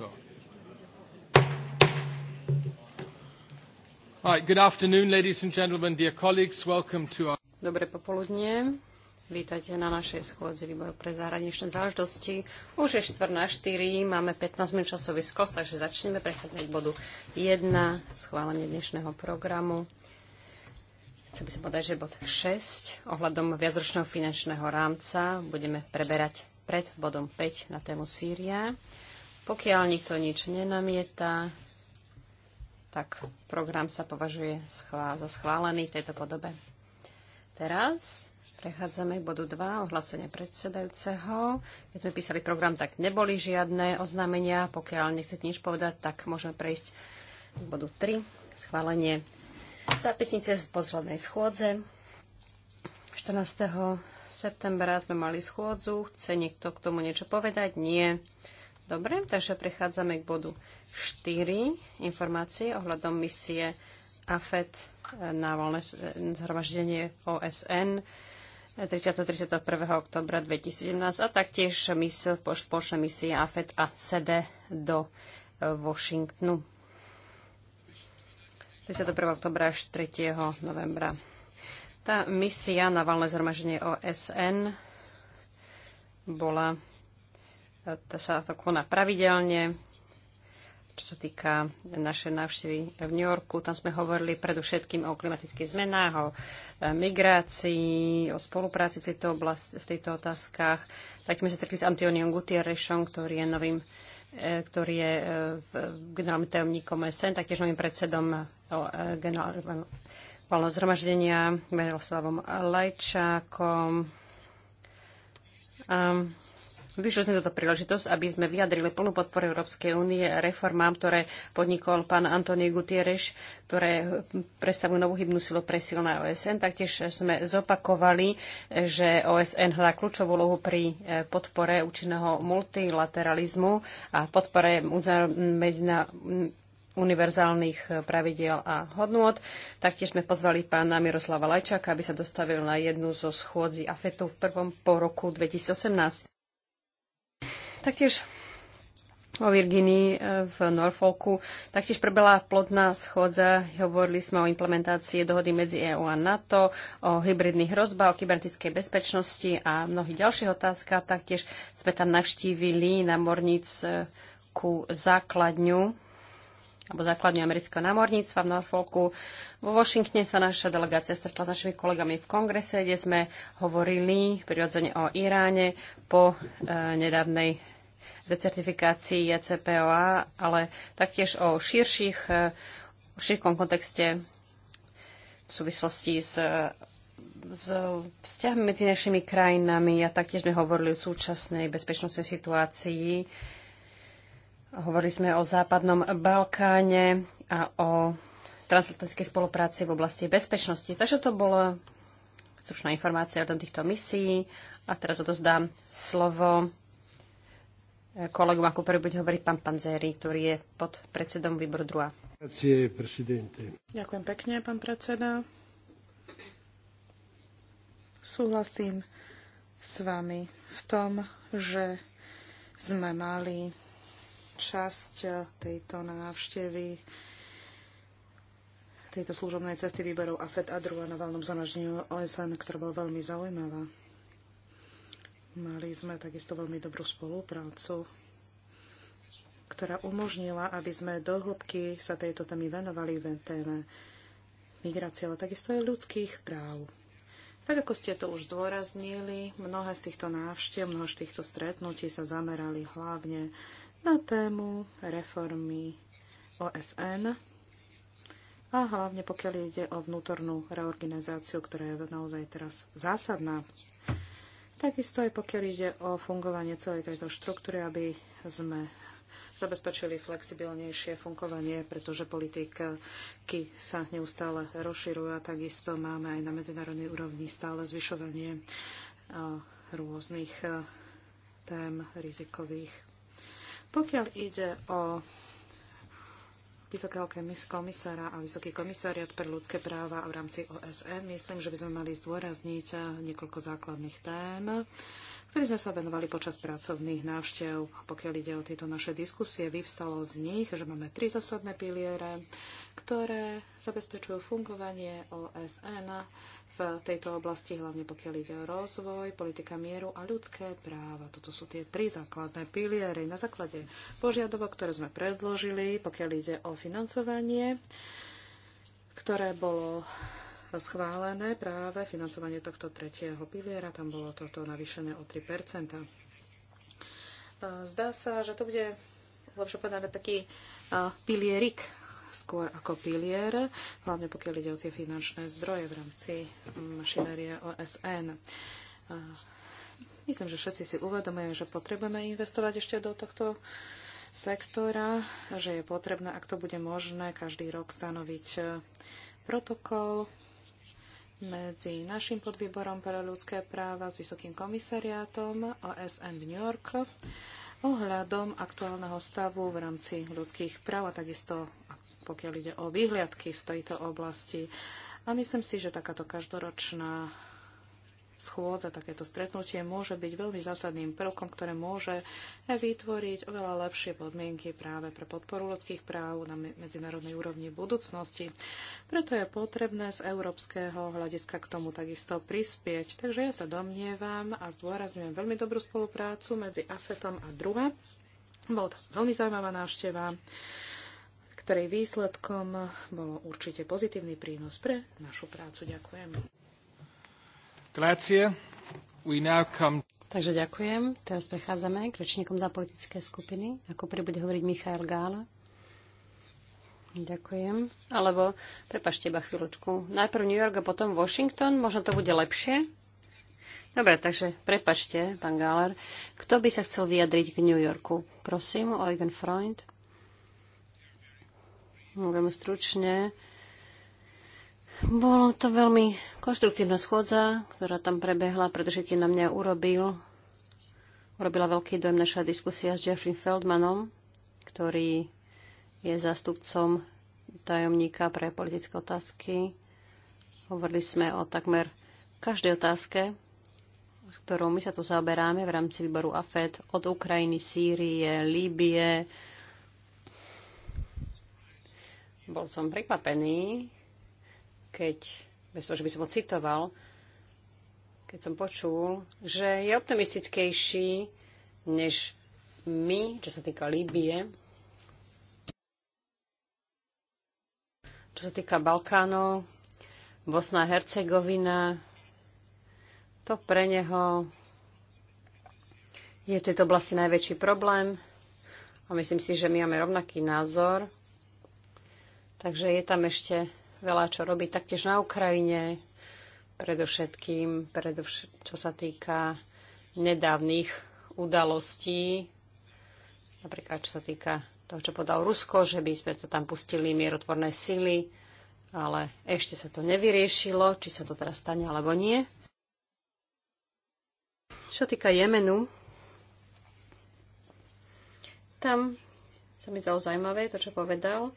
So. Right, good afternoon, ladies and gentlemen, dear colleagues. Welcome to our... Dobré popoludnie. Vítajte na našej schôdzi výboru pre zahraničné záležitosti. Už je 4 na 4, máme 15 minút časový skos, takže začneme prechádzať k bodu 1, schválenie dnešného programu. Chcem by som povedať, že bod 6 ohľadom viacročného finančného rámca budeme preberať pred bodom 5 na tému Sýria. Pokiaľ nikto nič nenamieta, tak program sa považuje za schválený v tejto podobe. Teraz prechádzame k bodu 2, ohlásenie predsedajúceho. Keď sme písali program, tak neboli žiadne oznámenia. Pokiaľ nechcete nič povedať, tak môžeme prejsť k bodu 3, schválenie zápisnice z poslednej schôdze. 14. septembra sme mali schôdzu. Chce niekto k tomu niečo povedať? Nie. Dobre, takže prechádzame k bodu 4. Informácie ohľadom misie AFET na voľné zhromaždenie OSN 30.31. 31. oktobra 2017 a taktiež misie, spoločné misie AFET a SEDE do Washingtonu. 31. oktobra až 3. novembra. Tá misia na valné zhromaždenie OSN bola to sa to koná pravidelne. Čo sa týka našej návštevy v New Yorku, tam sme hovorili predovšetkým o klimatických zmenách, o e, migrácii, o spolupráci v tejto, oblasti, v tejto otázkach. Tak sme sa stretli s Antoniom Gutierrešom, ktorý je novým e, ktorý je e, generálnym tajomníkom SN, taktiež novým predsedom generálneho zhromaždenia, Miroslavom Lajčákom. Um, Využili sme túto príležitosť, aby sme vyjadrili plnú podporu Európskej únie reformám, ktoré podnikol pán Antonio Gutierrez, ktoré predstavujú novú hybnú silu pre silné OSN. Taktiež sme zopakovali, že OSN hľadá kľúčovú úlohu pri e, podpore účinného multilateralizmu a podpore univerzálnych e, pravidiel a hodnôt. Taktiež sme pozvali pána Miroslava Lajčaka, aby sa dostavil na jednu zo schôdzi AFETu v prvom po roku 2018. Taktiež vo Virginii e, v Norfolku. Taktiež prebehla plodná schôdza. Hovorili sme o implementácii dohody medzi EÚ a NATO, o hybridných hrozbách, o kybernetickej bezpečnosti a mnohých ďalších otázkach. Taktiež sme tam navštívili na základňu alebo základňu amerického námorníctva v Norfolku. Vo Washingtone sa naša delegácia stretla s našimi kolegami v kongrese, kde sme hovorili prirodzene o Iráne po e, nedávnej decertifikácii JCPOA, e ale taktiež o širších, e, širkom kontexte v súvislosti s, s vzťahmi medzi našimi krajinami a taktiež sme hovorili o súčasnej bezpečnostnej situácii Hovorili sme o západnom Balkáne a o transatlantickej spolupráci v oblasti bezpečnosti. Takže to bola stručná informácia o týchto misií. A teraz odozdám slovo kolegom, ako prvý bude hovoriť pán Panzeri, ktorý je pod predsedom výboru druhá. Ďakujem pekne, pán predseda. Súhlasím s vami v tom, že sme mali časť eh, tejto návštevy tejto služobnej cesty výberov AFED a druhá na valnom zanoždeniu OSN, ktorá bola veľmi zaujímavá. Mali sme takisto veľmi dobrú spoluprácu, ktorá umožnila, aby sme do hĺbky sa tejto témy venovali v téme migrácie, ale takisto aj ľudských práv. Tak ako ste to už zdôraznili, mnohé z týchto návštev, mnoho z týchto stretnutí sa zamerali hlavne na tému reformy OSN a hlavne pokiaľ ide o vnútornú reorganizáciu, ktorá je naozaj teraz zásadná. Takisto aj pokiaľ ide o fungovanie celej tejto štruktúry, aby sme zabezpečili flexibilnejšie fungovanie, pretože politiky sa neustále rozširujú a takisto máme aj na medzinárodnej úrovni stále zvyšovanie rôznych tém rizikových pokiaľ ide o Vysokého komisára a Vysoký komisariat pre ľudské práva v rámci OSN. Myslím, že by sme mali zdôrazniť niekoľko základných tém, ktoré sme sa venovali počas pracovných návštev. Pokiaľ ide o tieto naše diskusie, vyvstalo z nich, že máme tri zásadné piliere ktoré zabezpečujú fungovanie OSN v tejto oblasti, hlavne pokiaľ ide o rozvoj, politika mieru a ľudské práva. Toto sú tie tri základné piliery na základe požiadavok, ktoré sme predložili, pokiaľ ide o financovanie, ktoré bolo schválené práve financovanie tohto tretieho piliera. Tam bolo toto navýšené o 3 Zdá sa, že to bude lepšie povedané taký pilierik skôr ako pilier, hlavne pokiaľ ide o tie finančné zdroje v rámci mm, mašinérie OSN. Myslím, že všetci si uvedomujú, že potrebujeme investovať ešte do tohto sektora, že je potrebné, ak to bude možné, každý rok stanoviť e, protokol medzi našim podvýborom pre ľudské práva s Vysokým komisariátom OSN v New York ohľadom aktuálneho stavu v rámci ľudských práv a takisto pokiaľ ide o výhliadky v tejto oblasti. A myslím si, že takáto každoročná schôdza, takéto stretnutie môže byť veľmi zásadným prvkom, ktoré môže vytvoriť oveľa lepšie podmienky práve pre podporu ľudských práv na medzinárodnej úrovni v budúcnosti. Preto je potrebné z európskeho hľadiska k tomu takisto prispieť. Takže ja sa domnievam a zdôrazňujem veľmi dobrú spoluprácu medzi AFETom a druhá. Bolo to veľmi zaujímavá návšteva ktorej výsledkom bolo určite pozitívny prínos pre našu prácu. Ďakujem. Grazie. We now come... Takže ďakujem. Teraz prechádzame k rečníkom za politické skupiny. Ako prvý bude hovoriť Michal Gála. Ďakujem. Alebo, prepašte iba chvíľočku, najprv New York a potom Washington, možno to bude lepšie? Dobre, takže prepačte, pán Gáler. Kto by sa chcel vyjadriť k New Yorku? Prosím, Eugen Freund veľmi stručne. Bolo to veľmi konštruktívna schôdza, ktorá tam prebehla, pretože keď na mňa urobil, urobila veľký dojem naša diskusia s Jeffrey Feldmanom, ktorý je zástupcom tajomníka pre politické otázky. Hovorili sme o takmer každej otázke, s ktorou my sa tu zaoberáme v rámci výboru AFED od Ukrajiny, Sýrie, Líbie, bol som prekvapený, keď, bez toho, že by som ho citoval, keď som počul, že je optimistickejší než my, čo sa týka Líbie, čo sa týka Balkánov, Bosna a Hercegovina, to pre neho je v tejto oblasti najväčší problém a myslím si, že my máme rovnaký názor. Takže je tam ešte veľa čo robiť. Taktiež na Ukrajine, predovšetkým, predovšetkým čo sa týka nedávnych udalostí, napríklad čo sa týka toho, čo podal Rusko, že by sme to tam pustili mierotvorné sily, ale ešte sa to nevyriešilo, či sa to teraz stane alebo nie. Čo týka Jemenu, tam sa mi zdalo zaujímavé to, čo povedal,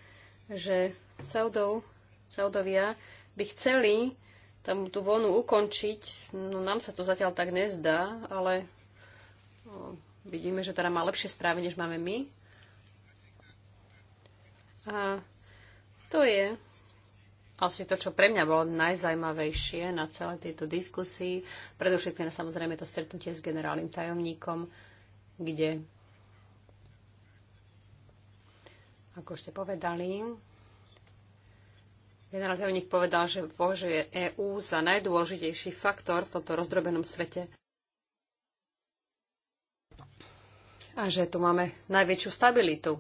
že Saudov, Saudovia by chceli tam tú vonu ukončiť. No nám sa to zatiaľ tak nezdá, ale no, vidíme, že teda má lepšie správy, než máme my. A to je asi to, čo pre mňa bolo najzajímavejšie na celé tejto diskusii. Predovšetkým samozrejme to stretnutie s generálnym tajomníkom, kde Ako ste povedali, generál tajomník povedal, že považuje EÚ za najdôležitejší faktor v tomto rozdrobenom svete a že tu máme najväčšiu stabilitu.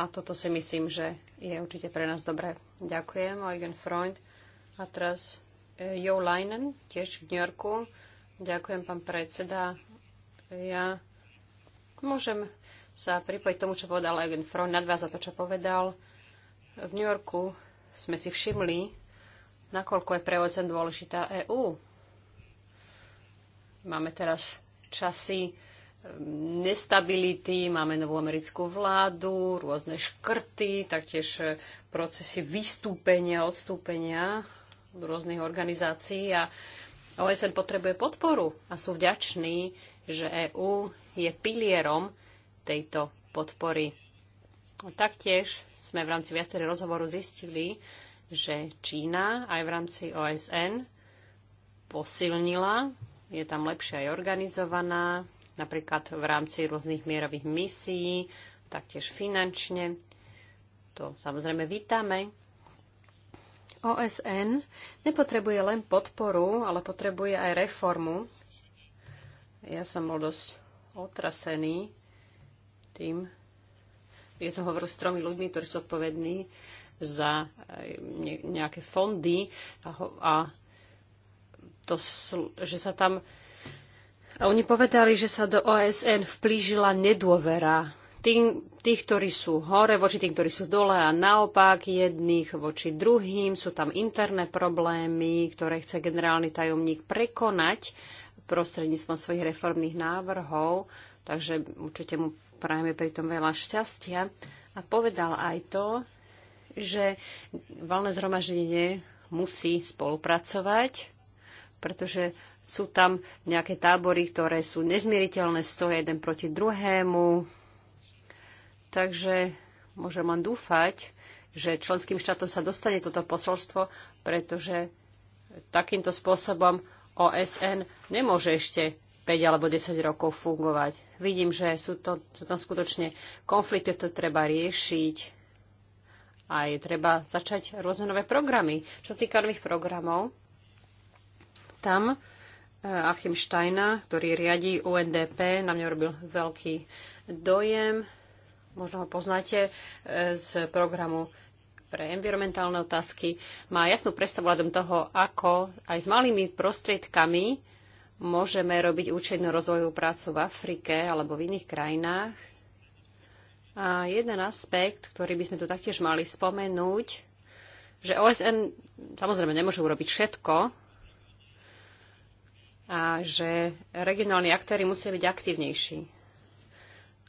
A toto si myslím, že je určite pre nás dobré. Ďakujem, Eugen Freund. A teraz e, Jo Leinen, tiež v New Yorku. Ďakujem, pán predseda. Ja môžem sa pripojiť tomu, čo povedal Eugen Front, za to, čo povedal. V New Yorku sme si všimli, nakoľko je pre OSN dôležitá EÚ. Máme teraz časy ehm, nestability, máme novú americkú vládu, rôzne škrty, taktiež e, procesy vystúpenia, odstúpenia rôznych organizácií a OSN potrebuje podporu a sú vďační, že EÚ je pilierom tejto podpory. Taktiež sme v rámci viacerých rozhovoru zistili, že Čína aj v rámci OSN posilnila, je tam lepšie aj organizovaná, napríklad v rámci rôznych mierových misií, taktiež finančne. To samozrejme vítame. OSN nepotrebuje len podporu, ale potrebuje aj reformu. Ja som bol dosť otrasený tým, Ja som hovoril s tromi ľuďmi, ktorí sú odpovední za eh, nejaké fondy a, a to, že sa tam a oni povedali, že sa do OSN vplížila nedôvera tým, tých, ktorí sú hore, voči tým, ktorí sú dole a naopak jedných voči druhým. Sú tam interné problémy, ktoré chce generálny tajomník prekonať prostredníctvom svojich reformných návrhov. Takže určite mu prajeme pritom veľa šťastia. A povedal aj to, že valné zhromaždenie musí spolupracovať, pretože sú tam nejaké tábory, ktoré sú nezmieriteľné, stoja jeden proti druhému. Takže môžem len dúfať, že členským štátom sa dostane toto posolstvo, pretože takýmto spôsobom OSN nemôže ešte 5 alebo 10 rokov fungovať. Vidím, že sú, to, to tam skutočne konflikty, to treba riešiť a je treba začať rôzne nové programy. Čo týka nových programov, tam e, Achim Steina, ktorý riadi UNDP, na mňa robil veľký dojem. Možno ho poznáte e, z programu pre environmentálne otázky. Má jasnú predstavu hľadom toho, ako aj s malými prostriedkami môžeme robiť účinnú rozvojovú prácu v Afrike alebo v iných krajinách. A jeden aspekt, ktorý by sme tu taktiež mali spomenúť, že OSN samozrejme nemôže urobiť všetko a že regionálni aktéry musia byť aktívnejší.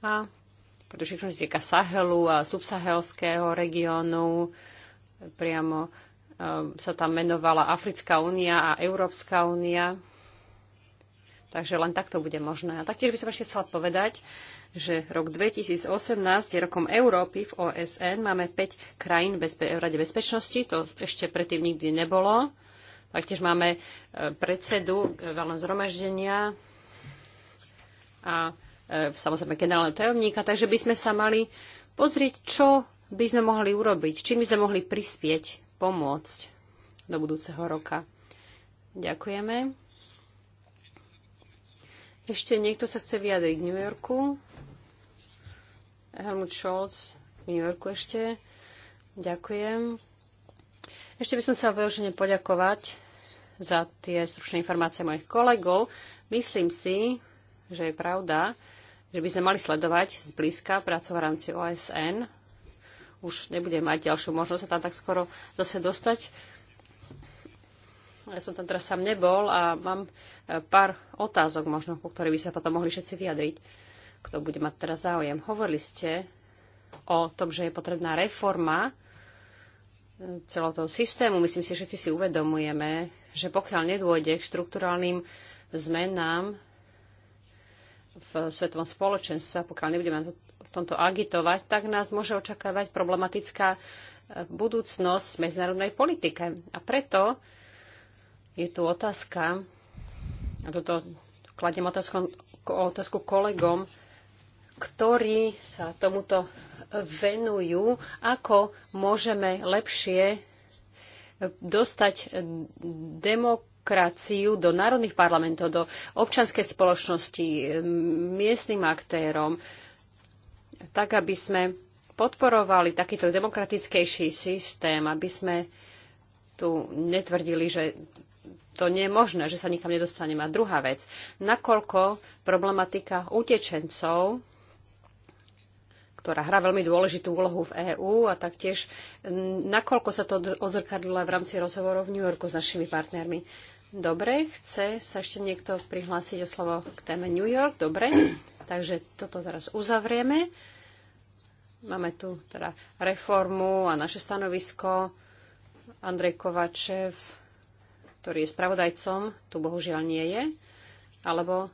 A pretože všetko sa týka Sahelu a subsahelského regiónu, priamo ehm, sa tam menovala Africká únia a Európska únia. Takže len takto bude možné. A taktiež by som ešte chcela povedať, že rok 2018 je rokom Európy v OSN. Máme 5 krajín bez v Rade bezpečnosti. To ešte predtým nikdy nebolo. Taktiež máme e, predsedu e, valného zhromaždenia a e, samozrejme generálneho tajomníka. Takže by sme sa mali pozrieť, čo by sme mohli urobiť, čím by sme mohli prispieť, pomôcť do budúceho roka. Ďakujeme. Ešte niekto sa chce vyjadriť v New Yorku? Helmut Scholz v New Yorku ešte. Ďakujem. Ešte by som chcela veľmi poďakovať za tie stručné informácie mojich kolegov. Myslím si, že je pravda, že by sme mali sledovať zblízka prácu v rámci OSN. Už nebudem mať ďalšiu možnosť sa tam tak skoro zase dostať ja som tam teraz sám nebol a mám e, pár otázok možno, po ktorých by sa potom mohli všetci vyjadriť, kto bude mať teraz záujem. Hovorili ste o tom, že je potrebná reforma e, celého toho systému. Myslím si, že všetci si uvedomujeme, že pokiaľ nedôjde k štruktúrálnym zmenám v svetovom spoločenstve, pokiaľ nebudeme v tomto agitovať, tak nás môže očakávať problematická e, budúcnosť medzinárodnej politike. A preto je tu otázka, a toto kladiem otázku, otázku kolegom, ktorí sa tomuto venujú, ako môžeme lepšie dostať demokraciu do národných parlamentov, do občanskej spoločnosti, miestnym aktérom, tak aby sme podporovali takýto demokratickejší systém, aby sme tu netvrdili, že to nie je možné, že sa nikam nedostaneme. A druhá vec, nakoľko problematika utečencov ktorá hrá veľmi dôležitú úlohu v EÚ a taktiež nakoľko sa to odzrkadlo v rámci rozhovorov v New Yorku s našimi partnermi. Dobre, chce sa ešte niekto prihlásiť o slovo k téme New York? Dobre, takže toto teraz uzavrieme. Máme tu teda reformu a naše stanovisko. Andrej Kovačev, ktorý je spravodajcom, tu bohužiaľ nie je, alebo,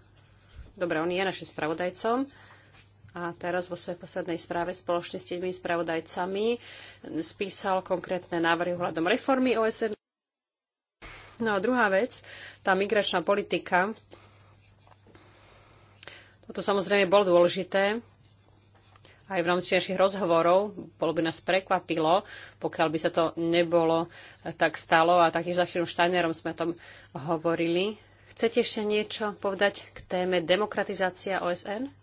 dobre, on je našim spravodajcom, a teraz vo svojej poslednej správe spoločne s tými spravodajcami spísal konkrétne návrhy ohľadom reformy OSN. No a druhá vec, tá migračná politika. Toto samozrejme bolo dôležité aj v rámci našich rozhovorov. Bolo by nás prekvapilo, pokiaľ by sa to nebolo tak stalo a taktiež za chvíľu sme o tom hovorili. Chcete ešte niečo povedať k téme demokratizácia OSN?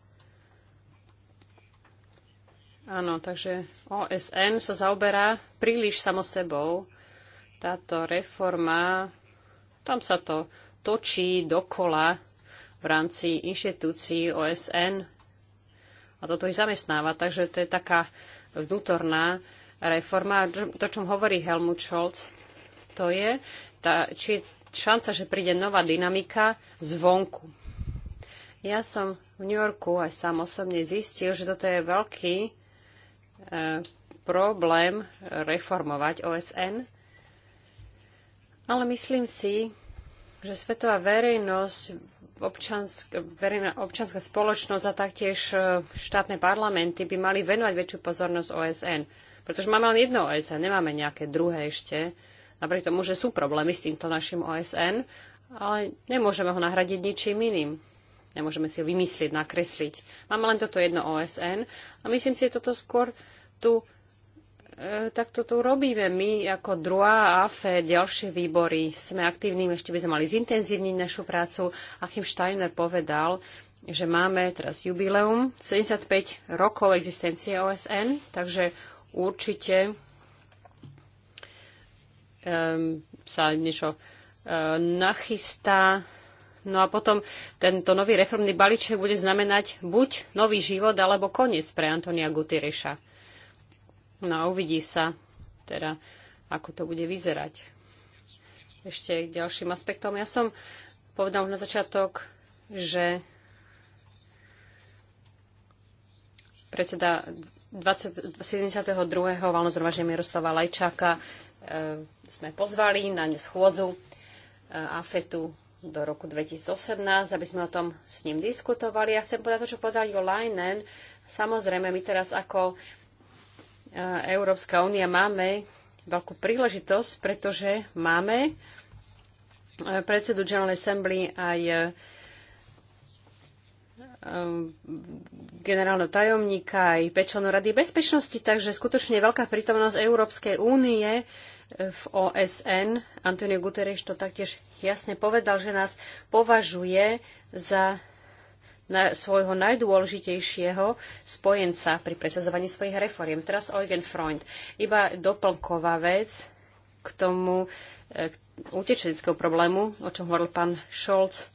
Áno, takže OSN sa zaoberá príliš samo sebou. Táto reforma, tam sa to točí dokola v rámci inštitúcií OSN toto ich zamestnáva. Takže to je taká vnútorná reforma. To, čom hovorí Helmut Scholz, to je, tá, či je šanca, že príde nová dynamika zvonku. Ja som v New Yorku aj sám osobne zistil, že toto je veľký e, problém reformovať OSN, ale myslím si, že svetová verejnosť občansk, verejná občanská spoločnosť a taktiež e, štátne parlamenty by mali venovať väčšiu pozornosť OSN. Pretože máme len jedno OSN, nemáme nejaké druhé ešte. Napriek tomu, že sú problémy s týmto našim OSN, ale nemôžeme ho nahradiť ničím iným. Nemôžeme si ho vymyslieť, nakresliť. Máme len toto jedno OSN a myslím si, že toto skôr tú E, tak toto robíme my ako druhá AFE, ďalšie výbory. Sme aktívni, ešte by sme mali zintenzívniť našu prácu. Achim Steiner povedal, že máme teraz jubileum 75 rokov existencie OSN, takže určite um, sa niečo uh, nachystá. No a potom tento nový reformný balíček bude znamenať buď nový život, alebo koniec pre Antonia Gutyriša. No a uvidí sa teda, ako to bude vyzerať. Ešte k ďalším aspektom. Ja som povedal na začiatok, že predseda 20, 72. valno Miroslava Lajčáka e, sme pozvali na schôdzu e, AFETu do roku 2018, aby sme o tom s ním diskutovali. Ja chcem povedať to, čo povedal Jo Leinen. Samozrejme, my teraz ako Eh, Európska únia máme veľkú príležitosť, pretože máme eh, predsedu General Assembly aj eh, generálneho tajomníka aj pečlenú Rady bezpečnosti, takže skutočne veľká prítomnosť Európskej únie v OSN. Antonio Guterres to taktiež jasne povedal, že nás považuje za na svojho najdôležitejšieho spojenca pri presadzovaní svojich reforiem. Teraz Eugen Freund. Iba doplnková vec k tomu e, k problému, o čom hovoril pán Scholz.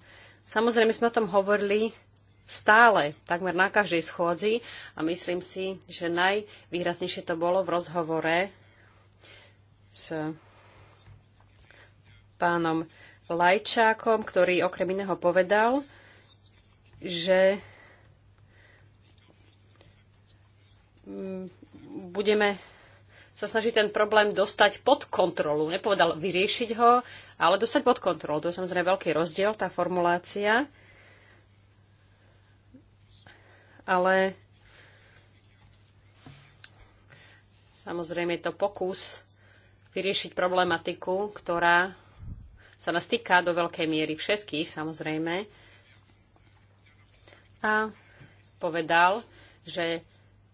Samozrejme sme o tom hovorili stále, takmer na každej schôdzi a myslím si, že najvýraznejšie to bolo v rozhovore s pánom Lajčákom, ktorý okrem iného povedal, že mm, budeme sa snažiť ten problém dostať pod kontrolu. Nepovedal vyriešiť ho, ale dostať pod kontrolu. To je samozrejme veľký rozdiel, tá formulácia. Ale samozrejme je to pokus vyriešiť problematiku, ktorá sa nás týka do veľkej miery všetkých, samozrejme a povedal, že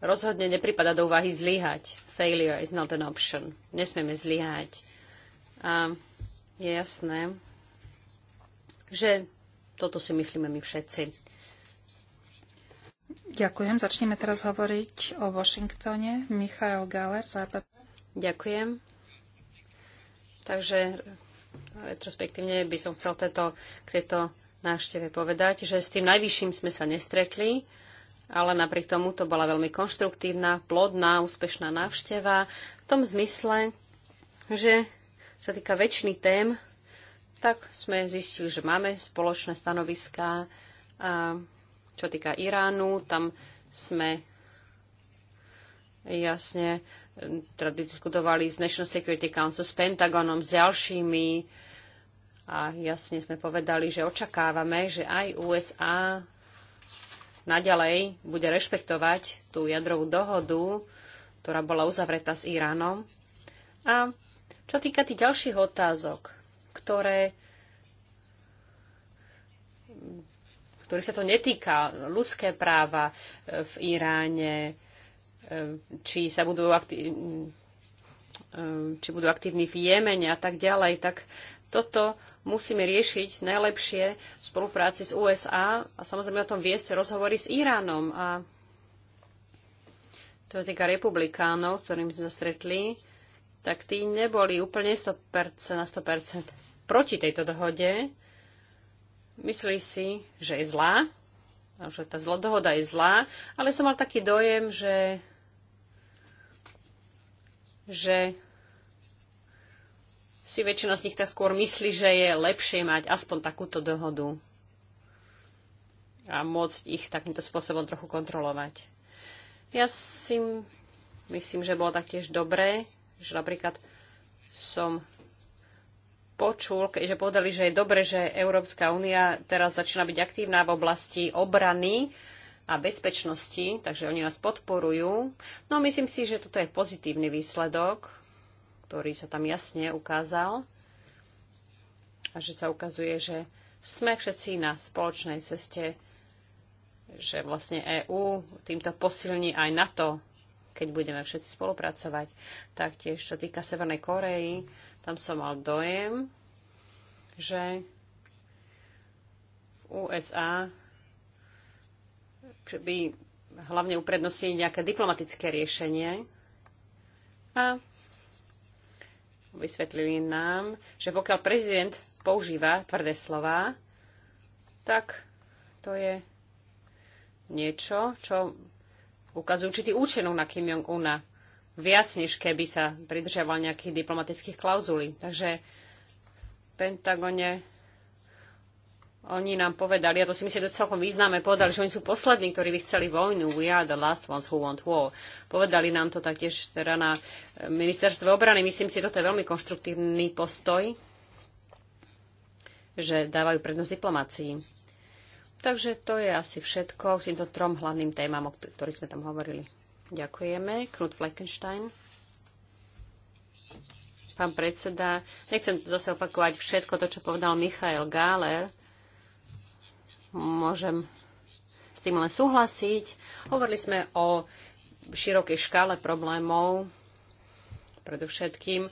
rozhodne nepripada do úvahy zlyhať. Failure is not an option. Nesmieme zlyhať. A je jasné, že toto si myslíme my všetci. Ďakujem. Začneme teraz hovoriť o Washingtone. Michael Galler, Západ. Ďakujem. Takže retrospektívne by som chcel tieto. k tejto návšteve povedať, že s tým najvyšším sme sa nestretli, ale napriek tomu to bola veľmi konštruktívna, plodná, úspešná návšteva v tom zmysle, že sa týka väčšiny tém, tak sme zistili, že máme spoločné stanoviská. A čo týka Iránu, tam sme jasne e, teda diskutovali s National Security Council, s Pentagonom, s ďalšími a jasne sme povedali, že očakávame, že aj USA naďalej bude rešpektovať tú jadrovú dohodu, ktorá bola uzavretá s Iránom. A čo týka tých ďalších otázok, ktoré ktorý sa to netýka, ľudské práva e, v Iráne, e, či sa budú akti- e, či budú aktívni v Jemene a tak ďalej, tak toto musíme riešiť najlepšie v spolupráci s USA a samozrejme o tom viesť rozhovory s Iránom. A to je týka republikánov, s ktorými sme sa stretli, tak tí neboli úplne 100%, na 100% proti tejto dohode. Myslí si, že je zlá, že tá dohoda je zlá, ale som mal taký dojem, že, že si väčšina z nich tak skôr myslí, že je lepšie mať aspoň takúto dohodu a môcť ich takýmto spôsobom trochu kontrolovať. Ja si myslím, že bolo taktiež dobré, že napríklad som počul, že povedali, že je dobre, že Európska únia teraz začína byť aktívna v oblasti obrany a bezpečnosti, takže oni nás podporujú. No myslím si, že toto je pozitívny výsledok, ktorý sa tam jasne ukázal a že sa ukazuje, že sme všetci na spoločnej ceste, že vlastne EÚ týmto posilní aj na to, keď budeme všetci spolupracovať. Taktiež, čo týka Severnej Koreji, tam som mal dojem, že v USA by hlavne uprednostnili nejaké diplomatické riešenie a vysvetlili nám, že pokiaľ prezident používa tvrdé slova, tak to je niečo, čo ukazuje určitý účinok na Kim Jong-una. Viac, než keby sa pridržiaval nejakých diplomatických klauzulí. Takže v Pentagone oni nám povedali, a to si myslím, že to celkom významné, povedali, že oni sú poslední, ktorí by chceli vojnu. We are the last ones who want war. Povedali nám to taktiež teda na eh, ministerstve obrany. Myslím si, že toto je veľmi konštruktívny postoj, že dávajú prednosť diplomácii. Takže to je asi všetko k týmto trom hlavným témam, o ktorých sme tam hovorili. Ďakujeme. Knut Fleckenstein pán predseda. Nechcem zase opakovať všetko to, čo povedal Michael Gáler, môžem s tým len súhlasiť. Hovorili sme o širokej škále problémov, predovšetkým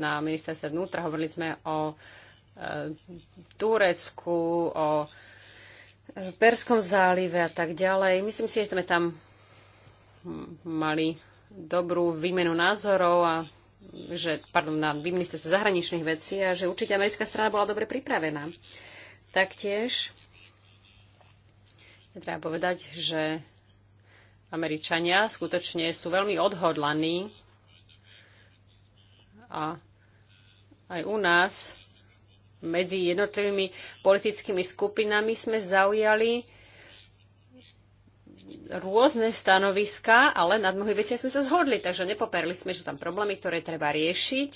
na ministerstve vnútra. Hovorili sme o e, Turecku, o e, Perskom zálive a tak ďalej. Myslím si, že sme tam mali dobrú výmenu názorov a že, pardon, na ministerstve zahraničných vecí a že určite americká strana bola dobre pripravená. Taktiež Treba povedať, že Američania skutočne sú veľmi odhodlaní a aj u nás medzi jednotlivými politickými skupinami sme zaujali rôzne stanoviská, ale nad mnohými veciami sme sa zhodli, takže nepoperli sme, že tam problémy, ktoré treba riešiť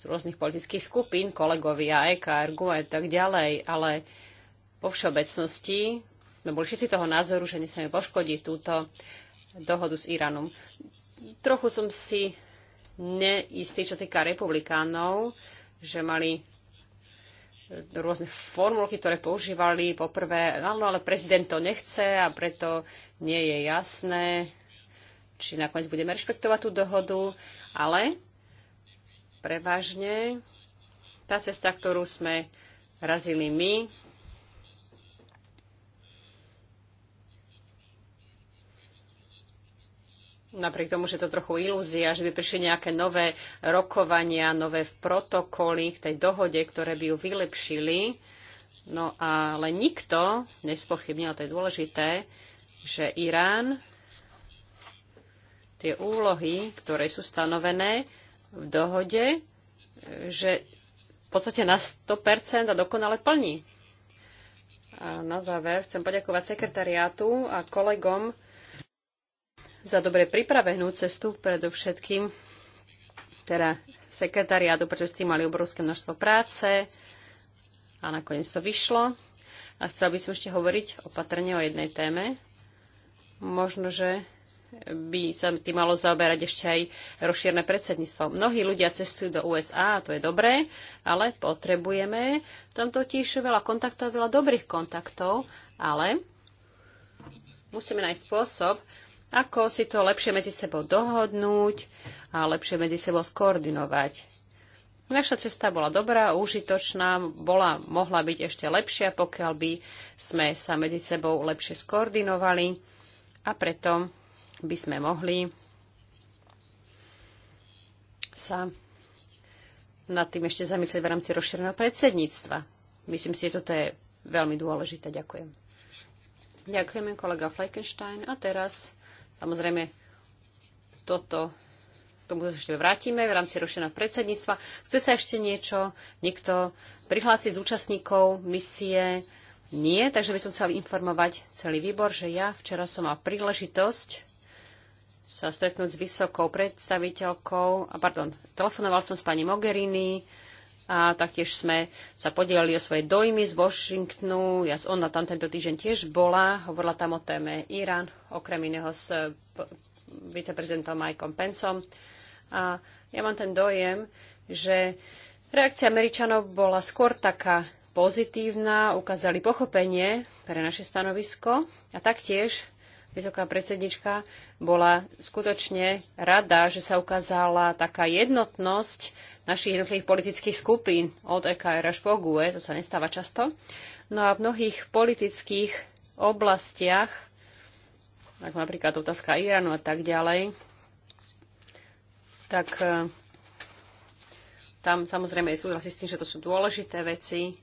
z rôznych politických skupín, kolegovia, EKR, GUE a tak ďalej, ale vo všeobecnosti sme boli všetci toho názoru, že nesmieme poškodiť túto dohodu s Iránom. Trochu som si neistý, čo týka republikánov, že mali rôzne formulky, ktoré používali. Poprvé, áno, ale prezident to nechce a preto nie je jasné, či nakoniec budeme rešpektovať tú dohodu, ale prevažne tá cesta, ktorú sme razili my, napriek tomu, že to trochu ilúzia, že by prišli nejaké nové rokovania, nové protokoly k tej dohode, ktoré by ju vylepšili. No ale nikto nespochybnil, to je dôležité, že Irán tie úlohy, ktoré sú stanovené v dohode, že v podstate na 100% a dokonale plní. A na záver chcem poďakovať sekretariátu a kolegom, za dobre pripravenú cestu predovšetkým, teda sekretariádu, pretože s tým mali obrovské množstvo práce a nakoniec to vyšlo. A chcel by som ešte hovoriť opatrne o jednej téme. Možno, že by sa tým malo zaoberať ešte aj rozšírne predsedníctvo. Mnohí ľudia cestujú do USA, a to je dobré, ale potrebujeme tam totiž veľa kontaktov, veľa dobrých kontaktov, ale musíme nájsť spôsob, ako si to lepšie medzi sebou dohodnúť a lepšie medzi sebou skoordinovať. Naša cesta bola dobrá, užitočná, bola, mohla byť ešte lepšia, pokiaľ by sme sa medzi sebou lepšie skoordinovali a preto by sme mohli sa nad tým ešte zamyslieť v rámci rozšíreného predsedníctva. Myslím si, že toto je veľmi dôležité. Ďakujem. Ďakujeme kolega Fleckenstein a teraz Samozrejme, toto tomu ešte vrátime v rámci rušeného predsedníctva. Chce sa ešte niečo, niekto prihlásiť z účastníkov misie? Nie, takže by som chcel informovať celý výbor, že ja včera som mal príležitosť sa stretnúť s vysokou predstaviteľkou, a pardon, telefonoval som s pani Mogherini, a taktiež sme sa podielali o svoje dojmy z Washingtonu. Ja, ona tam tento týždeň tiež bola, hovorila tam o téme Irán, okrem iného s viceprezidentom Mike Penceom. A ja mám ten dojem, že reakcia Američanov bola skôr taká pozitívna, ukázali pochopenie pre naše stanovisko a taktiež vysoká predsednička bola skutočne rada, že sa ukázala taká jednotnosť našich jednotlivých politických skupín od EKR až po GUE, to sa nestáva často. No a v mnohých politických oblastiach, ako napríklad otázka Iránu a tak ďalej, tak e, tam samozrejme je súhlasí s tým, že to sú dôležité veci.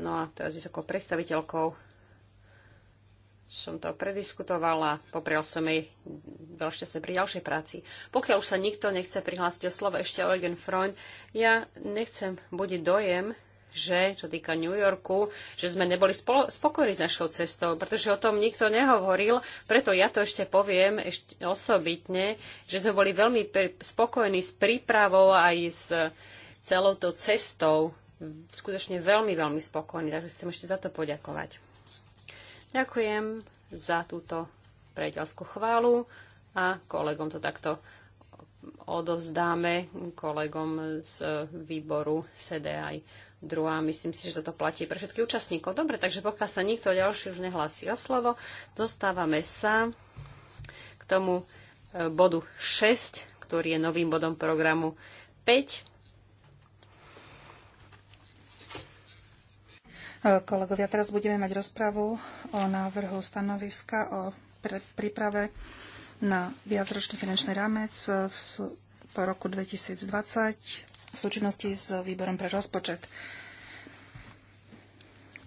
No a teraz vysokou predstaviteľkou som to prediskutovala, poprial som jej veľa sa pri ďalšej práci. Pokiaľ už sa nikto nechce prihlásiť o slovo ešte o Eugen Freund, ja nechcem budiť dojem, že, čo týka New Yorku, že sme neboli spokojní s našou cestou, pretože o tom nikto nehovoril, preto ja to ešte poviem ešte osobitne, že sme boli veľmi spokojní s prípravou aj s celou tou cestou. Skutočne veľmi, veľmi spokojní, takže chcem ešte za to poďakovať. Ďakujem za túto priateľskú chválu a kolegom to takto odovzdáme kolegom z výboru SEDEAJ druhá. Myslím si, že toto platí pre všetkých účastníkov. Dobre, takže pokiaľ sa nikto ďalší už nehlási o slovo, dostávame sa k tomu eh, bodu 6, ktorý je novým bodom programu 5. Kolegovia, teraz budeme mať rozpravu o návrhu stanoviska o príprave na viacročný finančný rámec v po roku 2020 v súčinnosti s výborom pre rozpočet.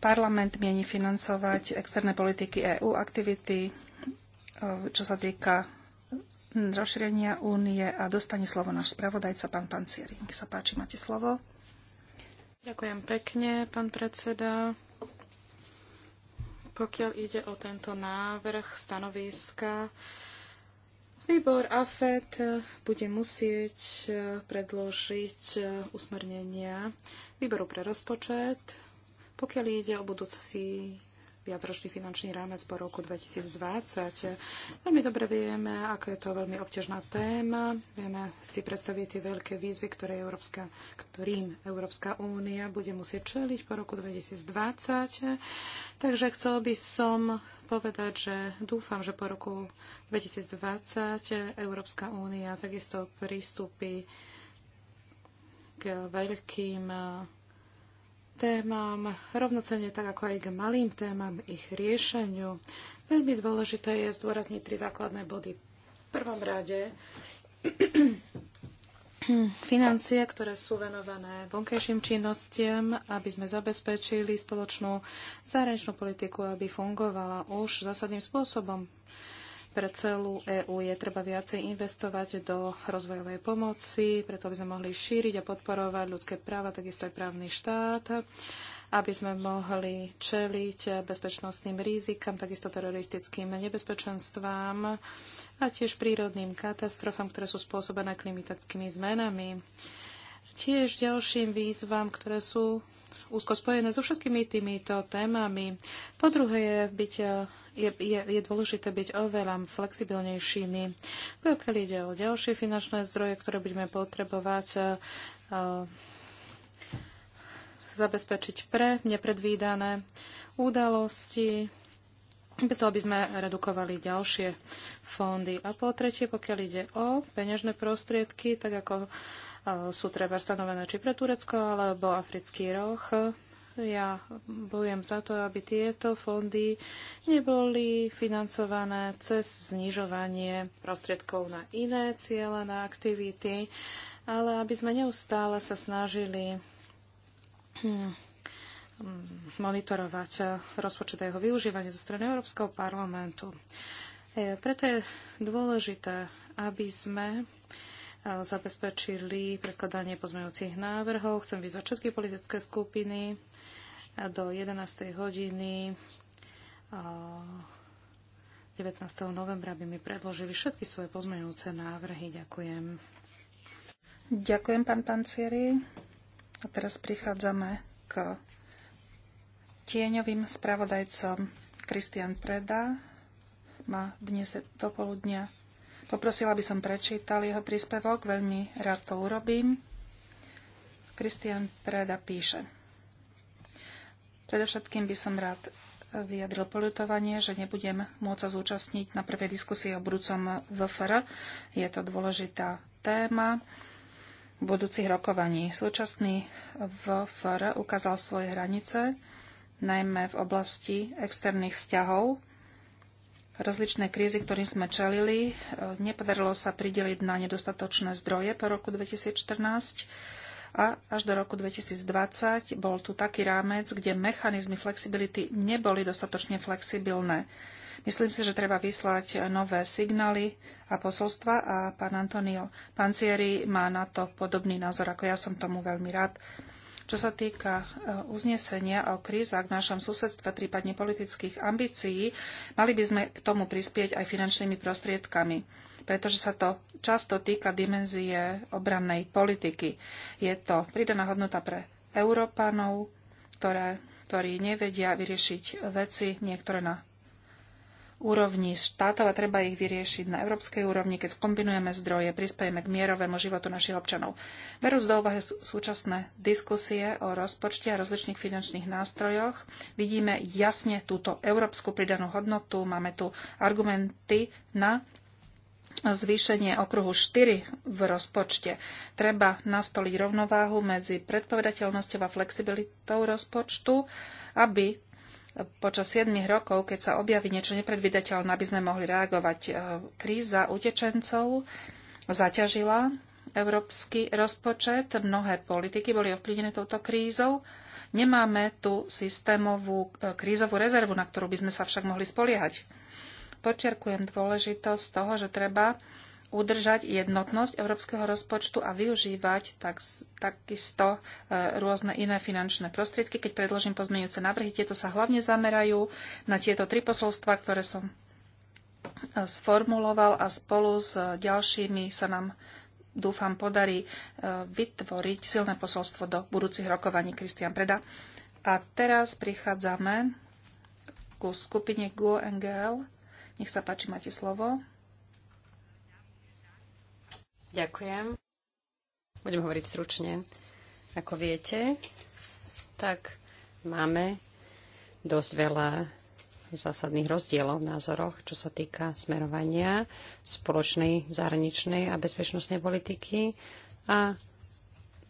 Parlament mieni financovať externé politiky EÚ, aktivity, e, čo sa týka rozšírenia únie a dostane slovo náš spravodajca, pán Pancieri. Nech sa páči, máte slovo. Ďakujem pekne, pán predseda. Pokiaľ ide o tento návrh stanoviska, výbor AFET bude musieť e, predložiť e, usmernenia výboru pre rozpočet, pokiaľ ide o budúci viacročný finančný rámec po roku 2020. Veľmi dobre vieme, ako je to veľmi obťažná téma. Vieme si predstaviť tie veľké výzvy, ktoré Európska, ktorým Európska únia bude musieť čeliť po roku 2020. Takže chcel by som povedať, že dúfam, že po roku 2020 Európska únia takisto pristúpi k veľkým témam, rovnocene tak ako aj k malým témam, ich riešeniu. Veľmi dôležité je zdôrazniť tri základné body. V prvom rade financie, ktoré sú venované vonkajším činnostiam, aby sme zabezpečili spoločnú zahraničnú politiku, aby fungovala už zásadným spôsobom pre celú EÚ je treba viacej investovať do rozvojovej pomoci, preto by sme mohli šíriť a podporovať ľudské práva, takisto aj právny štát, aby sme mohli čeliť bezpečnostným rizikám, takisto teroristickým nebezpečenstvám a tiež prírodným katastrofám, ktoré sú spôsobené klimatickými zmenami tiež ďalším výzvam, ktoré sú úzko spojené so všetkými týmito témami. Po druhé je, byť, je, je, je dôležité byť oveľa flexibilnejšími. Pokiaľ ide o ďalšie finančné zdroje, ktoré budeme potrebovať, e, e, zabezpečiť pre nepredvídané udalosti, bez toho by sme redukovali ďalšie fondy. A po tretie, pokiaľ ide o peňažné prostriedky, tak ako sú treba stanovené či pre Turecko alebo Africký roh. Ja bojujem za to, aby tieto fondy neboli financované cez znižovanie prostriedkov na iné ciele, na aktivity, ale aby sme neustále sa snažili hm, hm, monitorovať rozpočet jeho využívanie zo strany Európskeho parlamentu. E, preto je dôležité, aby sme zabezpečili predkladanie pozmeňujúcich návrhov. Chcem vyzvať všetky politické skupiny do 11. hodiny 19. novembra, aby mi predložili všetky svoje pozmeňujúce návrhy. Ďakujem. Ďakujem, pán Pancieri. A teraz prichádzame k tieňovým spravodajcom. Kristian Preda má dnes do poludnia Poprosila by som prečítal jeho príspevok, veľmi rád to urobím. Kristian Preda píše. Predovšetkým by som rád vyjadril polutovanie, že nebudem môcť sa zúčastniť na prvej diskusii o budúcom VFR. Je to dôležitá téma budúcich rokovaní. Súčasný VFR ukázal svoje hranice, najmä v oblasti externých vzťahov rozličné krízy, ktorým sme čelili. E, nepodarilo sa prideliť na nedostatočné zdroje po roku 2014 a až do roku 2020 bol tu taký rámec, kde mechanizmy flexibility neboli dostatočne flexibilné. Myslím si, že treba vyslať nové signály a posolstva a pán Antonio Pancieri má na to podobný názor, ako ja som tomu veľmi rád. Čo sa týka e, uznesenia o krízach v našom susedstve, prípadne politických ambícií, mali by sme k tomu prispieť aj finančnými prostriedkami pretože sa to často týka dimenzie obrannej politiky. Je to pridaná hodnota pre Európanov, ktoré, ktorí nevedia vyriešiť veci, niektoré na úrovni štátov a treba ich vyriešiť na európskej úrovni, keď skombinujeme zdroje, prispejeme k mierovému životu našich občanov. Berúc do úvahy súčasné diskusie o rozpočte a rozličných finančných nástrojoch, vidíme jasne túto európsku pridanú hodnotu, máme tu argumenty na zvýšenie okruhu 4 v rozpočte. Treba nastoliť rovnováhu medzi predpovedateľnosťou a flexibilitou rozpočtu, aby počas 7 rokov, keď sa objaví niečo nepredvidateľné, aby sme mohli reagovať. E, kríza utečencov zaťažila európsky rozpočet, mnohé politiky boli ovplyvnené touto krízou. Nemáme tu systémovú e, krízovú rezervu, na ktorú by sme sa však mohli spoliehať. Počiarkujem dôležitosť toho, že treba udržať jednotnosť európskeho rozpočtu a využívať tak, takisto e, rôzne iné finančné prostriedky. Keď predložím pozmeňujúce návrhy, tieto sa hlavne zamerajú na tieto tri posolstva, ktoré som e, sformuloval a spolu s ďalšími sa nám dúfam podarí e, vytvoriť silné posolstvo do budúcich rokovaní Kristian Preda. A teraz prichádzame ku skupine GUNGL. Nech sa páči, máte slovo. Ďakujem. Budem hovoriť stručne. Ako viete, tak máme dosť veľa zásadných rozdielov v názoroch, čo sa týka smerovania spoločnej zahraničnej a bezpečnostnej politiky a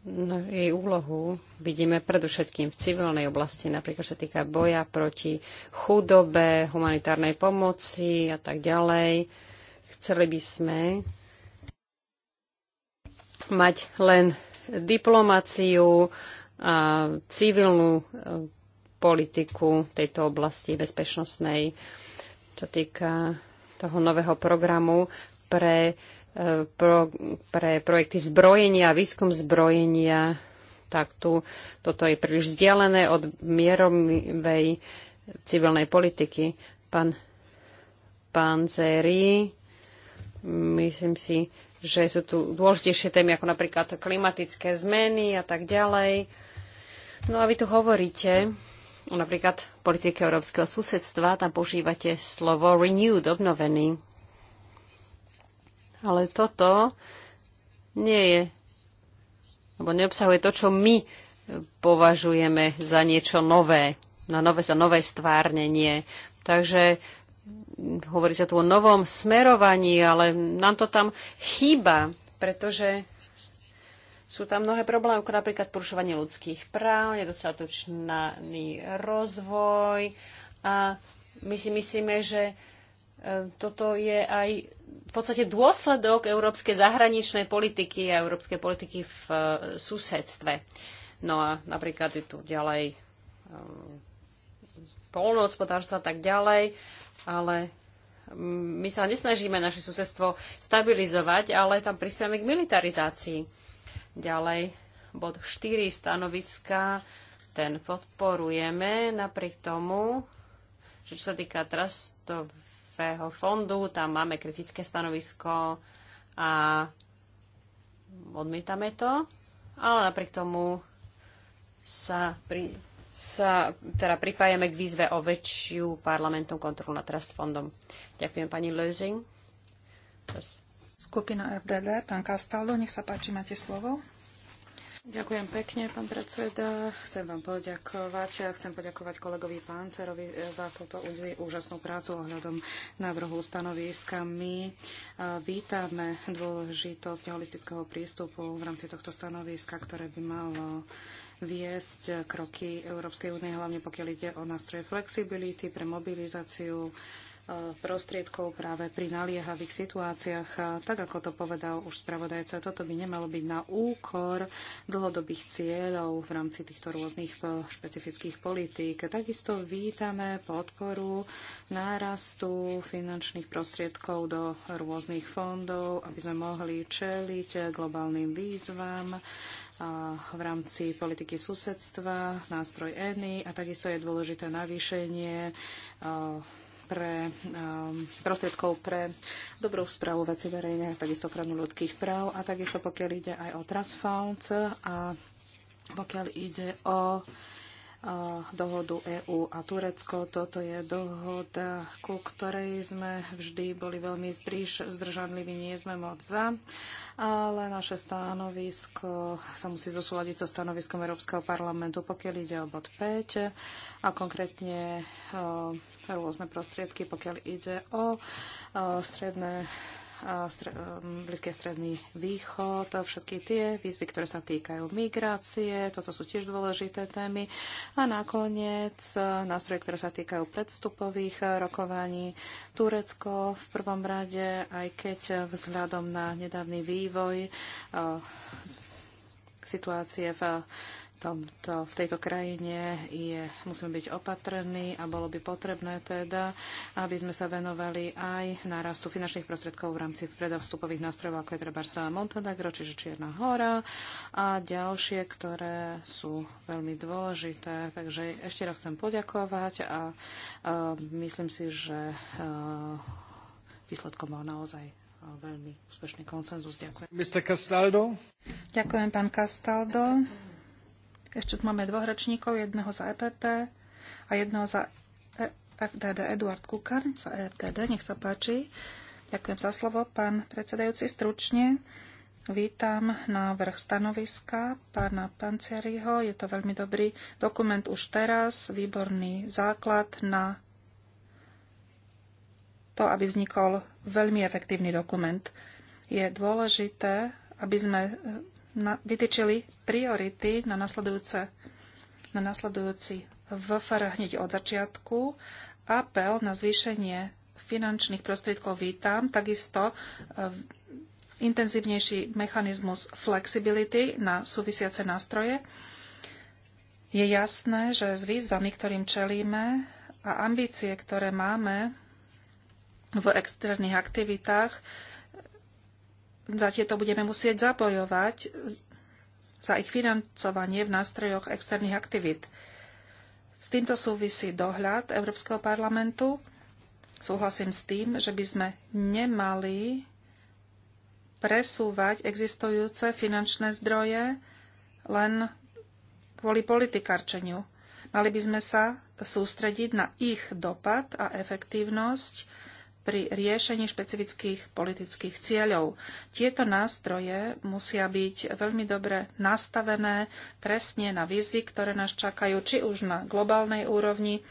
no, jej úlohu vidíme predovšetkým v civilnej oblasti, napríklad sa týka boja proti chudobe, humanitárnej pomoci a tak ďalej. Chceli by sme mať len diplomáciu a civilnú e, politiku tejto oblasti bezpečnostnej, čo týka toho nového programu pre, e, pro, pre projekty zbrojenia, výskum zbrojenia, tak tu toto je príliš vzdialené od mierovej civilnej politiky. Pán Panzeri, myslím si, že sú tu dôležitejšie témy ako napríklad klimatické zmeny a tak ďalej. No a vy tu hovoríte o napríklad politike európskeho susedstva, tam používate slovo renewed, obnovený. Ale toto nie je, alebo neobsahuje to, čo my považujeme za niečo nové, na nové, za nové stvárnenie. Takže hovorí sa tu o novom smerovaní, ale nám to tam chýba, pretože sú tam mnohé problémy, ako napríklad porušovanie ľudských práv, nedostatočný rozvoj a my si myslíme, že e, toto je aj v podstate dôsledok európskej zahraničnej politiky a európskej politiky v e, susedstve. No a napríklad je tu ďalej e, polnohospodárstva a tak ďalej ale mm, my sa nesnažíme naše susedstvo stabilizovať, ale tam prispiame k militarizácii. Ďalej, bod 4 stanoviska, ten podporujeme napriek tomu, že čo sa týka trastového fondu, tam máme kritické stanovisko a odmietame to, ale napriek tomu sa pri, sa teda pripájame k výzve o väčšiu parlamentnú kontrolu nad Trust fondom. Ďakujem pani Lözing. Skupina FDD, pán Castaldo, nech sa páči, máte slovo. Ďakujem pekne, pán predseda. Chcem vám poďakovať. Chcem poďakovať kolegovi Páncerovi za túto úžasnú prácu ohľadom návrhu stanoviska. My vítame dôležitosť holistického prístupu v rámci tohto stanoviska, ktoré by malo viesť kroky Európskej únie, hlavne pokiaľ ide o nástroje flexibility pre mobilizáciu e, prostriedkov práve pri naliehavých situáciách. Tak ako to povedal už spravodajca, toto by nemalo byť na úkor dlhodobých cieľov v rámci týchto rôznych e, špecifických politík. Takisto vítame podporu nárastu finančných prostriedkov do rôznych fondov, aby sme mohli čeliť globálnym výzvam v rámci politiky susedstva, nástroj ENI a takisto je dôležité navýšenie e, pre e, prostriedkov pre dobrú správu veci verejne, takisto ochranu ľudských práv a takisto pokiaľ ide aj o trust funds a pokiaľ ide o uh, dohodu EÚ a Turecko. Toto je dohoda, ku ktorej sme vždy boli veľmi zdrž, zdržanliví, nie sme moc za, ale naše stanovisko sa musí zosúľadiť so stanoviskom Európskeho parlamentu, pokiaľ ide o bod 5 a konkrétne rôzne prostriedky, pokiaľ ide o stredné Um, Blízky a Stredný východ, všetky tie výzvy, ktoré sa týkajú migrácie, toto sú tiež dôležité témy. A nakoniec e, nástroje, ktoré sa týkajú predstupových e, rokovaní. Turecko v prvom rade, aj keď vzhľadom na nedávny vývoj e, situácie v tomto, v tejto krajine je, musíme byť opatrní a bolo by potrebné teda, aby sme sa venovali aj nárastu finančných prostriedkov v rámci predavstupových nástrojov, ako je treba sa Montenegro, čiže Čierna hora a ďalšie, ktoré sú veľmi dôležité. Takže ešte raz chcem poďakovať a, a myslím si, že a, e, výsledkom bol naozaj e, veľmi úspešný konsenzus. Ďakujem. Mr. Castaldo. Ďakujem, pán Castaldo. Ešte tu máme dvoch rečníkov, jedného za EPP a jedného za e FDD, Eduard Kukar za EFDD. Nech sa páči. Ďakujem za slovo, pán predsedajúci. Stručne vítam návrh stanoviska pána Panciariho. Je to veľmi dobrý dokument už teraz, výborný základ na to, aby vznikol veľmi efektívny dokument. Je dôležité, aby sme vytýčili priority na, nasledujúce, na nasledujúci VFR hneď od začiatku. Apel na zvýšenie finančných prostriedkov vítam, takisto e, intenzívnejší mechanizmus flexibility na súvisiace nástroje. Je jasné, že s výzvami, ktorým čelíme a ambície, ktoré máme v externých aktivitách, za tieto budeme musieť zapojovať za ich financovanie v nástrojoch externých aktivít. S týmto súvisí dohľad Európskeho parlamentu. Súhlasím s tým, že by sme nemali presúvať existujúce finančné zdroje len kvôli politikárčeniu. Mali by sme sa sústrediť na ich dopad a efektívnosť pri riešení špecifických politických cieľov. Tieto nástroje musia byť veľmi dobre nastavené presne na výzvy, ktoré nás čakajú, či už na globálnej úrovni,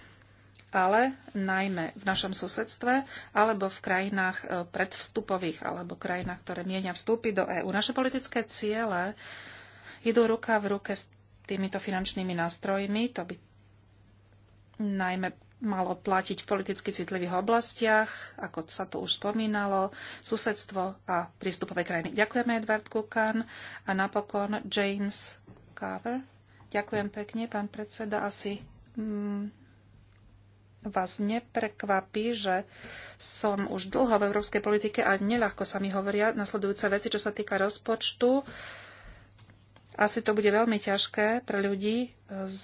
ale najmä v našom susedstve alebo v krajinách e, predvstupových alebo krajinách, ktoré mienia vstúpiť do EÚ. Naše politické ciele idú ruka v ruke s týmito finančnými nástrojmi. To by najmä malo platiť v politicky citlivých oblastiach, ako sa to už spomínalo, susedstvo a prístupové krajiny. Ďakujeme Edward Kukan a napokon James Carver. Ďakujem pekne, pán predseda. Asi mm, vás neprekvapí, že som už dlho v európskej politike a neľahko sa mi hovoria nasledujúce veci, čo sa týka rozpočtu. Asi to bude veľmi ťažké pre ľudí z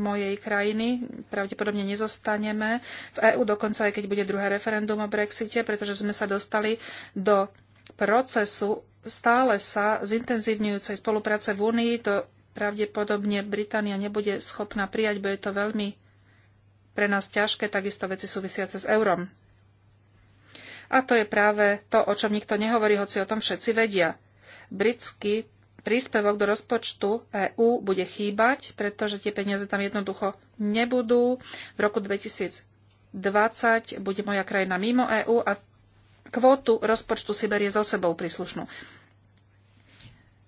mojej krajiny. Pravdepodobne nezostaneme v EÚ, dokonca aj keď bude druhé referendum o Brexite, pretože sme sa dostali do procesu stále sa zintenzívňujúcej spolupráce v Únii. To pravdepodobne Británia nebude schopná prijať, bo je to veľmi pre nás ťažké, takisto veci súvisiace s eurom. A to je práve to, o čom nikto nehovorí, hoci o tom všetci vedia. Britský príspevok do rozpočtu EÚ bude chýbať, pretože tie peniaze tam jednoducho nebudú. V roku 2020 bude moja krajina mimo EÚ a kvótu rozpočtu si berie so sebou príslušnú.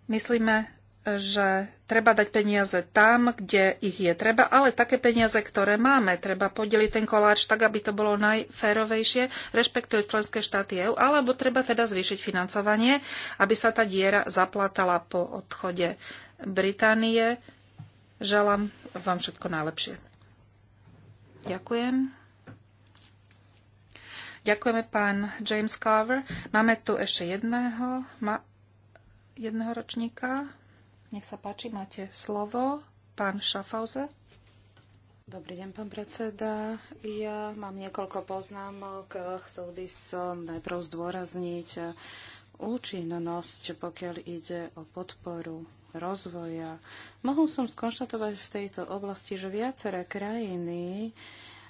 Myslíme že treba dať peniaze tam, kde ich je treba, ale také peniaze, ktoré máme, treba podeliť ten koláč tak, aby to bolo najférovejšie, rešpektuje členské štáty EU, alebo treba teda zvýšiť financovanie, aby sa tá diera zaplatala po odchode Británie. Želám vám všetko najlepšie. Ďakujem. Ďakujeme pán James Carver. Máme tu ešte jedného, ma, jedného ročníka. Nech sa páči, máte slovo. Pán Šafauze. Dobrý deň, pán predseda. Ja mám niekoľko poznámok. Chcel by som najprv zdôrazniť účinnosť, pokiaľ ide o podporu rozvoja. Mohol som skonštatovať v tejto oblasti, že viaceré krajiny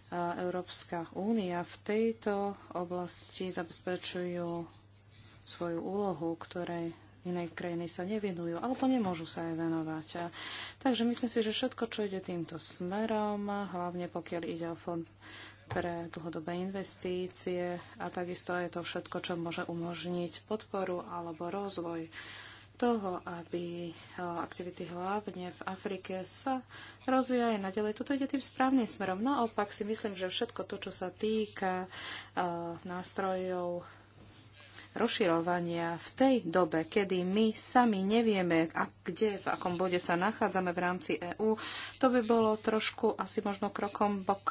a Európska únia v tejto oblasti zabezpečujú svoju úlohu, ktorej Iné krajiny sa nevenujú alebo nemôžu sa aj venovať. Takže myslím si, že všetko, čo ide týmto smerom, hlavne pokiaľ ide o fond pre dlhodobé investície a takisto je to všetko, čo môže umožniť podporu alebo rozvoj toho, aby e, aktivity hlavne v Afrike sa rozvíjali naďalej. Toto ide tým správnym smerom. Naopak si myslím, že všetko to, čo sa týka e, nástrojov rozširovania v tej dobe, kedy my sami nevieme, a kde, v akom bode sa nachádzame v rámci EÚ, to by bolo trošku asi možno krokom bok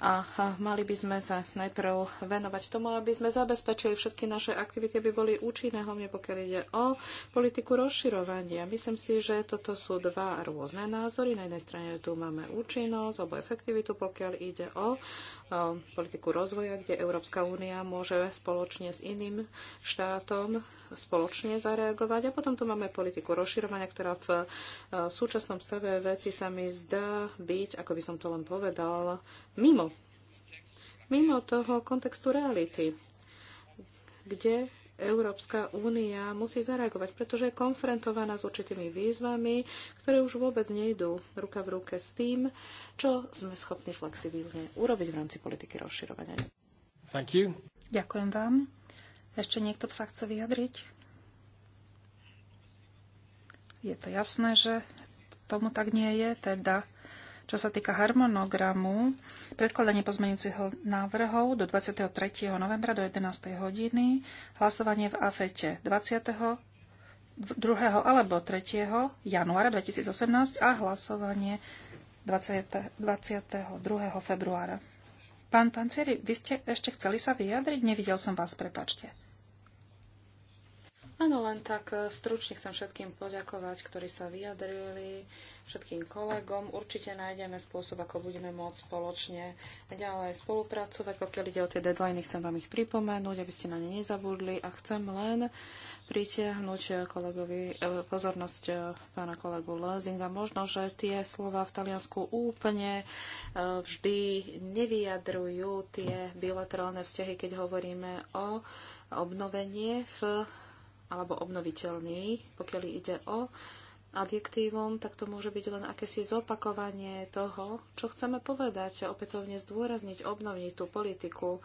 a mali by sme sa najprv venovať tomu, aby sme zabezpečili všetky naše aktivity, aby boli účinné, hlavne pokiaľ ide o politiku rozširovania. Myslím si, že toto sú dva rôzne názory. Na jednej strane tu máme účinnosť alebo efektivitu, pokiaľ ide o, o politiku rozvoja, kde Európska únia môže spoločne s iným štátom spoločne zareagovať. A potom tu máme politiku rozširovania, ktorá v e, súčasnom stave veci sa mi zdá byť, ako by som to len povedal, mimo mimo toho kontextu reality, kde Európska únia musí zareagovať, pretože je konfrontovaná s určitými výzvami, ktoré už vôbec nejdú ruka v ruke s tým, čo sme schopní flexibilne urobiť v rámci politiky rozširovania. Thank you. Ďakujem vám. Ešte niekto sa chce vyjadriť? Je to jasné, že tomu tak nie je, teda čo sa týka harmonogramu, predkladanie pozmeňujúcich návrhov do 23. novembra do 11. hodiny, hlasovanie v AFETE 20. 2. alebo 3. januára 2018 a hlasovanie 20, 22. februára. Pán Pancieri, vy ste ešte chceli sa vyjadriť? Nevidel som vás, prepačte. Áno, len tak e, stručne chcem všetkým poďakovať, ktorí sa vyjadrili, všetkým kolegom. Určite nájdeme spôsob, ako budeme môcť spoločne ďalej spolupracovať. Pokiaľ ide o tie deadliny, chcem vám ich pripomenúť, aby ste na ne nezabudli a chcem len pritiahnuť e, kolegovi, e, pozornosť pána kolegu Lezinga. Možno, že tie slova v Taliansku úplne vždy nevyjadrujú tie bilaterálne vzťahy, keď hovoríme o obnovenie v alebo obnoviteľný, pokiaľ ide o adjektívom, tak to môže byť len akési zopakovanie toho, čo chceme povedať a opätovne zdôrazniť, obnoviť tú politiku,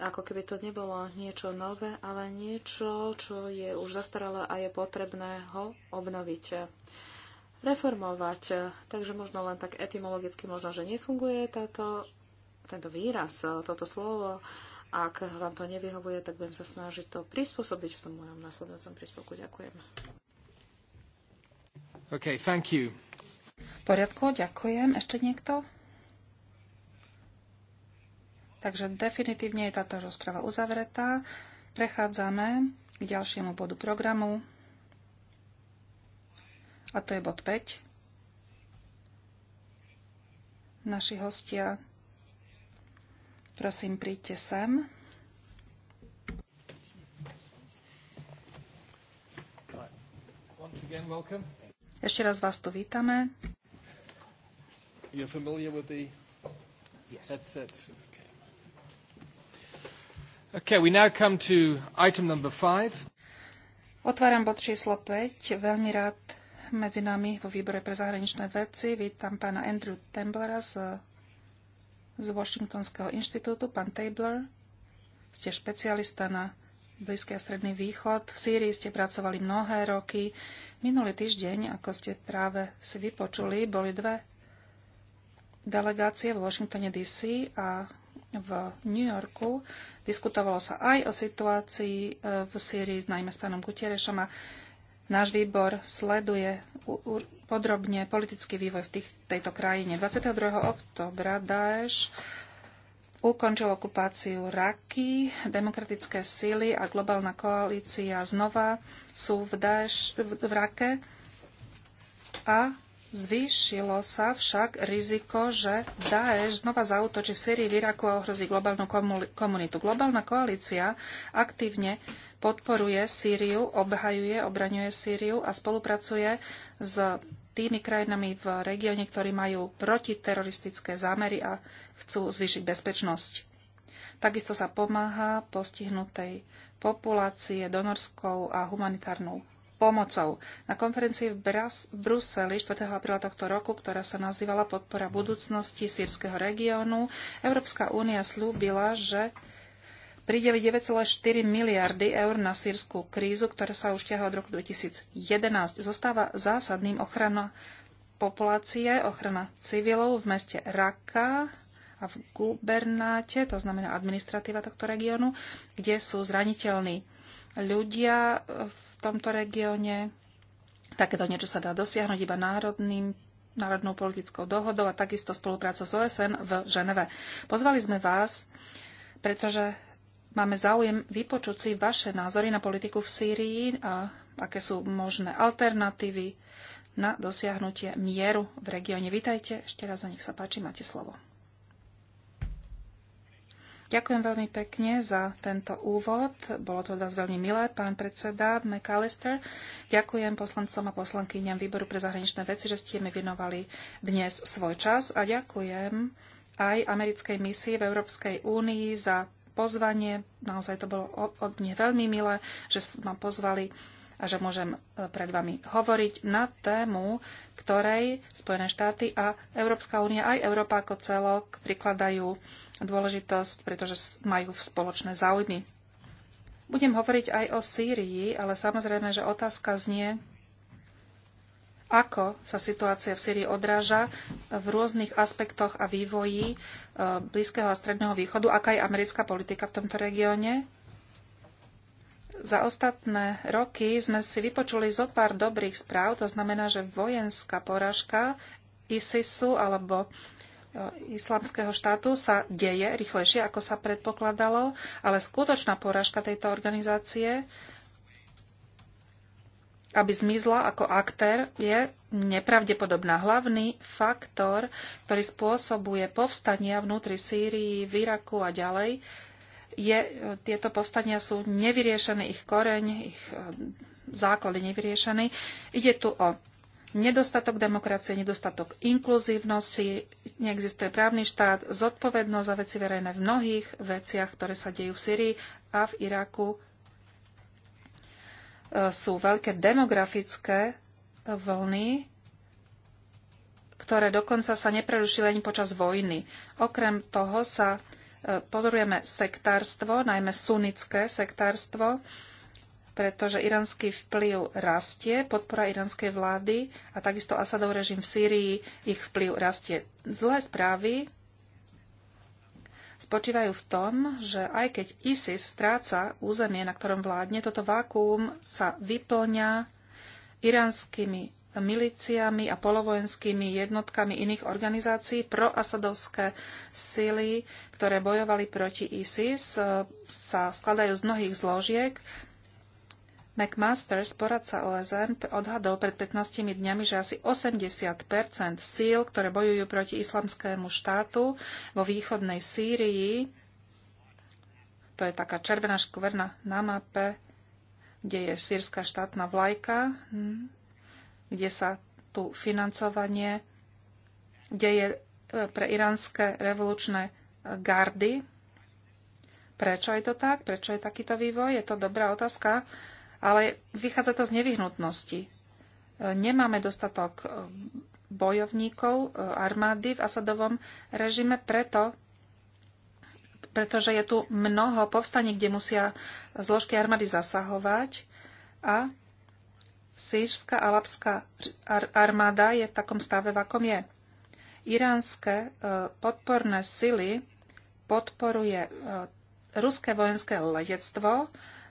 ako keby to nebolo niečo nové, ale niečo, čo je už zastaralé a je potrebné ho obnoviť reformovať. Takže možno len tak etymologicky, možno, že nefunguje táto, tento výraz, toto slovo, a Ak vám to nevyhovuje, tak budem sa snažiť to prispôsobiť v tom mojom nasledujúcom príspevku. Ďakujem. OK, thank you. V poriadku, ďakujem. Ešte niekto? Takže definitívne je táto rozprava uzavretá. Prechádzame k ďalšiemu bodu programu. A to je bod 5. Naši hostia Prosím, príďte sem. Ešte raz vás tu vítame. You're familiar with the yes. headsets? Okay. okay, we now come to item number five. Otváram bod číslo 5. Veľmi rád medzi nami vo výbore pre zahraničné veci. Vítam pána Andrew Temblera z z Washingtonského inštitútu, pán Tabler. Ste špecialista na Blízky a Stredný východ. V Sýrii ste pracovali mnohé roky. Minulý týždeň, ako ste práve si vypočuli, boli dve delegácie v Washingtone DC a v New Yorku. Diskutovalo sa aj o situácii eh, v Sýrii, najmä s pánom Gutierešom a Náš výbor sleduje podrobne politický vývoj v tých, tejto krajine. 22. oktobra Daesh ukončil okupáciu Raky, demokratické síly a globálna koalícia znova sú v, Daesh, v Rake a zvýšilo sa však riziko, že Daesh znova zautočí v Syrii, v Iraku a ohrozí globálnu komunitu. Globálna koalícia aktívne podporuje Sýriu, obhajuje, obraňuje Sýriu a spolupracuje s tými krajinami v regióne, ktorí majú protiteroristické zámery a chcú zvýšiť bezpečnosť. Takisto sa pomáha postihnutej populácie donorskou a humanitárnou pomocou. Na konferencii v, Bras- v Bruseli 4. apríla tohto roku, ktorá sa nazývala Podpora budúcnosti sírskeho regiónu, Európska únia slúbila, že prideli 9,4 miliardy eur na sírskú krízu, ktorá sa už ťahá od roku 2011. Zostáva zásadným ochrana populácie, ochrana civilov v meste Raka a v gubernáte, to znamená administratíva tohto regiónu, kde sú zraniteľní ľudia v tomto regióne. Takéto niečo sa dá dosiahnuť iba národným národnou politickou dohodou a takisto spoluprácou s OSN v Ženeve. Pozvali sme vás, pretože Máme záujem vypočuť si vaše názory na politiku v Sýrii a aké sú možné alternatívy na dosiahnutie mieru v regióne. Vítajte, ešte raz o nich sa páči, máte slovo. Ďakujem veľmi pekne za tento úvod. Bolo to od vás veľmi milé, pán predseda McAllister. Ďakujem poslancom a poslankyňam Výboru pre zahraničné veci, že ste mi venovali dnes svoj čas a ďakujem aj americkej misii v Európskej únii za pozvanie. Naozaj to bolo od mne veľmi milé, že ma pozvali a že môžem e, pred vami hovoriť na tému, ktorej Spojené štáty a Európska únia aj Európa ako celok prikladajú dôležitosť, pretože majú spoločné záujmy. Budem hovoriť aj o Sýrii, ale samozrejme, že otázka znie, ako sa situácia v Syrii odráža v rôznych aspektoch a vývoji e, Blízkeho a Stredného východu, aká je americká politika v tomto regióne. Za ostatné roky sme si vypočuli zo pár dobrých správ, to znamená, že vojenská poražka ISISu alebo e, islamského štátu sa deje rýchlejšie, ako sa predpokladalo, ale skutočná poražka tejto organizácie aby zmizla ako aktér, je nepravdepodobná. Hlavný faktor, ktorý spôsobuje povstania vnútri Sýrii, v Iraku a ďalej, je, tieto povstania sú nevyriešené, ich koreň, ich eh, základ je nevyriešený. Ide tu o nedostatok demokracie, nedostatok inkluzívnosti, neexistuje právny štát, zodpovednosť za veci verejné v mnohých veciach, ktoré sa dejú v Syrii a v Iraku sú veľké demografické vlny, ktoré dokonca sa neprerušili ani počas vojny. Okrem toho sa e, pozorujeme sektárstvo, najmä sunnické sektárstvo, pretože iránsky vplyv rastie, podpora iránskej vlády a takisto Asadov režim v Sýrii, ich vplyv rastie. Zlé správy spočívajú v tom, že aj keď ISIS stráca územie, na ktorom vládne, toto vákuum sa vyplňa iránskymi milíciami a polovojenskými jednotkami iných organizácií, proasadovské sily, ktoré bojovali proti ISIS, e, sa skladajú z mnohých zložiek, McMasters, poradca OSN, odhadol pred 15 dňami, že asi 80 síl, ktoré bojujú proti islamskému štátu vo východnej Sýrii, to je taká červená škverna na mape, kde je sírska štátna vlajka, hm, kde sa tu financovanie deje e, pre iránske revolučné gardy. Prečo je to tak? Prečo je takýto vývoj? Je to dobrá otázka ale vychádza to z nevyhnutnosti. E, nemáme dostatok e, bojovníkov e, armády v Asadovom režime, preto pretože je tu mnoho povstaní, kde musia zložky armády zasahovať a sírska a armáda je v takom stave, v akom je. Iránske podporné sily podporuje ruské vojenské letectvo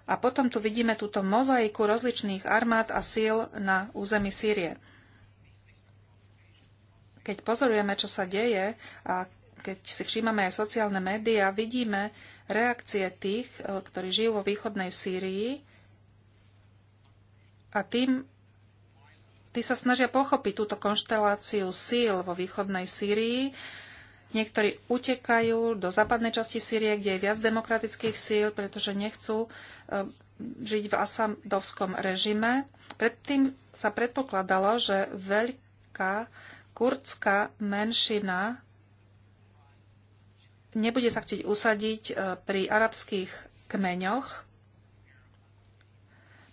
a potom tu vidíme túto mozaiku rozličných armád a síl na území Sýrie. Keď pozorujeme, čo sa deje a keď si všímame aj sociálne médiá, vidíme reakcie tých, eh, ktorí žijú vo východnej Sýrii a tým tí sa snažia pochopiť túto konšteláciu síl vo východnej Sýrii Niektorí utekajú do západnej časti Sýrie, kde je viac demokratických síl, pretože nechcú e, žiť v asadovskom režime. Predtým sa predpokladalo, že veľká kurdská menšina nebude sa chcieť usadiť e, pri arabských kmeňoch.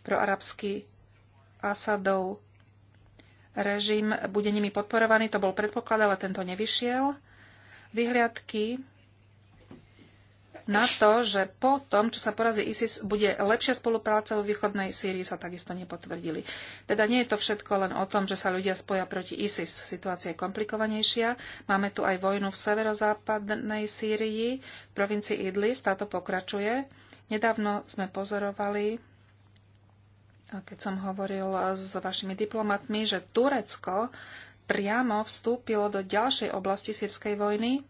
Pro arabský Asadov režim bude nimi podporovaný. To bol predpoklad, ale tento nevyšiel vyhliadky na to, že po tom, čo sa porazí ISIS, bude lepšia spolupráca vo východnej Sýrii, sa takisto nepotvrdili. Teda nie je to všetko len o tom, že sa ľudia spoja proti ISIS. Situácia je komplikovanejšia. Máme tu aj vojnu v severozápadnej Sýrii, v provincii Idlis, táto pokračuje. Nedávno sme pozorovali, keď som hovoril s vašimi diplomatmi, že Turecko priamo vstúpilo do ďalšej oblasti sírskej vojny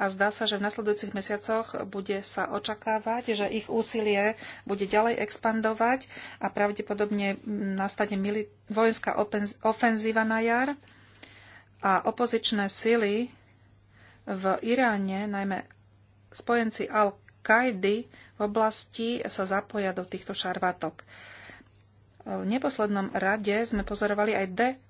a zdá sa, že v nasledujúcich mesiacoch bude sa očakávať, že ich úsilie bude ďalej expandovať a pravdepodobne nastane vojenská ofenzíva na jar a opozičné sily v Iráne, najmä spojenci Al-Kaidy v oblasti sa zapoja do týchto šarvátok. V neposlednom rade sme pozorovali aj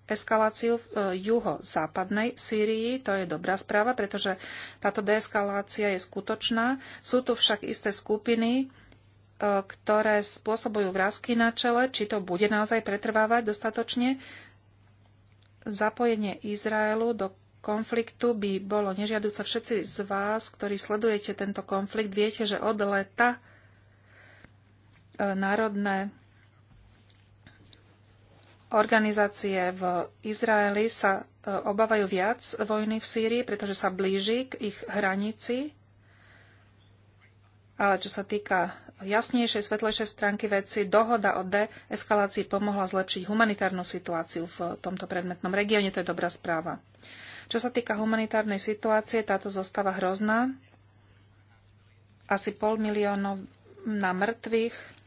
deeskaláciu v e, juho-západnej Sýrii. To je dobrá správa, pretože táto deeskalácia je skutočná. Sú tu však isté skupiny, e, ktoré spôsobujú vrázky na čele, či to bude naozaj pretrvávať dostatočne. Zapojenie Izraelu do konfliktu by bolo nežiaduce. Všetci z vás, ktorí sledujete tento konflikt, viete, že od leta e, národné Organizácie v Izraeli sa e, obávajú viac vojny v Sýrii, pretože sa blíži k ich hranici. Ale čo sa týka jasnejšej, svetlejšej stránky veci, dohoda o deeskalácii pomohla zlepšiť humanitárnu situáciu v tomto predmetnom regióne. To je dobrá správa. Čo sa týka humanitárnej situácie, táto zostáva hrozná. Asi pol miliónov na mŕtvych,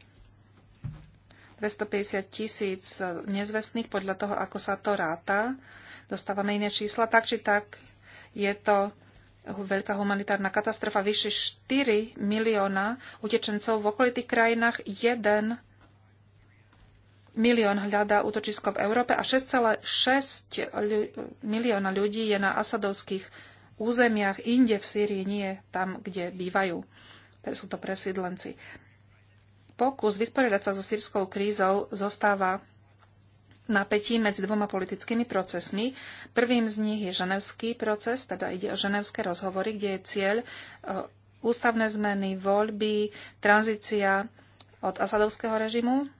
250 tisíc nezvestných podľa toho, ako sa to ráta. Dostávame iné čísla. Tak či tak je to veľká humanitárna katastrofa. Vyše 4 milióna utečencov v okolitých krajinách. 1 milión hľadá útočisko v Európe a 6,6 milióna ľudí je na asadovských územiach, inde v Sýrii nie, tam, kde bývajú. Sú to presídlenci pokus vysporiadať sa so sírskou krízou zostáva napätí medzi dvoma politickými procesmi. Prvým z nich je ženevský proces, teda ide o ženevské rozhovory, kde je cieľ e, ústavné zmeny, voľby, tranzícia od asadovského režimu.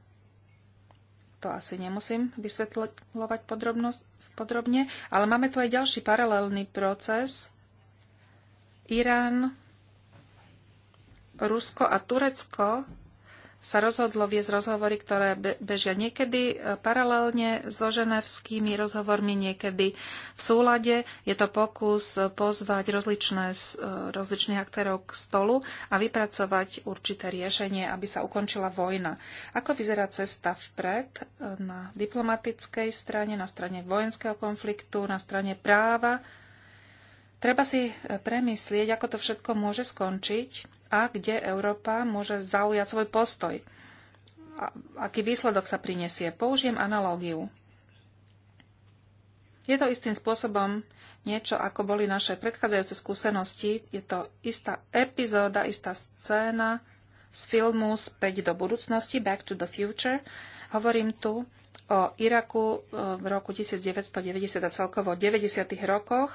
To asi nemusím vysvetľovať podrobne, ale máme tu aj ďalší paralelný proces. Irán, Rusko a Turecko sa rozhodlo viesť rozhovory, ktoré bežia niekedy e, paralelne so ženevskými rozhovormi, niekedy v súlade. Je to pokus e, pozvať rozličné, e, rozličných aktérov k stolu a vypracovať určité riešenie, aby sa ukončila vojna. Ako vyzerá cesta vpred na diplomatickej strane, na strane vojenského konfliktu, na strane práva Treba si e, premyslieť, ako to všetko môže skončiť a kde Európa môže zaujať svoj postoj. A aký výsledok sa prinesie. Použijem analógiu. Je to istým spôsobom niečo, ako boli naše predchádzajúce skúsenosti. Je to istá epizóda, istá scéna z filmu Späť do budúcnosti, Back to the Future. Hovorím tu o Iraku e, v roku 1990 a celkovo 90. rokoch,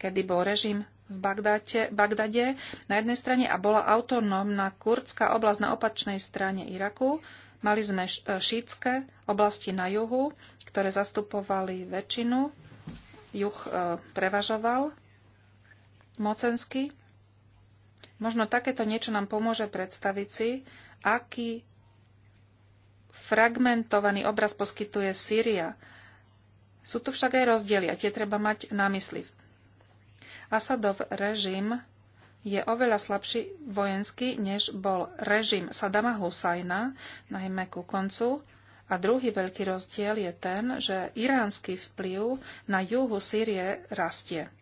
kedy bol režim v Bagdáte, Bagdade na jednej strane a bola autonómna kurdská oblasť na opačnej strane Iraku. Mali sme e, šítske oblasti na juhu, ktoré zastupovali väčšinu. Juh e, prevažoval mocensky. Možno takéto niečo nám pomôže predstaviť si, aký fragmentovaný obraz poskytuje Sýria. Sú tu však aj rozdiely a tie treba mať na mysli. Asadov režim je oveľa slabší vojenský, než bol režim Sadama Husajna, najmä ku koncu. A druhý veľký rozdiel je ten, že iránsky vplyv na juhu Sýrie rastie.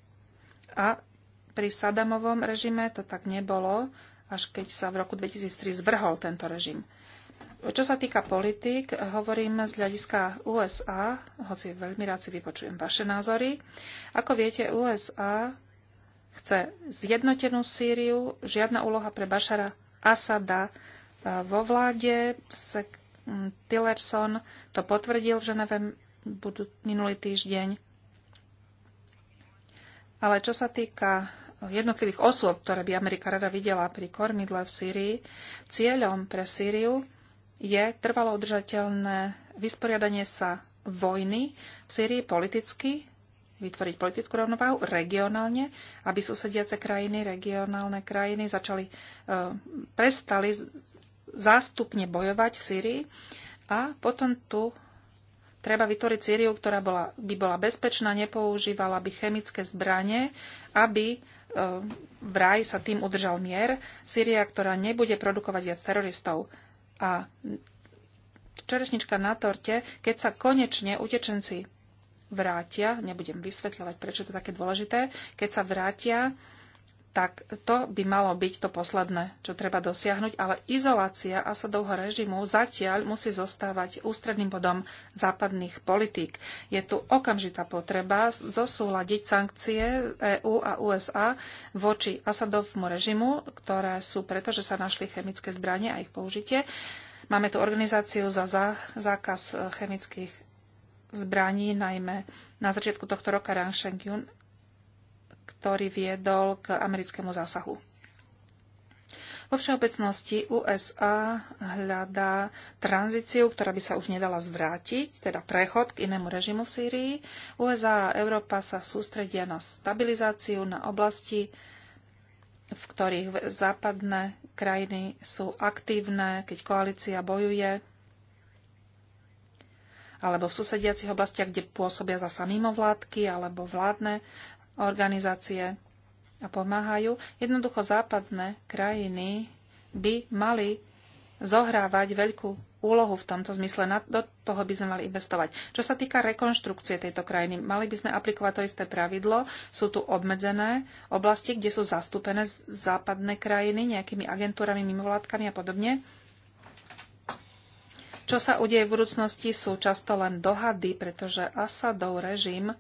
A pri Sadamovom režime to tak nebolo, až keď sa v roku 2003 zvrhol tento režim. Čo sa týka politik, hovorím z hľadiska USA, hoci veľmi rád si vypočujem vaše názory. Ako viete, USA chce zjednotenú Sýriu, žiadna úloha pre Bašara Asada e, vo vláde. Tillerson to potvrdil v Ženeve budú minulý týždeň. Ale čo sa týka jednotlivých osôb, ktoré by Amerika rada videla pri kormidle v Sýrii, cieľom pre Sýriu je trvalo udržateľné vysporiadanie sa vojny v Syrii politicky, vytvoriť politickú rovnováhu regionálne, aby susediace krajiny, regionálne krajiny začali, e, prestali zástupne bojovať v Syrii. A potom tu treba vytvoriť Sýriu, ktorá bola, by bola bezpečná, nepoužívala by chemické zbranie, aby e, vraj sa tým udržal mier. Sýria, ktorá nebude produkovať viac teroristov. A čerešnička na torte, keď sa konečne utečenci vrátia, nebudem vysvetľovať, prečo to je také dôležité, keď sa vrátia tak to by malo byť to posledné, čo treba dosiahnuť, ale izolácia Asadovho režimu zatiaľ musí zostávať ústredným bodom západných politík. Je tu okamžitá potreba zosúľadiť sankcie EÚ a USA voči Asadovmu režimu, ktoré sú preto, že sa našli chemické zbranie a ich použitie. Máme tu organizáciu za zákaz chemických zbraní, najmä na začiatku tohto roka Sheng Shengyun ktorý viedol k americkému zásahu. Vo všeobecnosti USA hľadá tranzíciu, ktorá by sa už nedala zvrátiť, teda prechod k inému režimu v Sýrii. USA a Európa sa sústredia na stabilizáciu, na oblasti, v ktorých západné krajiny sú aktívne, keď koalícia bojuje, alebo v susediacich oblastiach, kde pôsobia zasa mimovládky alebo vládne organizácie a pomáhajú. Jednoducho západné krajiny by mali zohrávať veľkú úlohu v tomto zmysle. Na, do toho by sme mali investovať. Čo sa týka rekonštrukcie tejto krajiny, mali by sme aplikovať to isté pravidlo. Sú tu obmedzené oblasti, kde sú zastúpené západné krajiny nejakými agentúrami, mimovládkami a podobne. Čo sa udeje v budúcnosti, sú často len dohady, pretože Asadov režim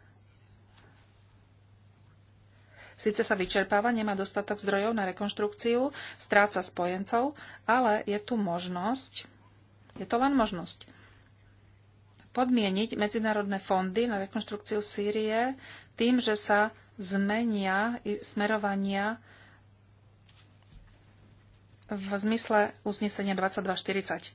Sice sa vyčerpáva, nemá dostatok zdrojov na rekonštrukciu, stráca spojencov, ale je tu možnosť, je to len možnosť, podmieniť medzinárodné fondy na rekonštrukciu Sýrie tým, že sa zmenia smerovania v zmysle uznesenia 2240.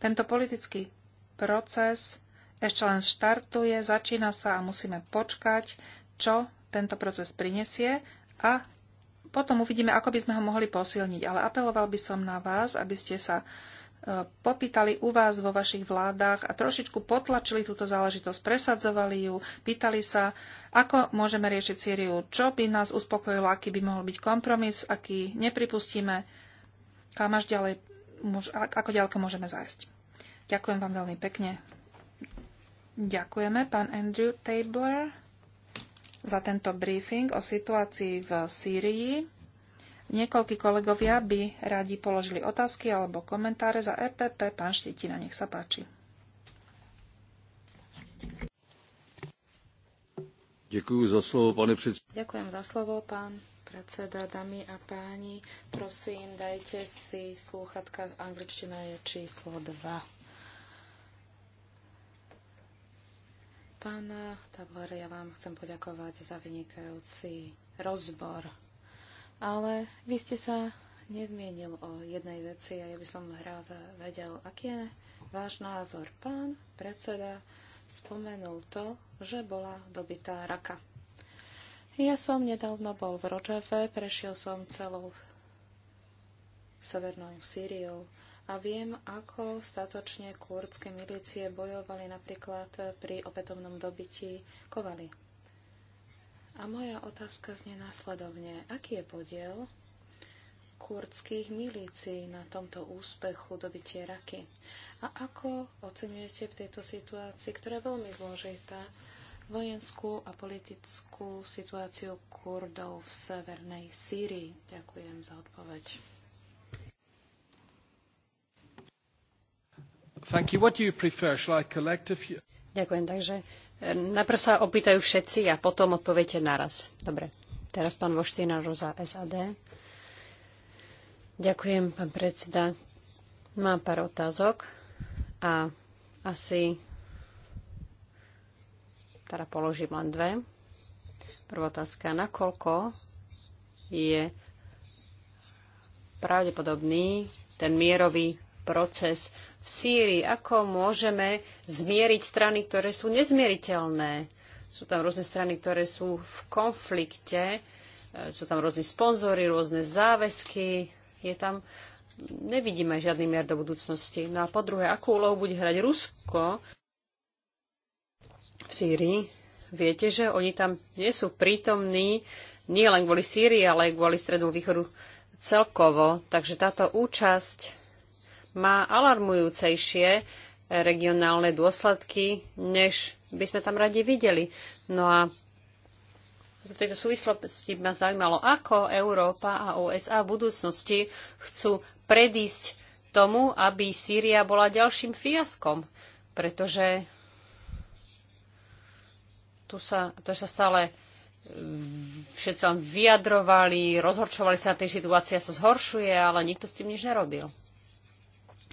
Tento politický proces ešte len štartuje, začína sa a musíme počkať, čo tento proces prinesie a potom uvidíme, ako by sme ho mohli posilniť. Ale apeloval by som na vás, aby ste sa e, popýtali u vás vo vašich vládach a trošičku potlačili túto záležitosť, presadzovali ju, pýtali sa, ako môžeme riešiť Sýriu, čo by nás uspokojilo, aký by mohol byť kompromis, aký nepripustíme, kam až ďalej, ako ďaleko môžeme zájsť. Ďakujem vám veľmi pekne. Ďakujeme, pán Andrew Tabler za tento briefing o situácii v Sýrii. Niekoľkí kolegovia by radi položili otázky alebo komentáre za EPP. Pán Štetina, nech sa páči. Ďakujem za slovo, pane predseda. Ďakujem za slovo, pán predseda, dámy a páni. Prosím, dajte si slúchatka. Angličtina je číslo 2. Pána Tabler, ja vám chcem poďakovať za vynikajúci rozbor, ale vy ste sa nezmienil o jednej veci a ja by som rád vedel, aký je váš názor. Pán predseda spomenul to, že bola dobitá raka. Ja som nedávno bol v Rožave, prešiel som celou severnou Sýriou a viem, ako statočne kurdské milície bojovali napríklad pri opätovnom dobití kovali. A moja otázka znie následovne. Aký je podiel kurdských milícií na tomto úspechu dobitie Raky? A ako oceňujete v tejto situácii, ktorá je veľmi zložitá, vojenskú a politickú situáciu Kurdov v severnej Sýrii? Ďakujem za odpoveď. Ďakujem, takže eh, najprv sa opýtajú všetci a potom odpoviete naraz. Dobre, teraz pán Voština Roza SAD. Ďakujem, pán predseda. Mám pár otázok a asi teda položím len dve. Prvá otázka, nakoľko je pravdepodobný ten mierový proces v Sýrii. Ako môžeme zmieriť strany, ktoré sú nezmieriteľné? Sú tam rôzne strany, ktoré sú v konflikte, e, sú tam rôzne sponzory, rôzne záväzky. Je tam nevidíme žiadny mier do budúcnosti. No a po druhé, akú úlohu bude hrať Rusko v Sýrii? Viete, že oni tam nie sú prítomní nie len kvôli Sýrii, ale aj kvôli Strednú východu celkovo. Takže táto účasť má alarmujúcejšie regionálne dôsledky, než by sme tam radi videli. No a v tejto súvislosti ma zaujímalo, ako Európa a USA v budúcnosti chcú predísť tomu, aby Sýria bola ďalším fiaskom, pretože tu sa, tu sa stále všetci vyjadrovali, rozhorčovali sa na tej situácii a sa zhoršuje, ale nikto s tým nič nerobil.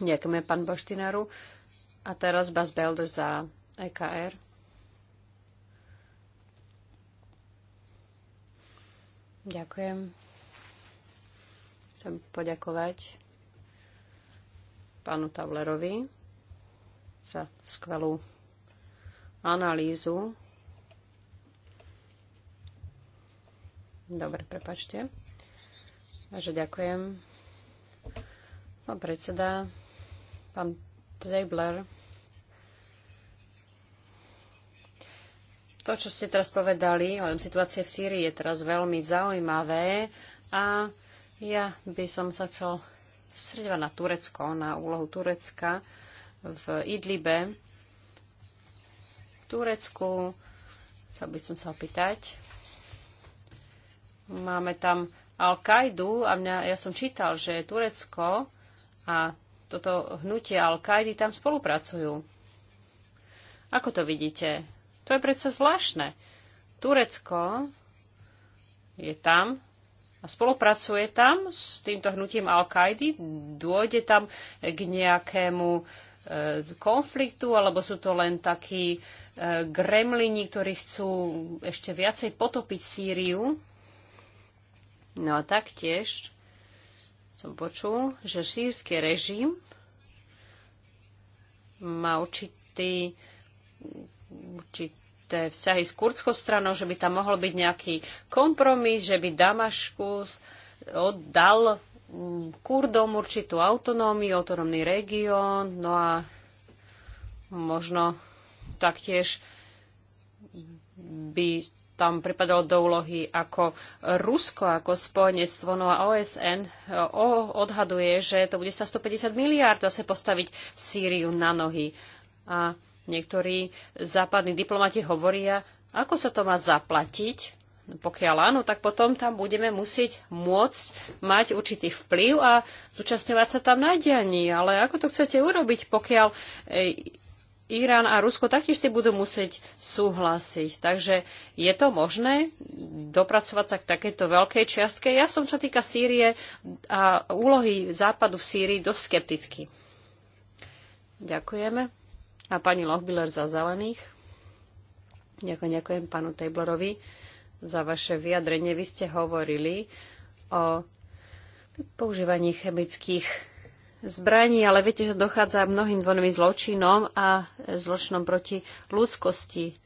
Ďakujeme, pán Boštinaru. A teraz Bas Belder za EKR. Ďakujem. Chcem poďakovať pánu Tavlerovi za skvelú analýzu. Dobre, prepačte. Takže ďakujem. Pán predseda, Pán Tabler, to, čo ste teraz povedali o situácie v Sýrii, je teraz veľmi zaujímavé a ja by som sa chcel sredovať na Turecko, na úlohu Turecka v Idlibe. V Turecku chcel by som sa opýtať. Máme tam Al-Kaidu a mňa, ja som čítal, že Turecko a toto hnutie Al-Kaidy tam spolupracujú. Ako to vidíte? To je predsa zvláštne. Turecko je tam a spolupracuje tam s týmto hnutím Al-Kaidy? Dôjde tam k nejakému e, konfliktu, alebo sú to len takí e, gremlini, ktorí chcú ešte viacej potopiť Sýriu? No a taktiež som počul, že sírsky režim má určitý, určité vzťahy s kurdskou stranou, že by tam mohol byť nejaký kompromis, že by Damaškus oddal mm, Kurdom určitú autonómiu, autonómny región, no a možno taktiež by tam pripadalo do úlohy ako Rusko, ako spojenectvo. No a OSN eh, odhaduje, že to bude sa 150 miliárd zase postaviť Sýriu na nohy. A niektorí západní diplomati hovoria, ako sa to má zaplatiť, pokiaľ áno, tak potom tam budeme musieť môcť mať určitý vplyv a zúčastňovať sa tam na dianí. Ale ako to chcete urobiť, pokiaľ eh, Irán a Rusko taktiež si budú musieť súhlasiť. Takže je to možné dopracovať sa k takéto veľkej čiastke? Ja som, čo týka Sýrie a úlohy západu v Sýrii, dosť skeptický. Ďakujeme. A pani Lochbiller za zelených. Ďakujem, ďakujem pánu Tablerovi za vaše vyjadrenie. Vy ste hovorili o používaní chemických zbraní, ale viete, že dochádza mnohým dvojným zločinom a zločinom proti ľudskosti.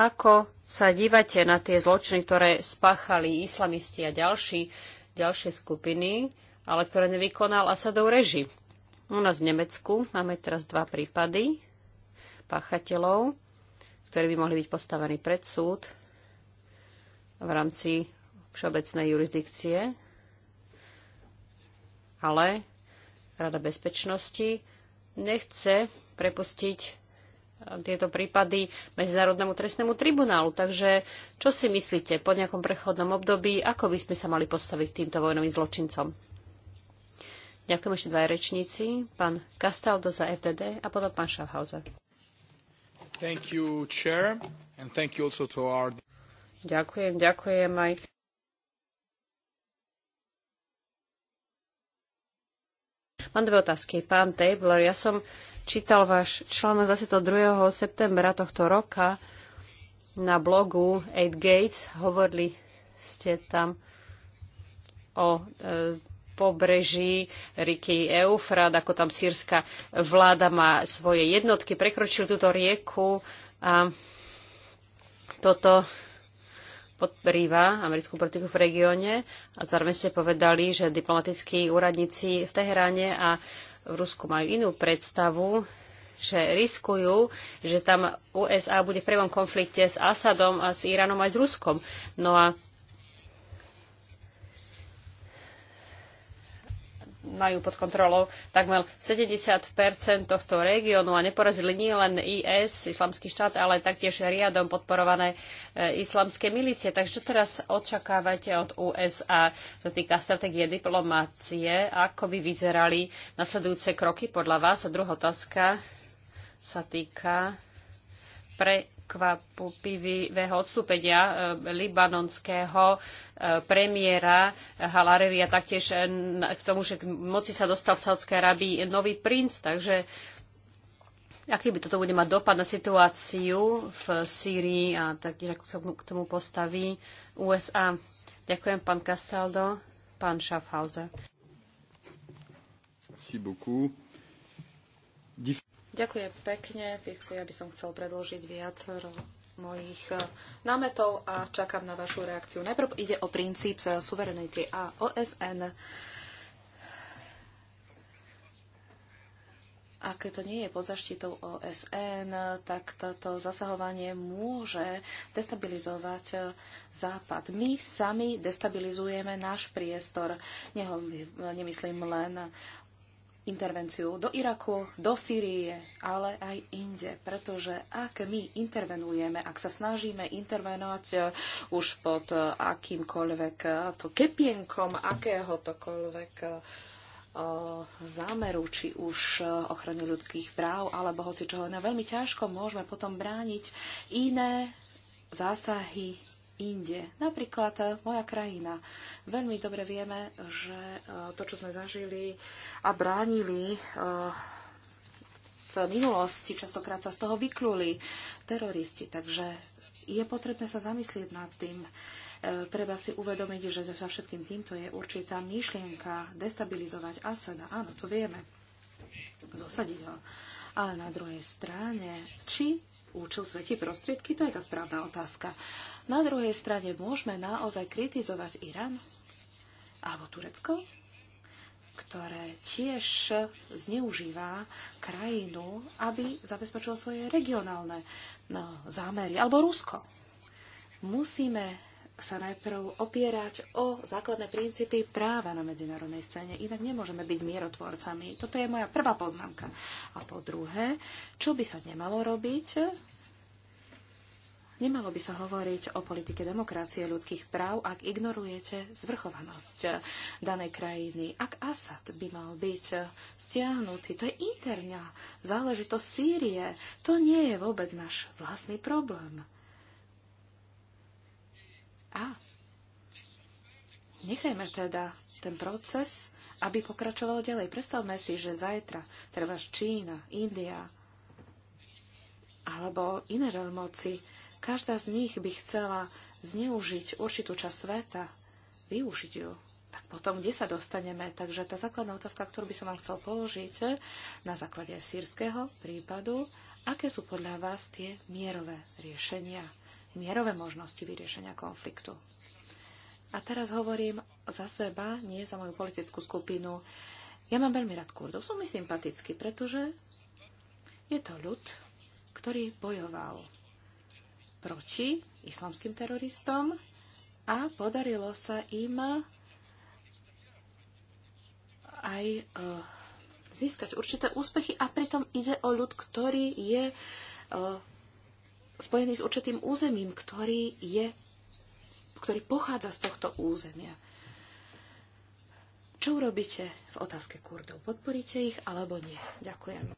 Ako sa dívate na tie zločiny, ktoré spáchali islamisti a ďalší, ďalšie skupiny, ale ktoré nevykonal Asadov režim? U nás v Nemecku máme teraz dva prípady páchateľov, ktorí by mohli byť postavení pred súd v rámci všeobecnej jurisdikcie, ale Rada bezpečnosti nechce prepustiť eh, tieto prípady Medzinárodnému trestnému tribunálu. Takže čo si myslíte po nejakom prechodnom období, ako by sme sa mali postaviť k týmto vojnovým zločincom? Ďakujem ešte dvaj rečníci, pán Castaldo za FDD a potom pán Schaffhauser. Thank you, chair, and thank you also to our... Ďakujem, ďakujem aj Mám dve otázky. Pán Tabler, ja som čítal váš článok 22. septembra tohto roka na blogu 8 Gates. Hovorili ste tam o e, pobreží rieky Eufrat, ako tam sírska vláda má svoje jednotky, prekročil túto rieku a toto podrýva americkú politiku v regióne a zároveň ste povedali, že diplomatickí úradníci v Teheráne a v Rusku majú inú predstavu, že riskujú, že tam USA bude v prvom konflikte s Asadom a s Iránom aj s Ruskom. No a majú pod kontrolou takmer 70 tohto regiónu a neporazili nie len IS, islamský štát, ale taktiež riadom podporované e, islamské milície. Takže čo teraz očakávate od USA, čo týka stratégie diplomácie, ako by vyzerali nasledujúce kroky podľa vás? A druhá otázka sa týka pre prekvapivého odstúpenia e, libanonského e, premiéra Halarevi a taktiež e, k tomu, že k moci sa dostal v Saudskej Arabii nový princ. Takže aký by toto bude mať dopad na situáciu v Sýrii a taktiež ako sa k tomu postaví USA. Ďakujem, pán Castaldo, pán Schaffhauser. Merci beaucoup. Ďakujem pekne. Ja by som chcel predložiť viacero mojich eh, námetov a čakám na vašu reakciu. Najprv ide o princíp suverenity a OSN. Ak to nie je pod zaštitou OSN, tak toto zasahovanie môže destabilizovať eh, Západ. My sami destabilizujeme náš priestor. Neho, nemyslím len intervenciu do Iraku, do Sýrie, ale aj inde. Pretože ak my intervenujeme, ak sa snažíme intervenovať eh, už pod eh, akýmkoľvek eh, to kepienkom akéhotokoľvek zámeru, či už ochrany ľudských práv, alebo hoci čoho, veľmi ťažko môžeme potom brániť iné zásahy inde. Napríklad e, moja krajina. Veľmi dobre vieme, že e, to, čo sme zažili a bránili e, v minulosti, častokrát sa z toho vykluli teroristi. Takže je potrebné sa zamyslieť nad tým, treba si uvedomiť, že za všetkým týmto je určitá myšlienka destabilizovať Asada. Áno, to vieme. Zosadiť ho. Ale na druhej strane, či účel svetí prostriedky? To je tá správna otázka. Na druhej strane, môžeme naozaj kritizovať Irán alebo Turecko, ktoré tiež zneužíva krajinu, aby zabezpečilo svoje regionálne no, zámery, alebo Rusko. Musíme sa najprv opierať o základné princípy práva na medzinárodnej scéne. Inak nemôžeme byť mierotvorcami. Toto je moja prvá poznámka. A po druhé, čo by sa nemalo robiť? Nemalo by sa hovoriť o politike demokracie ľudských práv, ak ignorujete zvrchovanosť danej krajiny. Ak Asad by mal byť stiahnutý, to je interná záležitosť Sýrie. To nie je vôbec náš vlastný problém. A nechajme teda ten proces, aby pokračoval ďalej. Predstavme si, že zajtra treba Čína, India alebo iné veľmoci, každá z nich by chcela zneužiť určitú časť sveta, využiť ju tak potom kde sa dostaneme? Takže tá základná otázka, ktorú by som vám chcel položiť na základe sírskeho prípadu, aké sú podľa vás tie mierové riešenia? mierové možnosti vyriešenia konfliktu. A teraz hovorím za seba, nie za moju politickú skupinu. Ja mám veľmi rád Kurdov, som mi sympatický, pretože je to ľud, ktorý bojoval proti islamským teroristom a podarilo sa im aj eh, získať určité úspechy a pritom ide o ľud, ktorý je eh, spojený s určitým územím, ktorý, je, ktorý pochádza z tohto územia. Čo urobíte v otázke Kurdov? Podporíte ich alebo nie? Ďakujem.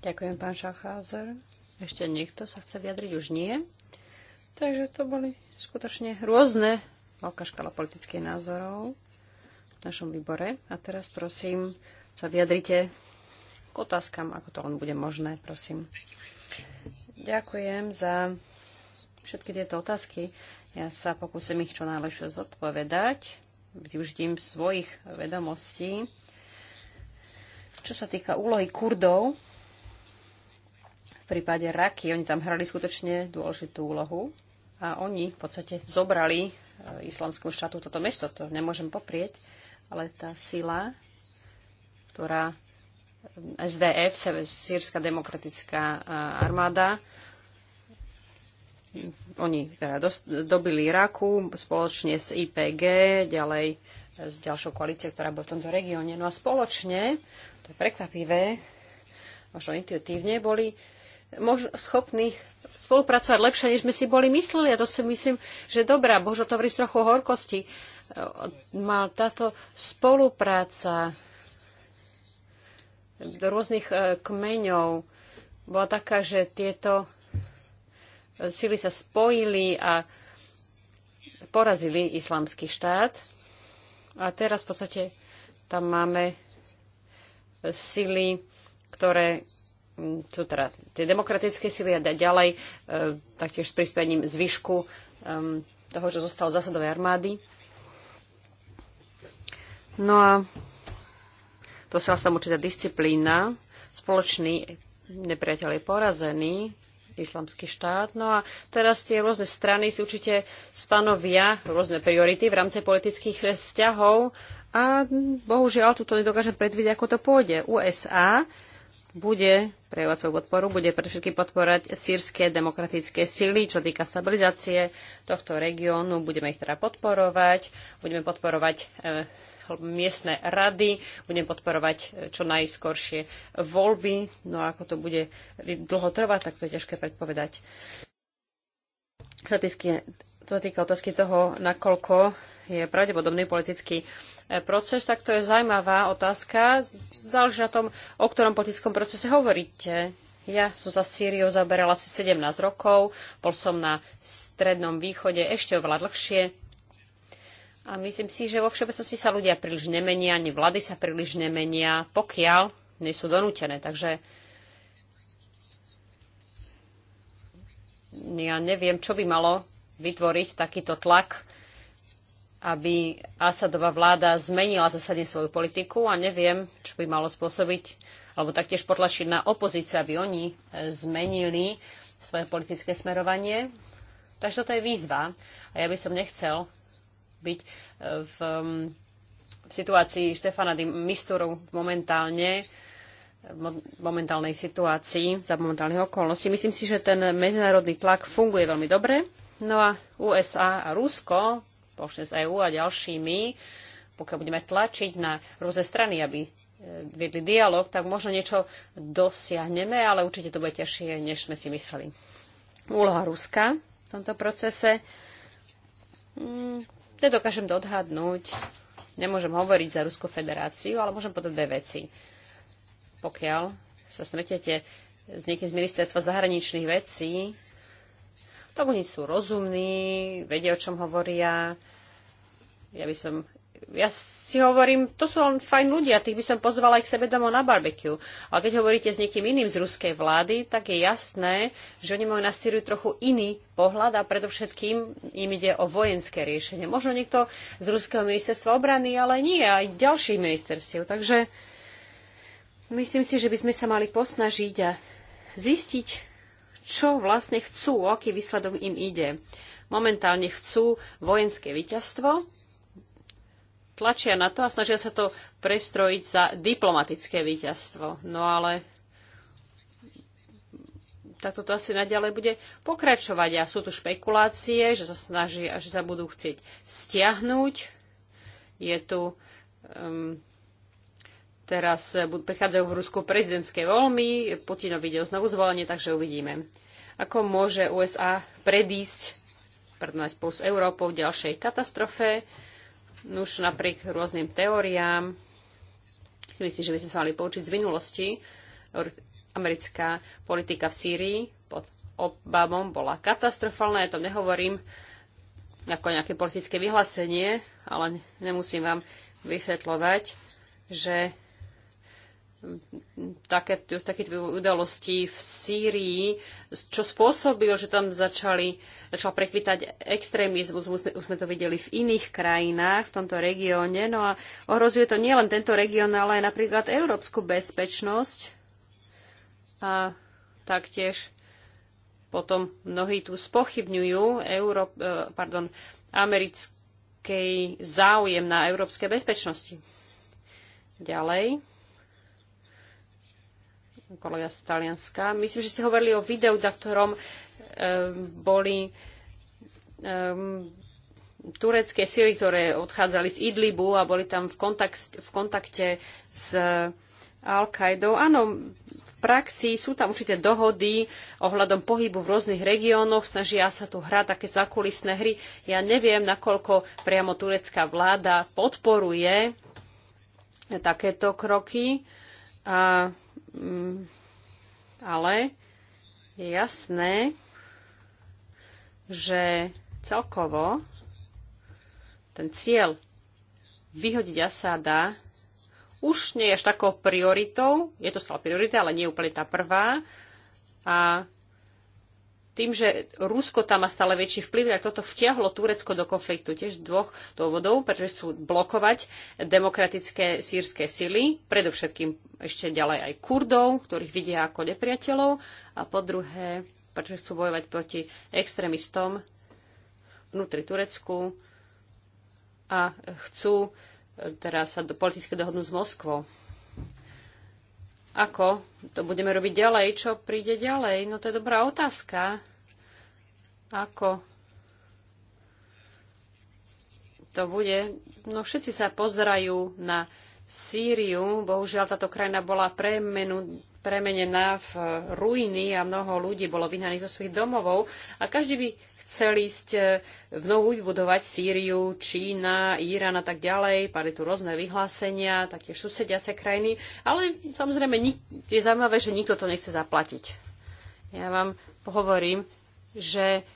Ďakujem, pán Schaffhauser. Ešte niekto sa chce vyjadriť? Už nie. Takže to boli skutočne rôzne veľká škala politických názorov v našom výbore. A teraz prosím, sa vyjadrite k otázkam, ako to len bude možné, prosím. Ďakujem za všetky tieto otázky. Ja sa pokúsim ich čo najlepšie zodpovedať využitím svojich vedomostí. Čo sa týka úlohy Kurdov, v prípade Raky, oni tam hrali skutočne dôležitú úlohu a oni v podstate zobrali e, islamskému štátu toto mesto, to nemôžem poprieť, ale tá sila, ktorá SDF, Sýrska demokratická armáda. Oni teda dobili Iraku spoločne s IPG, ďalej s ďalšou koalíciou, ktorá bola v tomto regióne. No a spoločne, to je prekvapivé, možno intuitívne, boli mož- schopní spolupracovať lepšie, než sme si boli mysleli. A to si myslím, že dobrá, bože to z trochu horkosti. E, mal táto spolupráca do rôznych e, kmeňov bola taká, že tieto e, sily sa spojili a porazili islamský štát. A teraz v podstate tam máme sily, ktoré sú teda tie demokratické sily a ďalej e, taktiež s prispením zvyšku toho, čo zostalo zásadovej armády. No a to sa tam určitá disciplína, spoločný nepriateľ je porazený, islamský štát. No a teraz tie rôzne strany si určite stanovia rôzne priority v rámci politických vzťahov a bohužiaľ tu to nedokážem predvidieť, ako to pôjde. USA bude prejavovať svoju podporu, bude pre všetky podporať sírske demokratické sily, čo týka stabilizácie tohto regiónu. Budeme ich teda podporovať, budeme podporovať e, miestne rady. Budem podporovať eh, čo najskoršie voľby. No a ako to bude dlho trvať, tak to je ťažké predpovedať. Čo týka otázky toho, nakoľko je pravdepodobný politický eh, proces, tak to je zaujímavá otázka. Záleží na tom, o ktorom politickom procese hovoríte. Ja som za Sýriou zaberala asi 17 rokov, bol som na Strednom východe ešte oveľa dlhšie, a myslím si, že vo všeobecnosti sa ľudia príliš nemenia, ani vlády sa príliš nemenia, pokiaľ nie sú donútené. Takže ja neviem, čo by malo vytvoriť takýto tlak, aby Asadová vláda zmenila zásadne svoju politiku a neviem, čo by malo spôsobiť, alebo taktiež potlačiť na opozíciu, aby oni e, zmenili svoje politické smerovanie. Takže toto je výzva a ja by som nechcel, byť e, v, v situácii Štefana Misturu momentálne, v e, momentálnej situácii, za momentálnych okolností. Myslím si, že ten medzinárodný tlak funguje veľmi dobre. No a USA a Rusko, spoločne s EÚ a ďalšími, pokiaľ budeme tlačiť na rôzne strany, aby e, viedli dialog, tak možno niečo dosiahneme, ale určite to bude ťažšie, než sme si mysleli. Úloha Ruska v tomto procese. Mm, nedokážem to odhadnúť, nemôžem hovoriť za Rusku federáciu, ale môžem povedať dve veci. Pokiaľ sa stretnete s niekým z ministerstva zahraničných vecí, tak oni sú rozumní, vedia, o čom hovoria. Ja by som ja si hovorím, to sú len fajn ľudia, tých by som pozvala aj k sebe domov na barbecue. Ale keď hovoríte s niekým iným z ruskej vlády, tak je jasné, že oni majú na Syriu trochu iný pohľad a predovšetkým im ide o vojenské riešenie. Možno niekto z ruského ministerstva obrany, ale nie aj ďalších ministerstiev. Takže myslím si, že by sme sa mali posnažiť a zistiť, čo vlastne chcú, o aký výsledok im ide. Momentálne chcú vojenské víťazstvo, tlačia na to a snažia sa to prestrojiť za diplomatické víťazstvo. No ale takto to asi naďalej bude pokračovať. A sú tu špekulácie, že sa snaží a že sa budú chcieť stiahnuť. Je tu um, teraz eh, prichádzajú v Rusku prezidentské voľby, Putinov ide o znovu zvolenie, takže uvidíme. Ako môže USA predísť, pardon, spolu s Európou, v ďalšej katastrofe, Nuž napriek rôznym teóriám, si myslím, že by sme sa mali poučiť z minulosti. Americká politika v Sýrii pod Obamom bola katastrofálna, ja to nehovorím ako nejaké politické vyhlásenie, ale nemusím vám vysvetľovať, že také, takých udalostí v Sýrii, čo spôsobilo, že tam začali, začal prekvitať extrémizmus. Už, už sme to videli v iných krajinách v tomto regióne. No a ohrozuje to nielen tento región, ale aj napríklad európsku bezpečnosť. A taktiež potom mnohí tu spochybňujú Euró- e, pardon, americký záujem na európskej bezpečnosti. Ďalej kolega z Talianska. Myslím, že ste hovorili o videu, na ktorom um, e, boli um, turecké síly, ktoré odchádzali z Idlibu a boli tam v, kontakt, v kontakte s Al-Qaidou. Áno, v praxi sú tam určité dohody ohľadom pohybu v rôznych regiónoch, snažia sa tu hrať také zakulisné hry. Ja neviem, nakoľko priamo turecká vláda podporuje takéto kroky. A Mm. ale je jasné, že celkovo ten cieľ vyhodiť Asada už nie je až takou prioritou, je to stále priorita, ale nie úplne tá prvá. A tým, že Rusko tam má stále väčší vplyv, tak toto vtiahlo Turecko do konfliktu tiež z dvoch dôvodov, pretože chcú blokovať demokratické sírske sily, predovšetkým ešte ďalej aj Kurdov, ktorých vidia ako nepriateľov, a po druhé, pretože chcú bojovať proti extrémistom vnútri Turecku a chcú teraz sa do politicky dohodnúť s Moskvou. Ako to budeme robiť ďalej? Čo príde ďalej? No to je dobrá otázka. Ako to bude? No všetci sa pozerajú na Sýriu. Bohužiaľ táto krajina bola premenu, premenená v ruiny a mnoho ľudí bolo vyhnaných zo svojich domovov a každý by chcel ísť v novú budovať Sýriu, Čína, Irán a tak ďalej. Pali tu rôzne vyhlásenia, taktiež susediace krajiny. Ale samozrejme je zaujímavé, že nikto to nechce zaplatiť. Ja vám pohovorím, že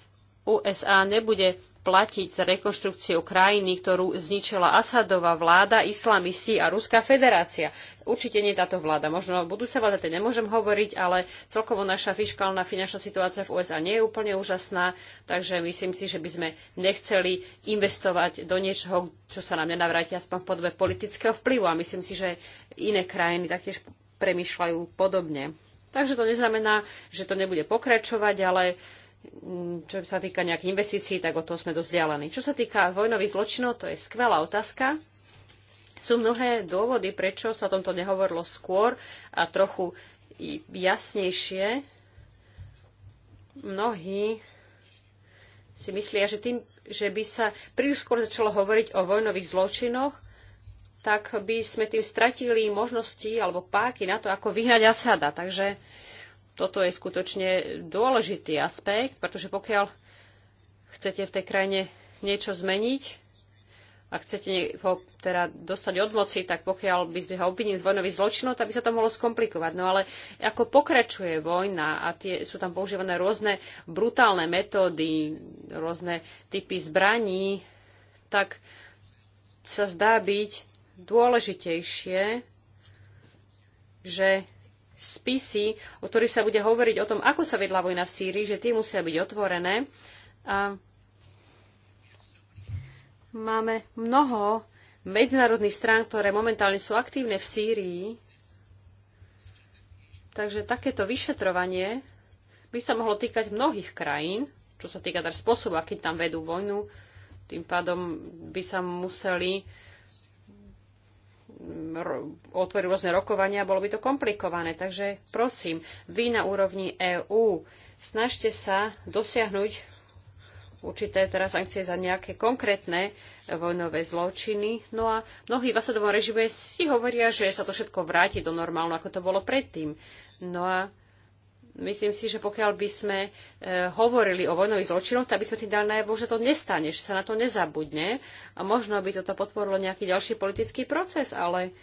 USA nebude platiť za rekonštrukciu krajiny, ktorú zničila Asadová vláda, islamisti a Ruská federácia. Určite nie táto vláda. Možno budúca vláda, to nemôžem hovoriť, ale celkovo naša fiskálna finančná situácia v USA nie je úplne úžasná, takže myslím si, že by sme nechceli investovať do niečoho, čo sa nám nenavráti aspoň v podobe politického vplyvu. A myslím si, že iné krajiny taktiež premýšľajú podobne. Takže to neznamená, že to nebude pokračovať, ale mm, čo sa týka nejakých investícií, tak od toho sme dosť ďalení. Čo sa týka vojnových zločinov, to je skvelá otázka. Sú mnohé dôvody, prečo sa o tomto nehovorilo skôr a trochu jasnejšie. Mnohí si myslia, že tým, že by sa príliš skôr začalo hovoriť o vojnových zločinoch, tak by sme tým stratili možnosti alebo páky na to, ako vyhrať Asada. Takže toto je skutočne dôležitý aspekt, pretože pokiaľ chcete v tej krajine niečo zmeniť, ak chcete ho teda dostať od moci, tak pokiaľ by sme ho obvinili z vojnových zločinov, tak by sa to mohlo skomplikovať. No ale ako pokračuje vojna a tie, sú tam používané rôzne brutálne metódy, rôzne typy zbraní, tak sa zdá byť dôležitejšie, že spisy, o ktorých sa bude hovoriť o tom, ako sa vedla vojna v Sýrii, že tie musia byť otvorené. A Máme mnoho medzinárodných strán, ktoré momentálne sú aktívne v Sýrii. Takže takéto vyšetrovanie by sa mohlo týkať mnohých krajín, čo sa týka dar teda spôsobu, aký tam vedú vojnu. Tým pádom by sa museli mm, otvoriť rôzne rokovania, bolo by to komplikované. Takže prosím, vy na úrovni EÚ snažte sa dosiahnuť určité teraz sankcie za nejaké konkrétne e, vojnové zločiny. No a mnohí v Asadovom režime si hovoria, že sa to všetko vráti do normálu, ako to bolo predtým. No a myslím si, že pokiaľ by sme e, hovorili o vojnových zločinoch, tak by sme tým dali najavo, že to nestane, že sa na to nezabudne a možno by toto podporilo nejaký ďalší politický proces, ale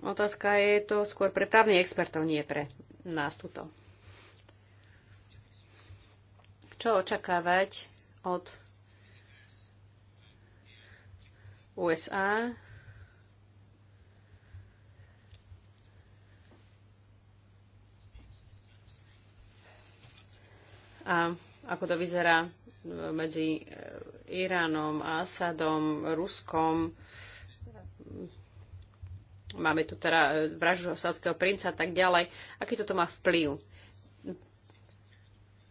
otázka je to skôr pre právnych expertov, nie pre nás tuto čo očakávať od USA, a ako to vyzerá e, medzi e, Iránom, Asadom, Ruskom. Máme tu teda e, vraždu osadského princa a tak ďalej. Aký toto má vplyv?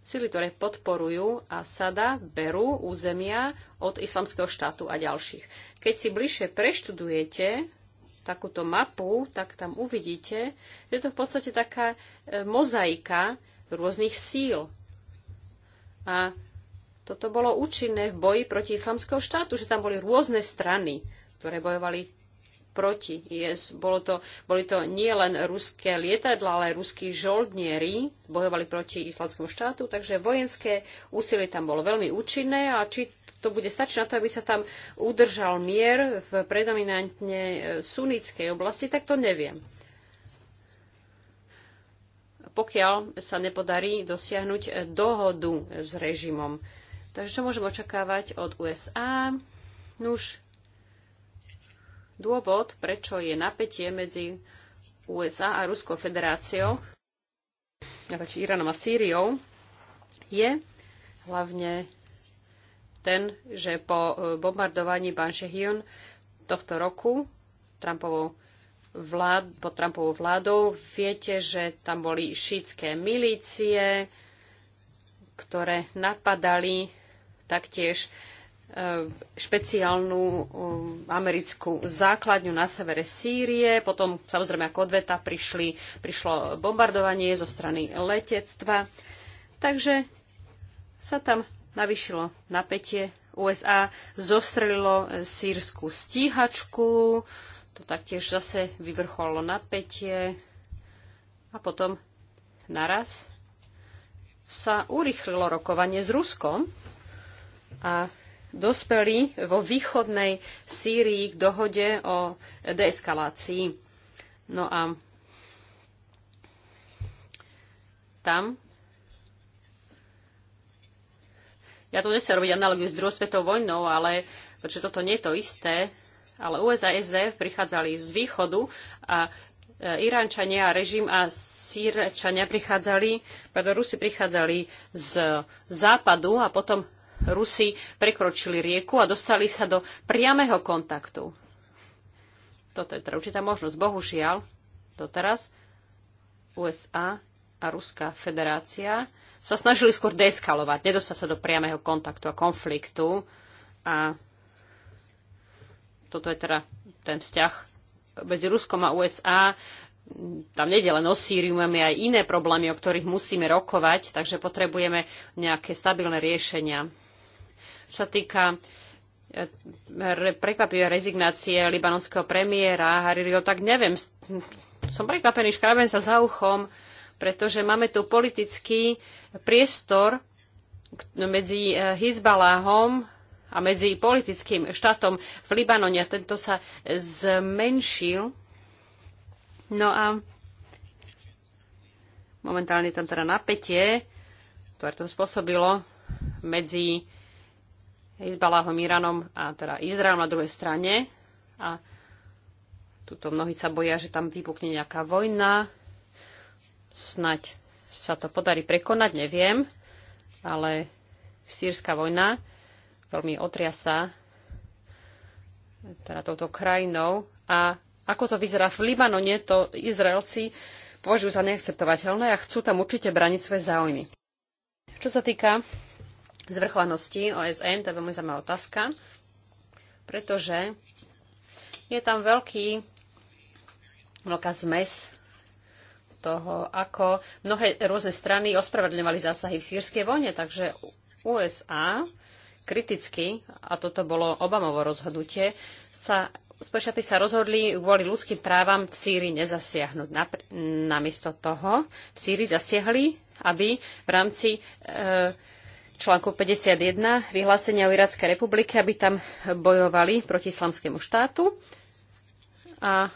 sily, ktoré podporujú Asada, berú územia od islamského štátu a ďalších. Keď si bližšie preštudujete takúto mapu, tak tam uvidíte, že je to v podstate taká e, mozaika rôznych síl. A toto bolo účinné v boji proti islamského štátu, že tam boli rôzne strany, ktoré bojovali proti IS. Bolo to, boli to nie len ruské lietadla, ale ruskí žoldnieri bojovali proti islamskému štátu, takže vojenské úsilie tam bolo veľmi účinné a či to bude stačiť na to, aby sa tam udržal mier v predominantne e, sunnickej oblasti, tak to neviem. Pokiaľ sa nepodarí dosiahnuť e, dohodu s režimom. Takže čo môžeme očakávať od USA? Nuž, Dôvod, prečo je napätie medzi USA a Ruskou federáciou, takže Iránom a Sýriou, je hlavne ten, že po e, bombardovaní Banšehion tohto roku Trumpovou vlád, pod Trumpovou vládou. Viete, že tam boli šítské milície, ktoré napadali taktiež E, špeciálnu e, americkú základňu na severe Sýrie. Potom samozrejme ako odveta prišli, prišlo bombardovanie zo strany letectva. Takže sa tam navyšilo napätie. USA zostrelilo sírsku stíhačku, to taktiež zase vyvrcholilo napätie a potom naraz sa urychlilo rokovanie s Ruskom a dospeli vo východnej Sýrii k dohode o deeskalácii. No a tam ja tu nechcem robiť analogiu s druhou svetovou vojnou, ale pretože toto nie je to isté, ale USA a SDF prichádzali z východu a e, Iránčania a režim a Sýrčania prichádzali, pardon, Rusi prichádzali z západu a potom Rusi prekročili rieku a dostali sa do priameho kontaktu. Toto je teda určitá možnosť. Bohužiaľ, doteraz USA a Ruská federácia sa snažili skôr deeskalovať, nedostať sa do priameho kontaktu a konfliktu. A toto je teda ten vzťah medzi Ruskom a USA tam nejde len o Sýriu, máme aj iné problémy, o ktorých musíme rokovať, takže potrebujeme nejaké stabilné riešenia. Čo sa týka e, prekvapivé rezignácie libanonského premiéra Haririho, tak neviem, som prekvapený, škrabem sa za uchom, pretože máme tu politický priestor no, medzi e, Hizbaláhom a medzi politickým štátom v Libanone. A tento sa zmenšil. No a momentálne tam teda napätie, ktoré to spôsobilo medzi Hezbalahom Iránom a teda Izraelom na druhej strane. A tuto mnohí sa boja, že tam vypukne nejaká vojna. Snaď sa to podarí prekonať, neviem. Ale sírska vojna veľmi otriasa teda touto krajinou. A ako to vyzerá v Libanone, to Izraelci považujú za neakceptovateľné a chcú tam určite braniť svoje záujmy. Čo sa týka zvrchovanosti OSN, to je veľmi zaujímavá otázka, pretože je tam veľký, veľká zmes toho, ako mnohé rôzne strany ospravedlňovali zásahy v sírskej vojne, takže USA kriticky, a toto bolo Obamovo rozhodnutie, sa Spojené sa rozhodli kvôli ľudským právam v Sýrii nezasiahnuť. Napr- namiesto toho v Sýrii zasiahli, aby v rámci e, článku 51 vyhlásenia o Irackej republike, aby tam bojovali proti islamskému štátu. A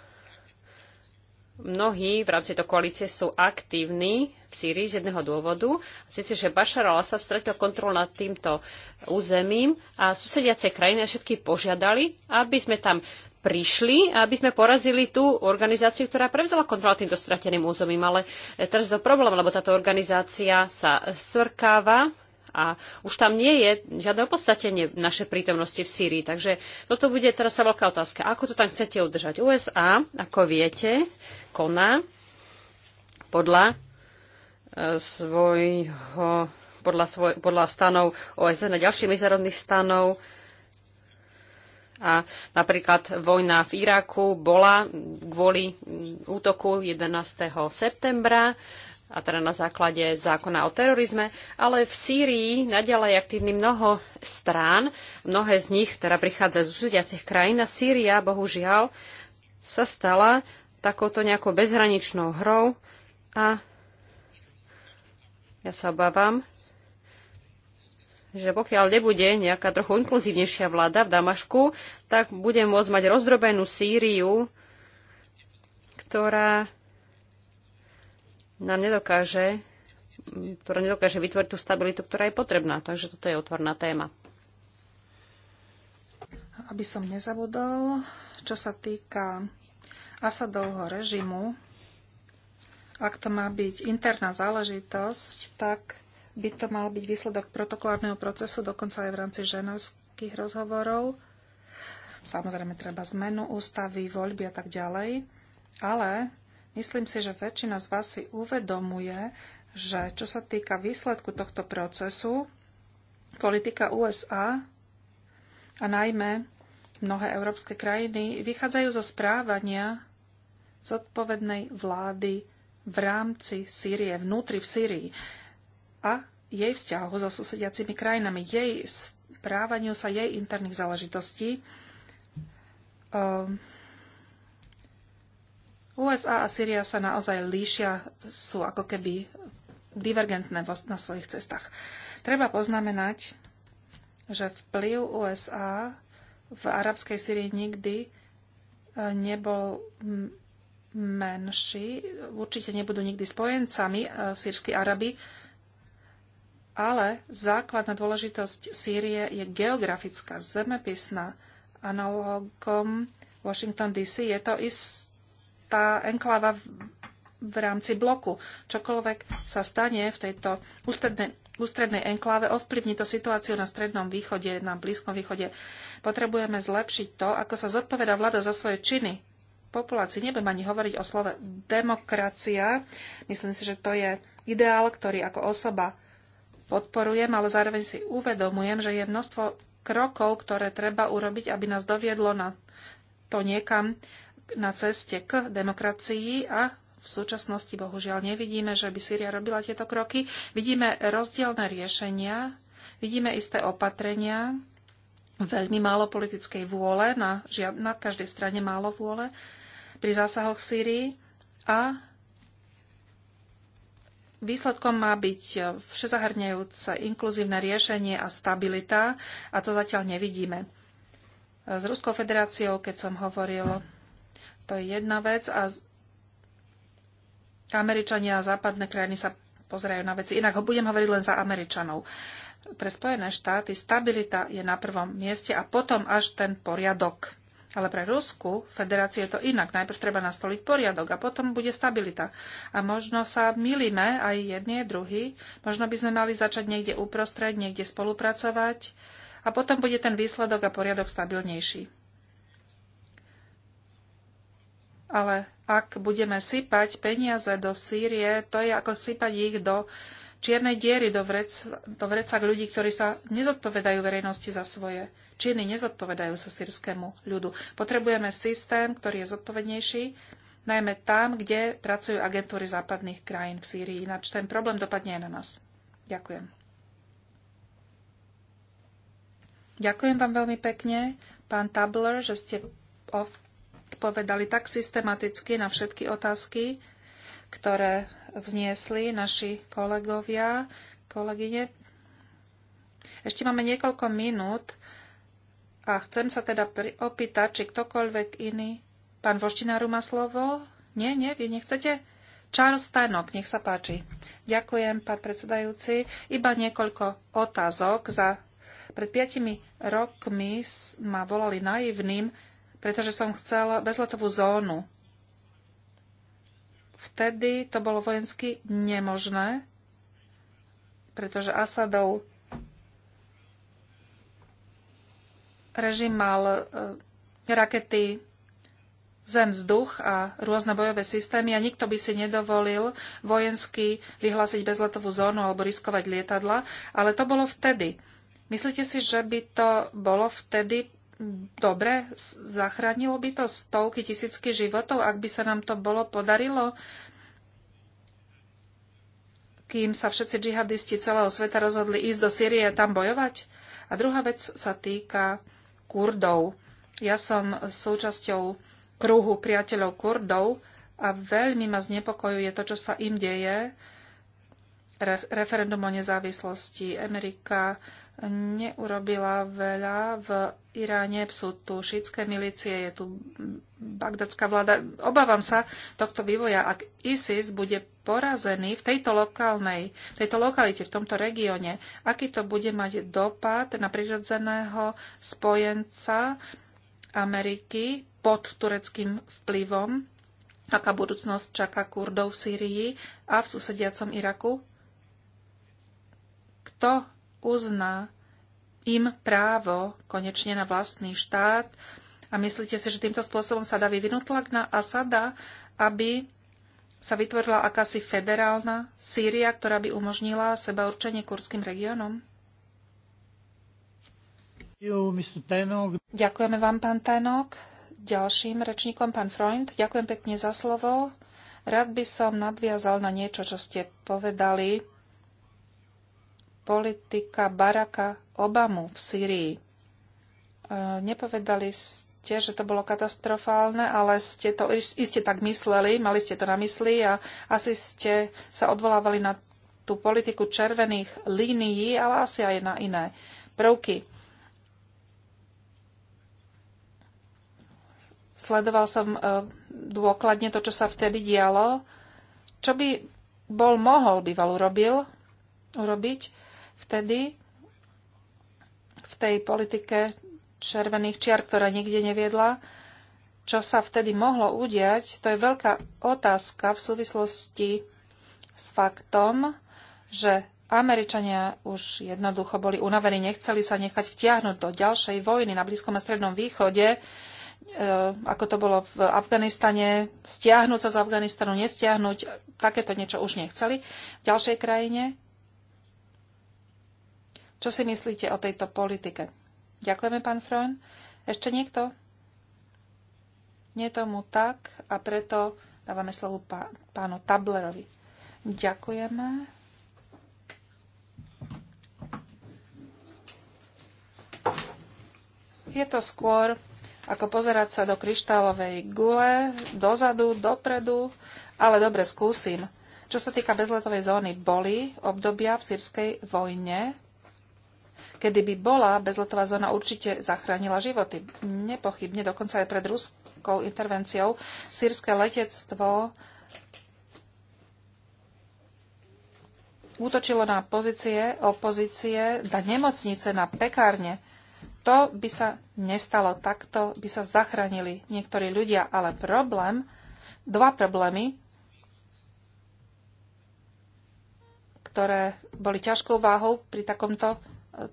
mnohí v rámci tejto koalície sú aktívni v Sýrii z jedného dôvodu. Sice, že Bashar al-Assad stratil kontrol nad týmto územím a susediace krajiny všetky požiadali, aby sme tam prišli, aby sme porazili tú organizáciu, ktorá prevzala kontrolu týmto strateným územím. Ale teraz je to problém, lebo táto organizácia sa svrkáva a už tam nie je žiadne opodstatenie našej prítomnosti v Sýrii. Takže toto bude teraz sa veľká otázka. Ako to tam chcete udržať? USA, ako viete, koná podľa e, svojho podľa, svoj, podľa stanov OSN a ďalších medzinárodných stanov. A napríklad vojna v Iraku bola kvôli útoku 11. septembra a teda na základe zákona o terorizme, ale v Sýrii naďalej aktívny mnoho strán, mnohé z nich, ktorá teda prichádza z susediacich krajín a Sýria, bohužiaľ, sa stala takouto nejakou bezhraničnou hrou a ja sa obávam, že pokiaľ nebude nejaká trochu inkluzívnejšia vláda v Damašku, tak bude môcť mať rozdrobenú Sýriu, ktorá nám nedokáže, ktorá nedokáže vytvoriť tú stabilitu, ktorá je potrebná. Takže toto je otvorná téma. Aby som nezabudol, čo sa týka Asadovho režimu, ak to má byť interná záležitosť, tak by to mal byť výsledok protokolárneho procesu, dokonca aj v rámci ženovských rozhovorov. Samozrejme, treba zmenu ústavy, voľby a tak ďalej. Ale Myslím si, že väčšina z vás si uvedomuje, že čo sa týka výsledku tohto procesu, politika USA a najmä mnohé európske krajiny vychádzajú zo správania zodpovednej vlády v rámci Sýrie, vnútri v Sýrii a jej vzťahu so susediacimi krajinami, jej správaniu sa jej interných záležitostí. Um, USA a Syria sa naozaj líšia, sú ako keby divergentné na svojich cestách. Treba poznamenať, že vplyv USA v arabskej Syrii nikdy e, nebol menší. Určite nebudú nikdy spojencami e, sírsky Araby, ale základná dôležitosť Sýrie je geografická, zemepisná. Analogom Washington DC je to isté tá enkláva v rámci bloku. Čokoľvek sa stane v tejto ústrednej, ústrednej enkláve, ovplyvní to situáciu na Strednom východe, na Blízkom východe. Potrebujeme zlepšiť to, ako sa zodpoveda vláda za svoje činy populácii. Nebudem ani hovoriť o slove demokracia. Myslím si, že to je ideál, ktorý ako osoba podporujem, ale zároveň si uvedomujem, že je množstvo krokov, ktoré treba urobiť, aby nás doviedlo na to niekam, na ceste k demokracii a v súčasnosti bohužiaľ nevidíme, že by Syria robila tieto kroky. Vidíme rozdielne riešenia, vidíme isté opatrenia, veľmi málo politickej vôle, na, žiad, na každej strane málo vôle pri zásahoch v Sýrii a Výsledkom má byť všezahrňajúce inkluzívne riešenie a stabilita a to zatiaľ nevidíme. S Ruskou federáciou, keď som hovoril to je jedna vec a Američania a západné krajiny sa pozerajú na veci. Inak ho budem hovoriť len za Američanov. Pre Spojené štáty stabilita je na prvom mieste a potom až ten poriadok. Ale pre Rusku federácie je to inak. Najprv treba nastoliť poriadok a potom bude stabilita. A možno sa milíme aj jedni, druhý. Možno by sme mali začať niekde uprostred, niekde spolupracovať. A potom bude ten výsledok a poriadok stabilnejší. Ale ak budeme sypať peniaze do Sýrie, to je ako sypať ich do čiernej diery, do, vrec, do vrecak ľudí, ktorí sa nezodpovedajú verejnosti za svoje činy, nezodpovedajú sa sírskému ľudu. Potrebujeme systém, ktorý je zodpovednejší, najmä tam, kde pracujú agentúry západných krajín v Sýrii. Ináč ten problém dopadne aj na nás. Ďakujem. Ďakujem vám veľmi pekne, pán Tabler, že ste odpovedali tak systematicky na všetky otázky, ktoré vzniesli naši kolegovia, kolegyne. Ešte máme niekoľko minút a chcem sa teda opýtať, či ktokoľvek iný. Pán Voštináru má slovo? Nie, nie, vy nechcete? Charles Stanok, nech sa páči. Ďakujem, pán predsedajúci. Iba niekoľko otázok. Za, pred piatimi rokmi ma volali naivným pretože som chcel bezletovú zónu. Vtedy to bolo vojensky nemožné, pretože Asadov režim mal e, rakety zem, vzduch a rôzne bojové systémy a nikto by si nedovolil vojensky vyhlásiť bezletovú zónu alebo riskovať lietadla, ale to bolo vtedy. Myslíte si, že by to bolo vtedy dobre, zachránilo by to stovky, tisícky životov, ak by sa nám to bolo podarilo, kým sa všetci džihadisti celého sveta rozhodli ísť do Sýrie a tam bojovať. A druhá vec sa týka Kurdov. Ja som súčasťou kruhu priateľov Kurdov a veľmi ma znepokojuje to, čo sa im deje. Re- referendum o nezávislosti. Amerika neurobila veľa v Iráne, sú tu šítske milície, je tu bagdadská vláda. Obávam sa tohto vývoja, ak ISIS bude porazený v tejto lokálnej, tejto lokalite, v tomto regióne, aký to bude mať dopad na prirodzeného spojenca Ameriky pod tureckým vplyvom, aká budúcnosť čaká Kurdov v Sýrii a v susediacom Iraku? Kto uzná im právo konečne na vlastný štát. A myslíte si, že týmto spôsobom sa dá vyvinúť tlak na Asada, aby sa vytvorila akási federálna Sýria, ktorá by umožnila seba určenie kurdským regiónom? Ďakujeme vám, pán Tenok. Ďalším rečníkom, pán Freund. Ďakujem pekne za slovo. Rád by som nadviazal na niečo, čo ste povedali politika Baracka Obamu v Sýrii. E, nepovedali ste, že to bolo katastrofálne, ale ste to iste tak mysleli, mali ste to na mysli a asi ste sa odvolávali na tú politiku červených línií, ale asi aj na iné prvky. Sledoval som e, dôkladne to, čo sa vtedy dialo. Čo by bol mohol býval urobil, urobiť, vtedy v tej politike červených čiar, ktorá nikde neviedla, čo sa vtedy mohlo udiať, to je veľká otázka v súvislosti s faktom, že Američania už jednoducho boli unavení, nechceli sa nechať vtiahnuť do ďalšej vojny na Blízkom a Strednom východe, e, ako to bolo v Afganistane, stiahnuť sa z Afganistanu, nestiahnuť, takéto niečo už nechceli. V ďalšej krajine čo si myslíte o tejto politike? Ďakujeme, pán Froen. Ešte niekto? Nie tomu tak a preto dávame slovo pánu Tablerovi. Ďakujeme. Je to skôr ako pozerať sa do kryštálovej gule, dozadu, dopredu, ale dobre skúsim. Čo sa týka bezletovej zóny, boli obdobia v sírskej vojne, kedy by bola bezletová zóna, určite zachránila životy. Nepochybne, dokonca aj pred ruskou intervenciou, sírske letectvo útočilo na pozície, opozície, na nemocnice, na pekárne. To by sa nestalo, takto by sa zachránili niektorí ľudia, ale problém, dva problémy, ktoré boli ťažkou váhou pri takomto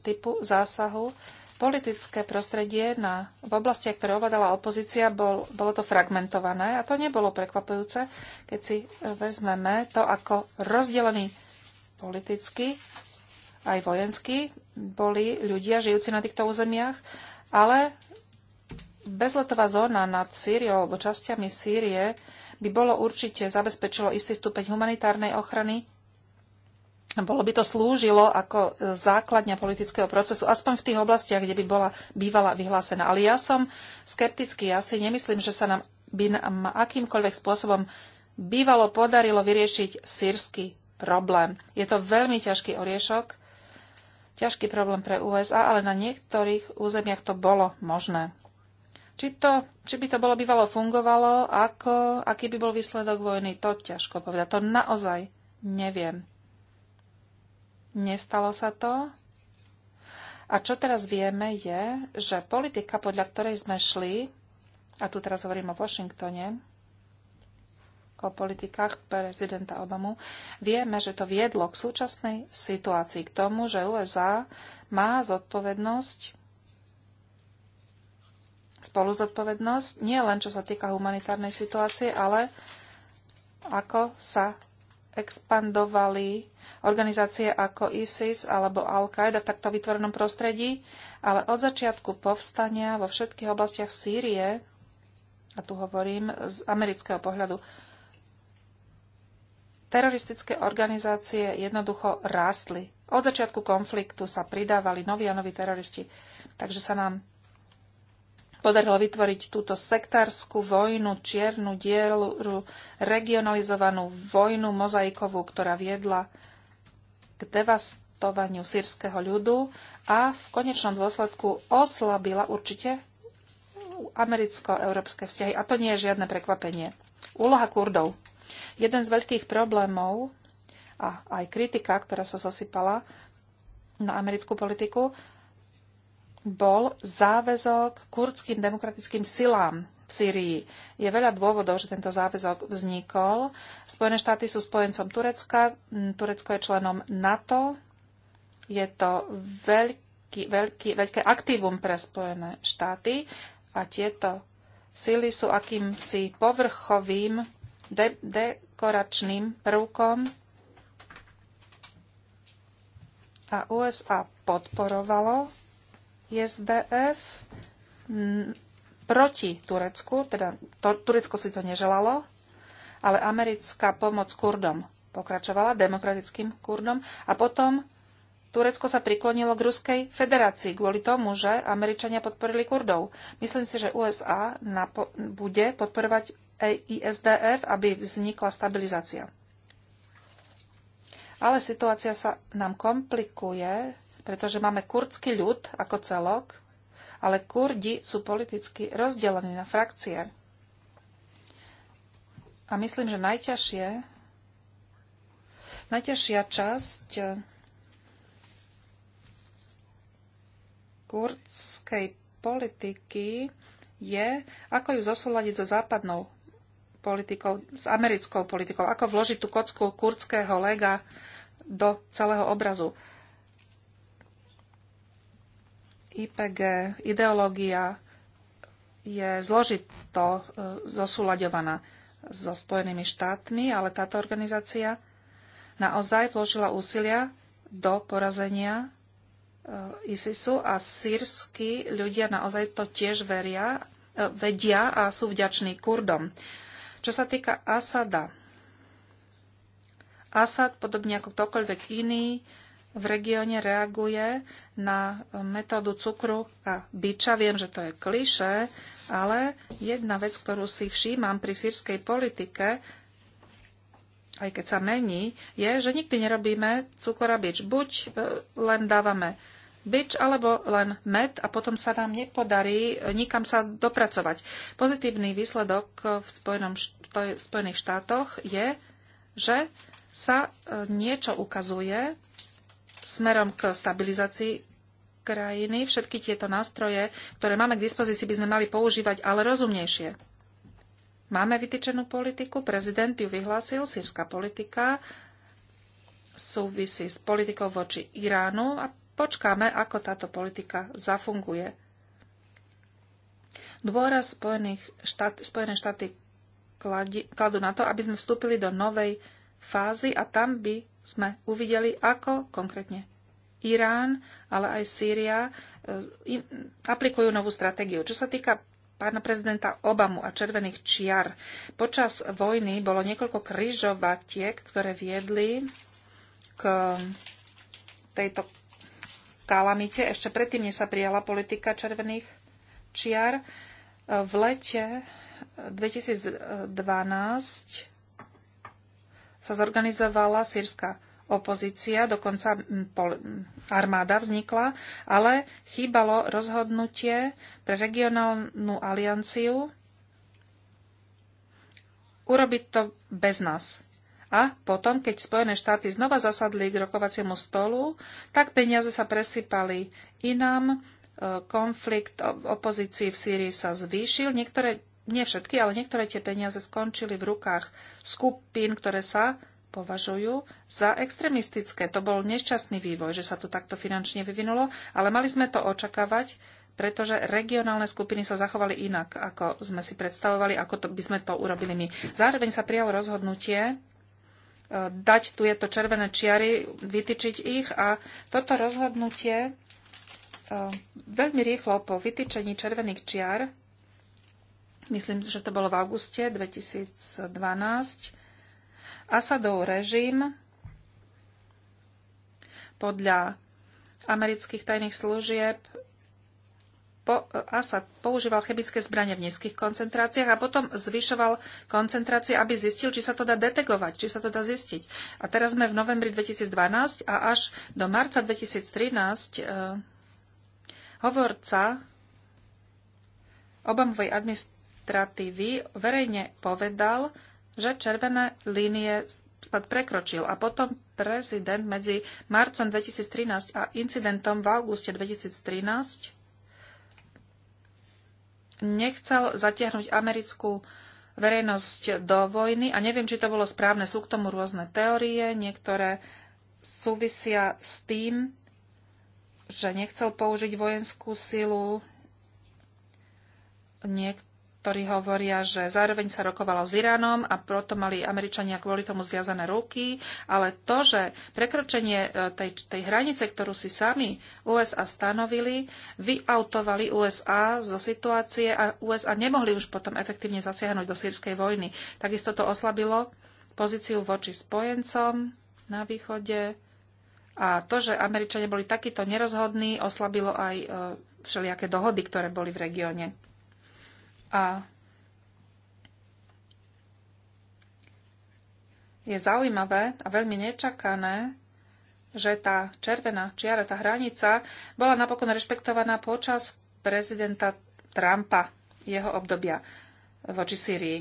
typu zásahu. Politické prostredie na, v oblastiach, ktoré ovládala opozícia, bol, bolo to fragmentované a to nebolo prekvapujúce, keď si vezmeme to, ako rozdelený politicky aj vojensky boli ľudia žijúci na týchto územiach, ale bezletová zóna nad Sýriou alebo časťami Sýrie by bolo určite zabezpečilo istý stupeň humanitárnej ochrany bolo by to slúžilo ako základňa politického procesu, aspoň v tých oblastiach, kde by bola bývala vyhlásená. Ale ja som skeptický, ja si nemyslím, že sa nám by nám akýmkoľvek spôsobom bývalo podarilo vyriešiť sírsky problém. Je to veľmi ťažký oriešok, ťažký problém pre USA, ale na niektorých územiach to bolo možné. Či, to, či by to bolo bývalo fungovalo, ako, aký by bol výsledok vojny, to ťažko povedať. To naozaj neviem. Nestalo sa to. A čo teraz vieme je, že politika, podľa ktorej sme šli, a tu teraz hovorím o Washingtone, o politikách prezidenta Obamu, vieme, že to viedlo k súčasnej situácii, k tomu, že USA má zodpovednosť spolu zodpovednosť, nie len čo sa týka humanitárnej situácie, ale ako sa expandovali organizácie ako ISIS alebo Al-Qaeda v takto vytvorenom prostredí, ale od začiatku povstania vo všetkých oblastiach Sýrie, a tu hovorím z amerického pohľadu, teroristické organizácie jednoducho rástli. Od začiatku konfliktu sa pridávali noví a noví teroristi, takže sa nám podarilo vytvoriť túto sektárskú vojnu, čiernu dieru, regionalizovanú vojnu mozaikovú, ktorá viedla k devastovaniu sírskeho ľudu a v konečnom dôsledku oslabila určite americko-európske vzťahy. A to nie je žiadne prekvapenie. Úloha Kurdov. Jeden z veľkých problémov a aj kritika, ktorá sa zasypala na americkú politiku, bol záväzok kurdským demokratickým silám v Sýrii. Je veľa dôvodov, že tento záväzok vznikol. Spojené štáty sú spojencom Turecka, mm, Turecko je členom NATO, je to veľký, veľký, veľké aktívum pre Spojené štáty a tieto sily sú akýmsi povrchovým de- dekoračným prvkom a USA podporovalo SDF proti Turecku, teda to, Turecko si to neželalo, ale americká pomoc Kurdom pokračovala, demokratickým Kurdom, a potom Turecko sa priklonilo k Ruskej federácii kvôli tomu, že Američania podporili Kurdov. Myslím si, že USA napo- bude podporovať e ISDF, aby vznikla stabilizácia. Ale situácia sa nám komplikuje pretože máme kurdský ľud ako celok, ale kurdi sú politicky rozdelení na frakcie. A myslím, že najťažšie, najťažšia časť kurdskej politiky je, ako ju zosúľadiť so západnou politikou, s americkou politikou, ako vložiť tú kocku kurdského lega do celého obrazu. IPG ideológia je zložito e, zosúľaďovaná so Spojenými štátmi, ale táto organizácia naozaj vložila úsilia do porazenia e, ISISu a sírsky ľudia naozaj to tiež veria, e, vedia a sú vďační Kurdom. Čo sa týka Asada, Asad, podobne ako ktokoľvek iný, v regióne reaguje na metódu cukru a biča. Viem, že to je klišé, ale jedna vec, ktorú si všímam pri sírskej politike, aj keď sa mení, je, že nikdy nerobíme cukor a bič. Buď e, len dávame bič alebo len med a potom sa nám nepodarí e, nikam sa dopracovať. Pozitívny výsledok v, Spojenom, v Spojených štátoch je, že sa e, niečo ukazuje, smerom k stabilizácii krajiny. Všetky tieto nástroje, ktoré máme k dispozícii, by sme mali používať, ale rozumnejšie. Máme vytýčenú politiku, prezident ju vyhlásil, sírska politika súvisí s politikou voči Iránu a počkáme, ako táto politika zafunguje. Dôraz Spojených štát, Spojené štáty kladú na to, aby sme vstúpili do novej fázy a tam by sme uvideli, ako konkrétne Irán, ale aj Sýria e, aplikujú novú stratégiu. Čo sa týka pána prezidenta Obamu a červených čiar. Počas vojny bolo niekoľko kryžovatiek, ktoré viedli k tejto kalamite. Ešte predtým, než sa prijala politika červených čiar, v lete 2012 sa zorganizovala sírska opozícia, dokonca armáda vznikla, ale chýbalo rozhodnutie pre regionálnu alianciu urobiť to bez nás. A potom, keď Spojené štáty znova zasadli k rokovaciemu stolu, tak peniaze sa presypali inám, e, konflikt opozícii v Sýrii sa zvýšil. Niektoré nie všetky, ale niektoré tie peniaze skončili v rukách skupín, ktoré sa považujú za extremistické. To bol nešťastný vývoj, že sa tu takto finančne vyvinulo, ale mali sme to očakávať, pretože regionálne skupiny sa zachovali inak, ako sme si predstavovali, ako to by sme to urobili my. Zároveň sa prijalo rozhodnutie e, dať tu je to červené čiary, vytyčiť ich a toto rozhodnutie e, veľmi rýchlo po vytyčení červených čiar myslím, že to bolo v auguste 2012, Asadov režim podľa amerických tajných služieb po, Asad používal chemické zbranie v nízkych koncentráciách a potom zvyšoval koncentrácie, aby zistil, či sa to dá detegovať, či sa to dá zistiť. A teraz sme v novembri 2012 a až do marca 2013 eh, hovorca Obamovej administrácie administratívy verejne povedal, že červené línie prekročil a potom prezident medzi marcom 2013 a incidentom v auguste 2013 nechcel zatiahnuť americkú verejnosť do vojny a neviem, či to bolo správne. Sú k tomu rôzne teórie, niektoré súvisia s tým, že nechcel použiť vojenskú silu, niektoré ktorí hovoria, že zároveň sa rokovalo s Iránom a proto mali Američania kvôli tomu zviazané ruky, ale to, že prekročenie e, tej, tej hranice, ktorú si sami USA stanovili, vyautovali USA zo situácie a USA nemohli už potom efektívne zasiahnuť do sírskej vojny. Takisto to oslabilo pozíciu voči spojencom na východe a to, že Američania boli takýto nerozhodní, oslabilo aj e, všelijaké dohody, ktoré boli v regióne. A je zaujímavé a veľmi nečakané, že tá červená čiara, tá hranica, bola napokon rešpektovaná počas prezidenta Trumpa, jeho obdobia voči Syrii.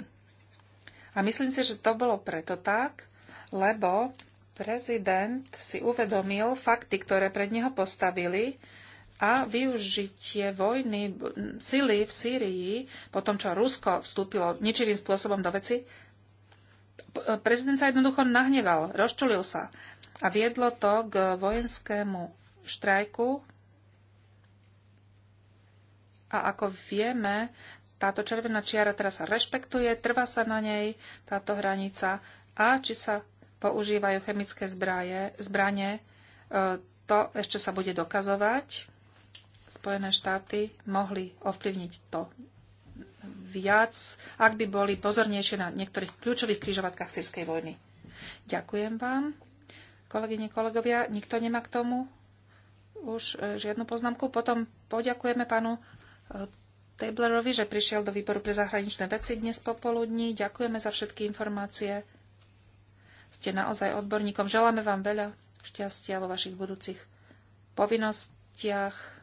A myslím si, že to bolo preto tak, lebo prezident si uvedomil fakty, ktoré pred neho postavili a využitie vojny sily v Sýrii, po tom, čo Rusko vstúpilo ničivým spôsobom do veci, prezident sa jednoducho nahneval, rozčulil sa a viedlo to k vojenskému štrajku. A ako vieme, táto červená čiara teraz sa rešpektuje, trvá sa na nej táto hranica a či sa používajú chemické zbraje, zbranie, e, to ešte sa bude dokazovať Spojené štáty mohli ovplyvniť to viac, ak by boli pozornejšie na niektorých kľúčových kryžovatkách sírskej vojny. Ďakujem vám. Kolegyne, kolegovia, nikto nemá k tomu už e, žiadnu poznámku. Potom poďakujeme pánu e, Tablerovi, že prišiel do výboru pre zahraničné veci dnes popoludní. Ďakujeme za všetky informácie. Ste naozaj odborníkom. Želáme vám veľa šťastia vo vašich budúcich povinnostiach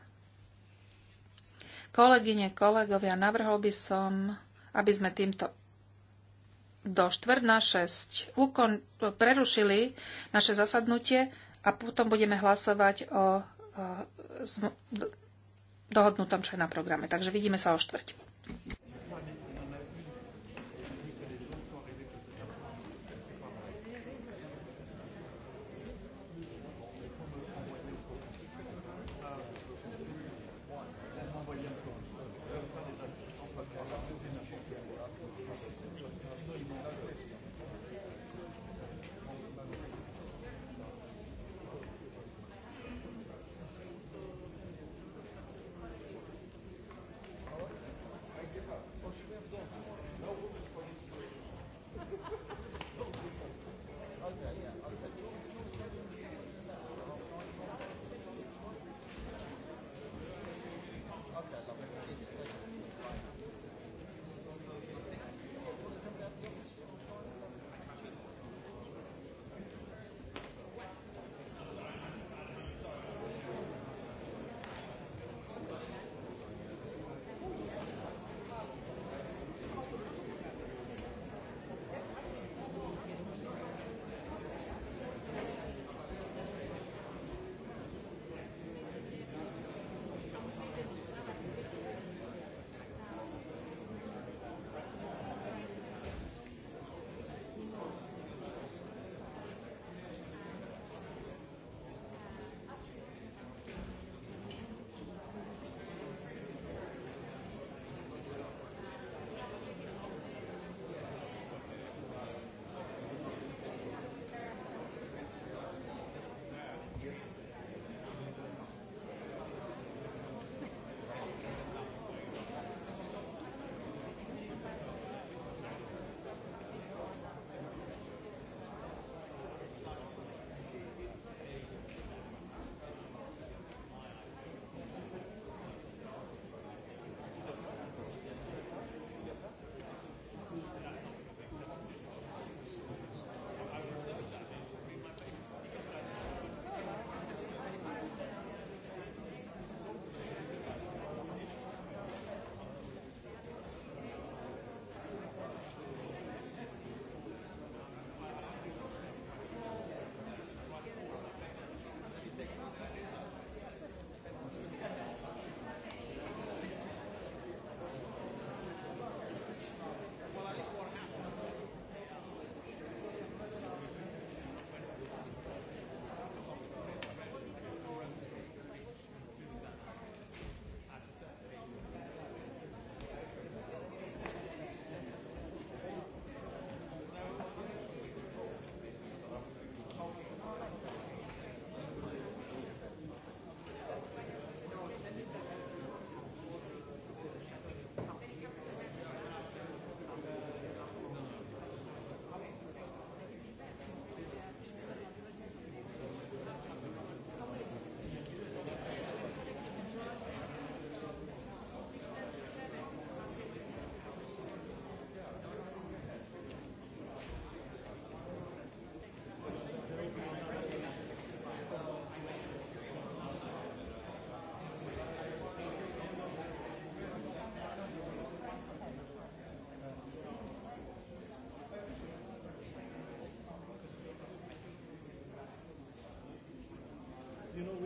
Kolegyne, kolegovia, navrhol by som, aby sme týmto do štvrt na šesť úkon, prerušili naše zasadnutie a potom budeme hlasovať o, o dohodnutom, čo je na programe. Takže vidíme sa o štvrť.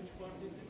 which part is it?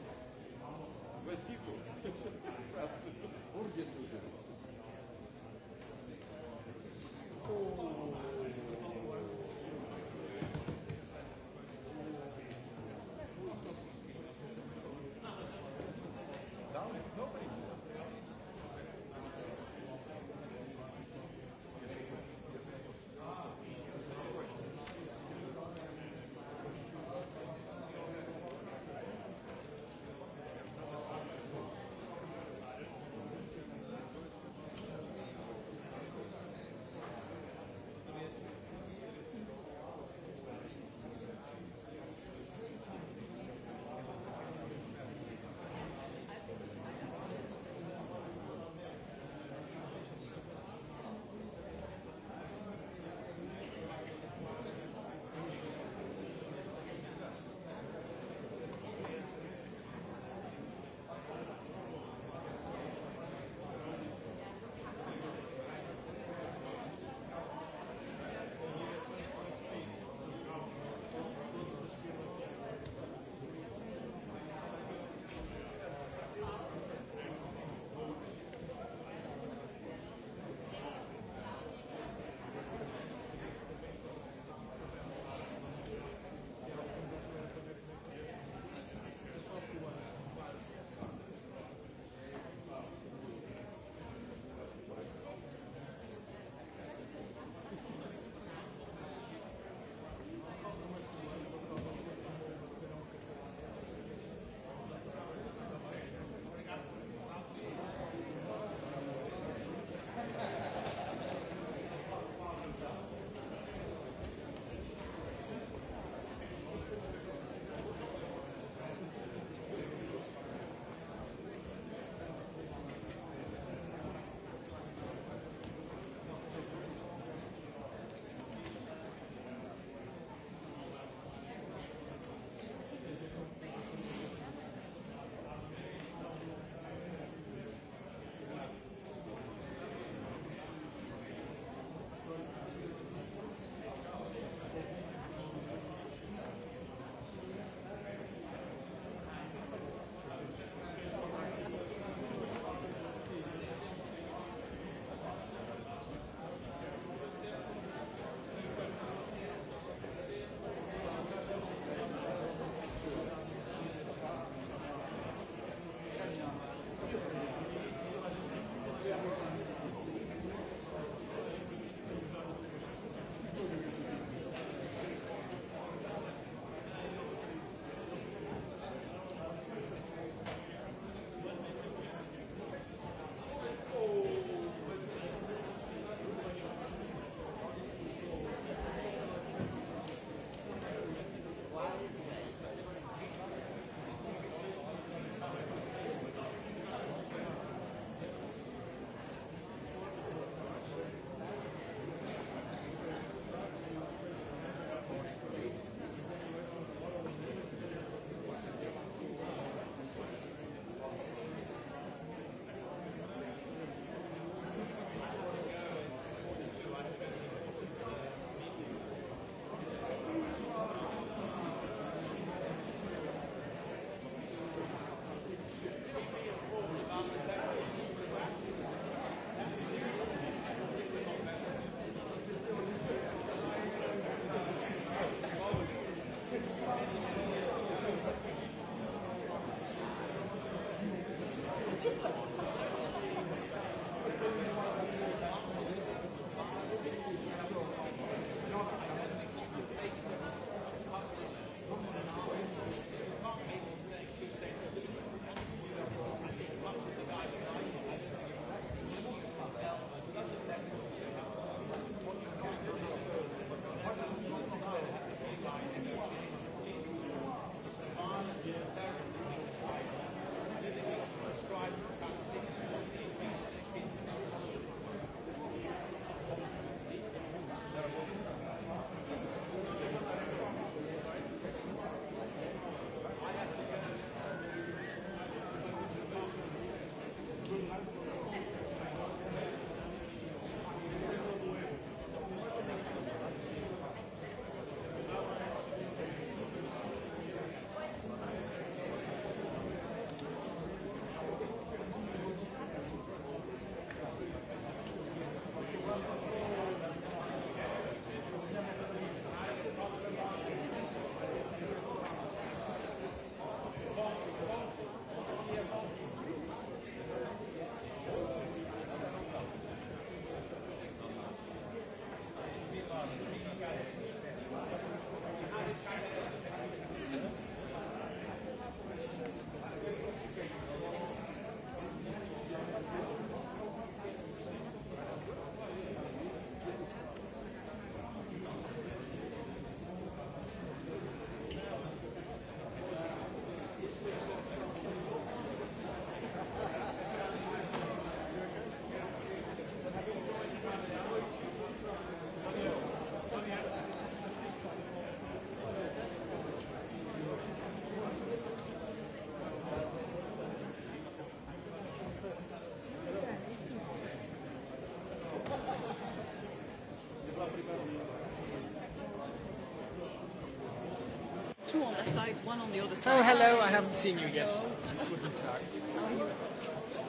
side, one on the other side. Oh, hello, I haven't seen you yet.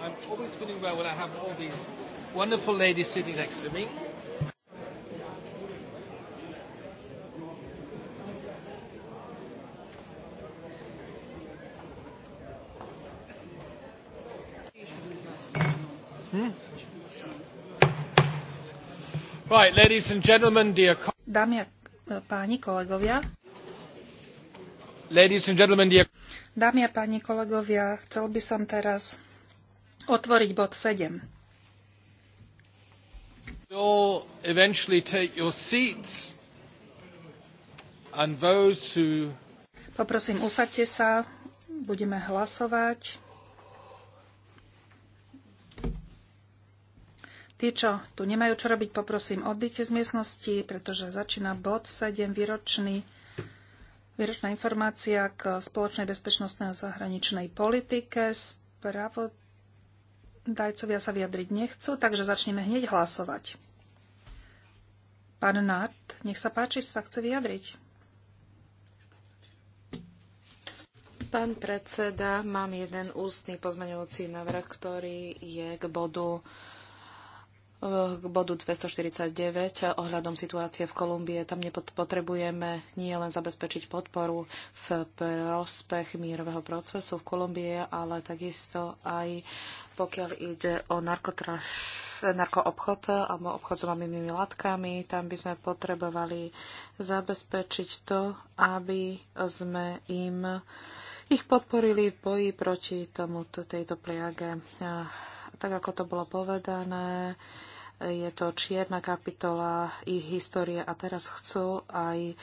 I'm always feeling well when I have all these wonderful ladies sitting next to me. Hmm? Right, ladies and gentlemen, dear... Dámy a e, páni, kolegovia, Dámy a páni kolegovia, chcel by som teraz otvoriť bod 7. Poprosím, usadte sa, budeme hlasovať. Tí, čo tu nemajú čo robiť, poprosím, odíďte z miestnosti, pretože začína bod 7, výročný Výročná informácia k spoločnej bezpečnostnej a zahraničnej politike. Spravodajcovia sa vyjadriť nechcú, takže začneme hneď hlasovať. Pán Nart, nech sa páči, sa chce vyjadriť. Pán predseda, mám jeden ústny pozmeňovací návrh, ktorý je k bodu k bodu 249 ohľadom situácie v Kolumbie. Tam nepotrebujeme nie len zabezpečiť podporu v prospech mírového procesu v Kolumbie, ale takisto aj pokiaľ ide o narkoobchod alebo obchod s mamými látkami, tam by sme potrebovali zabezpečiť to, aby sme im ich podporili v boji proti tomuto, tejto pliage. A tak ako to bolo povedané, je to čierna kapitola ich histórie a teraz chcú aj eh,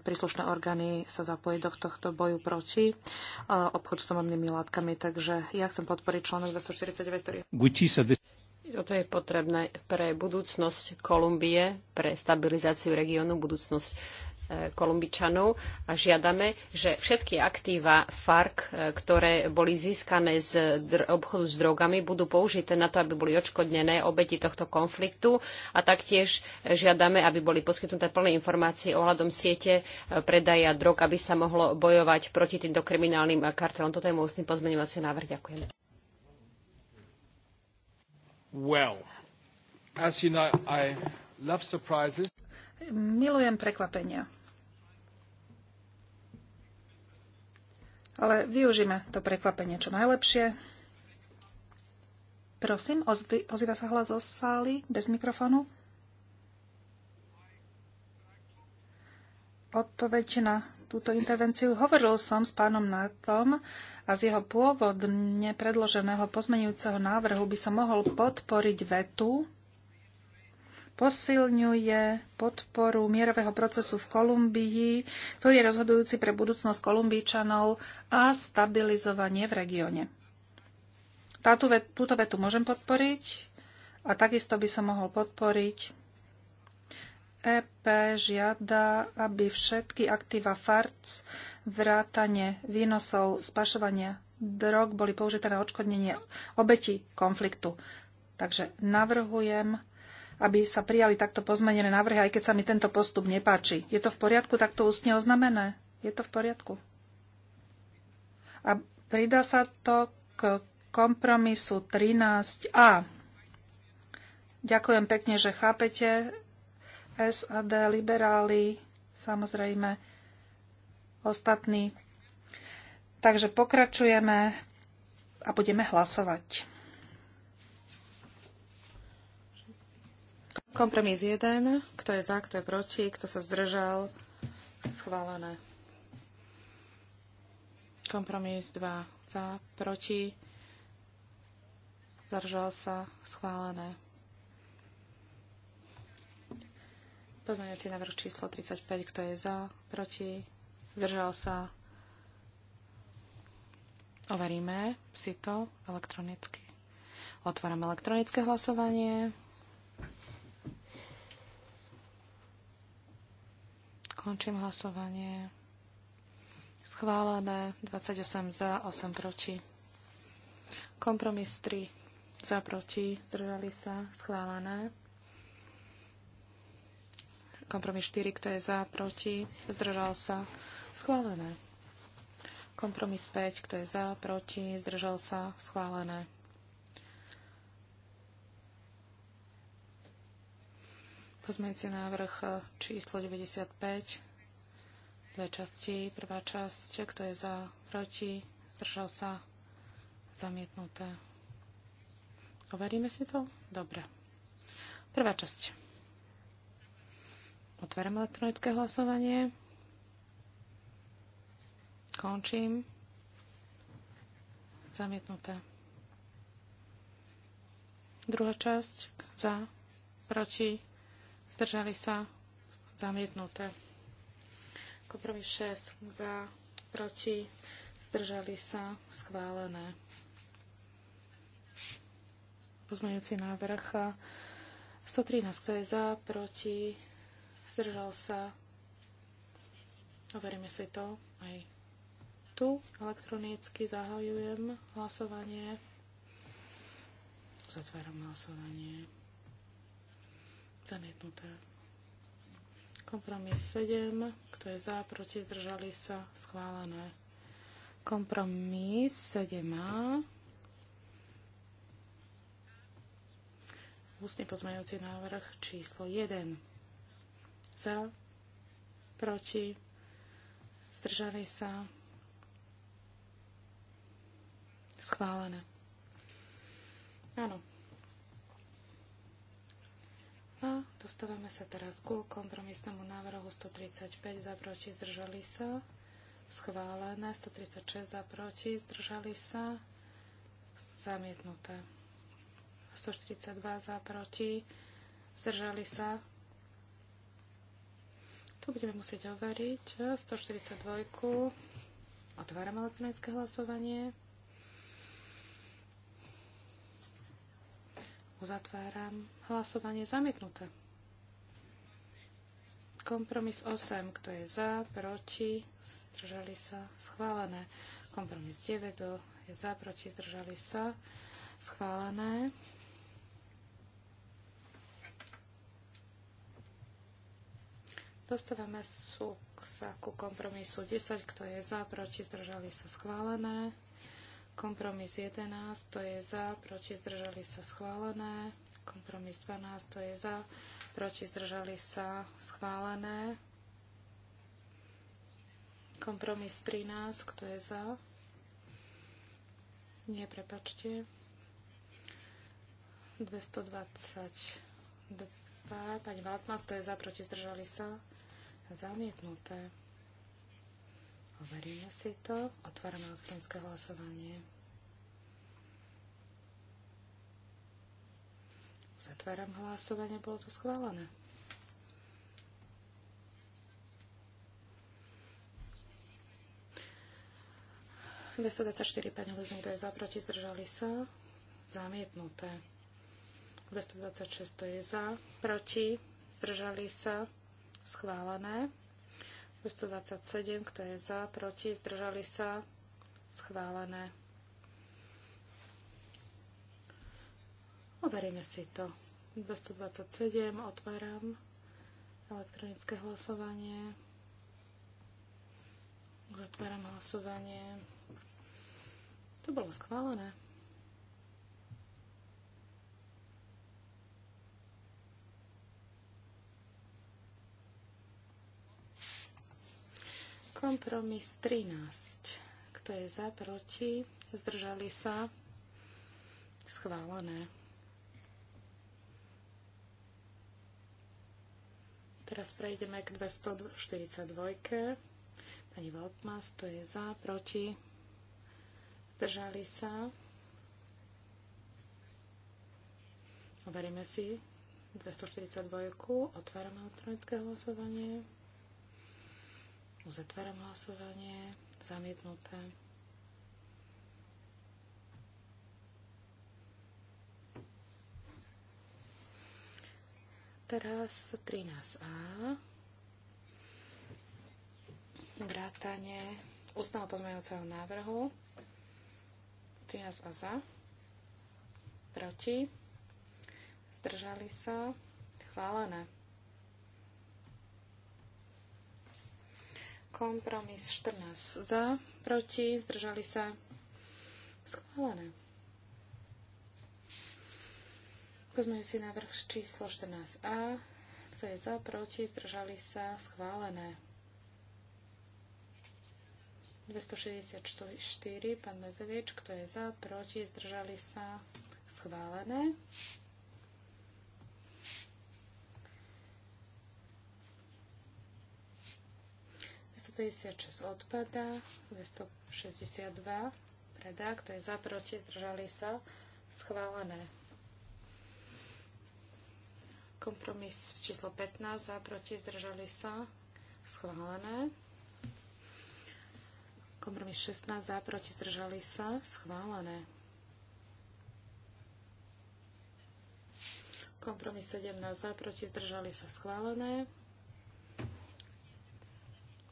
príslušné orgány sa zapojiť do tohto boju proti eh, obchodu s omamnými látkami. Takže ja chcem podporiť článok 249, ktorý... Toto je potrebné pre budúcnosť Kolumbie, pre stabilizáciu regiónu, budúcnosť Kolumbičanov a žiadame, že všetky aktíva FARC, e, ktoré boli získané z obchodu s drogami, budú použité na to, aby boli odškodnené obeti tohto konfliktu a taktiež žiadame, aby boli poskytnuté plné informácie ohľadom siete e, predaja drog, aby sa mohlo bojovať proti týmto kriminálnym kartelom. Toto je môj ústny pozmeňovací návrh. Ďakujem. Well, as you know, I love surprises. Milujem prekvapenia. ale využíme to prekvapenie čo najlepšie. Prosím, ozýva sa hlas zo sály bez mikrofónu. Odpoveď na túto intervenciu. Hovoril som s pánom tom a z jeho pôvodne predloženého pozmenujúceho návrhu by som mohol podporiť vetu, posilňuje podporu mierového procesu v Kolumbii, ktorý je rozhodujúci pre budúcnosť Kolumbíčanov a stabilizovanie v regióne. Táto vet, túto vetu môžem podporiť a takisto by som mohol podporiť. EP žiada, aby všetky aktíva FARC vrátane výnosov spašovania drog boli použité na odškodnenie obeti konfliktu. Takže navrhujem aby sa prijali takto pozmenené návrhy, aj keď sa mi tento postup nepáči. Je to v poriadku takto ústne oznamené? Je to v poriadku? A pridá sa to k kompromisu 13a. Ďakujem pekne, že chápete. SAD, liberáli, samozrejme, ostatní. Takže pokračujeme a budeme hlasovať. Kompromis 1. Kto je za, kto je proti, kto sa zdržal? Schválené. Kompromis 2. Za, proti, zdržal sa? Schválené. Pozmeňujúci návrh číslo 35. Kto je za, proti, zdržal sa? Overíme si to elektronicky. Otvorím elektronické hlasovanie. Končím hlasovanie. Schválené 28 za, 8 proti. Kompromis 3 za, proti. Zdržali sa. Schválené. Kompromis 4, kto je za, proti. Zdržal sa. Schválené. Kompromis 5, kto je za, proti. Zdržal sa. Schválené. pozmeňujúci návrh e, číslo 95, dve časti. Prvá časť, e, kto je za, proti, zdržal sa, zamietnuté. Overíme si to? Dobre. Prvá časť. Otváram elektronické hlasovanie. Končím. Zamietnuté. Druhá časť. Za. Proti zdržali sa, zamietnuté. Kompromis 6 za, proti, zdržali sa, schválené. Pozmeňujúci návrh 113, kto je za, proti, zdržal sa. Overíme si to aj tu. Elektronicky zahajujem hlasovanie. Zatváram hlasovanie zamietnuté. Kompromis 7, kto je za, proti, zdržali sa, schválené. Kompromis 7a. Ústne pozmeňujúci návrh číslo 1. Za, proti, zdržali sa, schválené. Áno, a dostávame sa teraz ku kompromisnému návrhu 135 za proti zdržali sa. Schválené 136 za proti zdržali sa. Zamietnuté. 142 za proti zdržali sa. Tu budeme musieť overiť. 142. Otváram elektronické hlasovanie. Uzatváram. Hlasovanie zamietnuté. Kompromis 8. Kto je za, proti, zdržali sa, schválené. Kompromis 9. Kto je za, proti, zdržali sa, schválené. Dostávame sa ku kompromisu 10. Kto je za, proti, zdržali sa, schválené. Kompromis 11, to je za, proti zdržali sa schválené. Kompromis 12, to je za, proti zdržali sa schválené. Kompromis 13, kto je za? Nie, prepačte. 222, pani Valtmas, to je za, proti zdržali sa. Zamietnuté. Overíme si to. otvárame elektronické hlasovanie. Zatváram hlasovanie, bolo to schválené. ...224 pani Lezník, kto je za, proti, zdržali sa. Zamietnuté. 226 to je za, proti, zdržali sa. Schválené. 227, kto je za, proti, zdržali sa, schválené. Overíme si to. 227, otváram elektronické hlasovanie. Zatváram hlasovanie. To bolo schválené. Kompromis 13. Kto je za, proti? Zdržali sa? Schválené. Teraz prejdeme k 242. Pani Valtmas, to je za, proti? Zdržali sa? Overíme si 242. Otvárame elektronické hlasovanie. Uzatváram hlasovanie. Zamietnuté. Teraz 13a. Vrátanie ústneho pozmeňujúceho návrhu. 13a za. Proti. Zdržali sa. Chválené. Kompromis 14 za, proti, zdržali sa. Schválené. si návrh číslo 14a. Kto je za, proti, zdržali sa, schválené. 264, pán Mezevič, kto je za, proti, zdržali sa, schválené. 256 odpadá, 262 predá, kto je za, proti, zdržali sa, schválené. Kompromis číslo 15, za, proti, zdržali sa, schválené. Kompromis 16, za, proti, zdržali sa, schválené. Kompromis 17, za, proti, zdržali sa, schválené.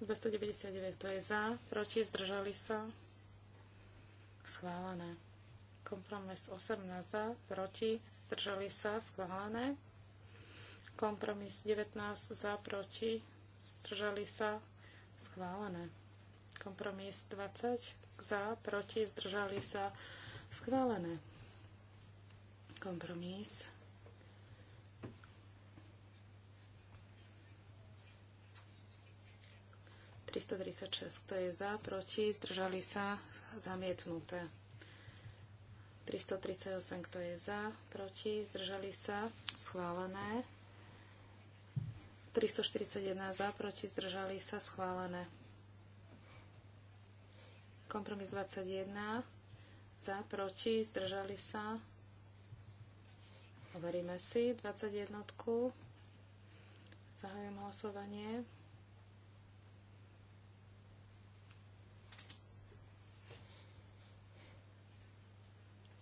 299, to je za, proti, zdržali sa, schválené. Kompromis 18 za, proti, zdržali sa, schválené. Kompromis 19 za, proti, zdržali sa, schválené. Kompromis 20 za, proti, zdržali sa, schválené. Kompromis 336. Kto je za, proti, zdržali sa, zamietnuté. 338. Kto je za, proti, zdržali sa, schválené. 341 za, proti, zdržali sa, schválené. Kompromis 21 za, proti, zdržali sa. Overíme si 21. Zahajujem hlasovanie.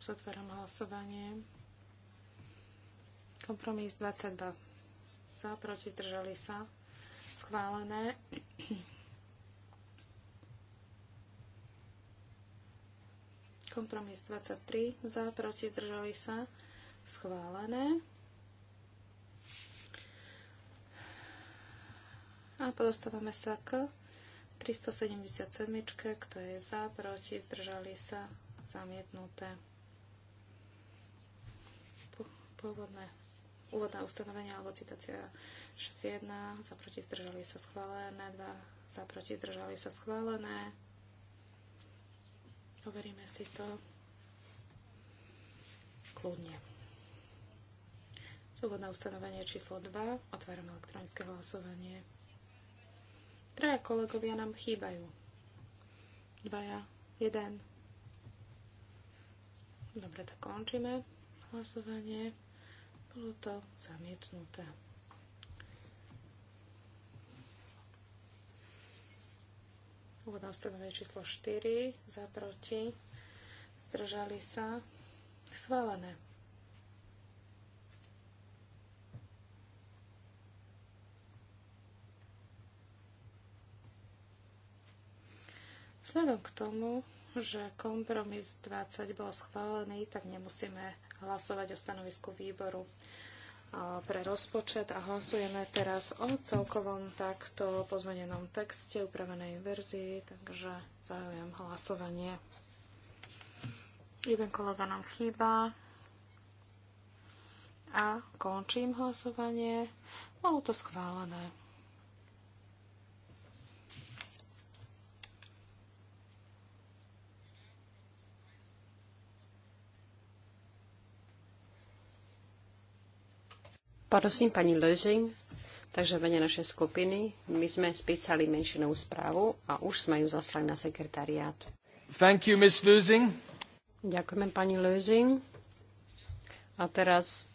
Zatváram hlasovanie. Kompromis 22. Za, proti, zdržali sa. Schválené. Kompromis 23. Za, proti, zdržali sa. Schválené. A podostávame sa k 377, kto je za, proti, zdržali sa, zamietnuté. Pôvodné úvodné ustanovenia alebo citácia 6.1 za proti zdržali sa schválené, 2 za proti zdržali sa schválené. Overíme si to kľudne. Úvodné ustanovenie číslo 2. Otváram elektronické hlasovanie. Traja kolegovia nám chýbajú. Dvaja, jeden. Dobre, tak končíme hlasovanie. Bolo to zamietnuté. Úvodné ustanovenie číslo 4. zaproti, Zdržali sa. Schválené. Vzhľadom k tomu, že kompromis 20 bol schválený, tak nemusíme hlasovať o stanovisku výboru pre rozpočet a hlasujeme teraz o celkovom takto pozmenenom texte upravenej verzii, takže zahajujem hlasovanie. Jeden kolega nám chýba a končím hlasovanie. Bolo to schválené. Prosím, pani Lezing, takže mene naše skupiny, my sme spísali menšinou správu a už sme ju zaslali na sekretariát. Thank you, Ms. Lezing. Ďakujeme, pani Lezing. A teraz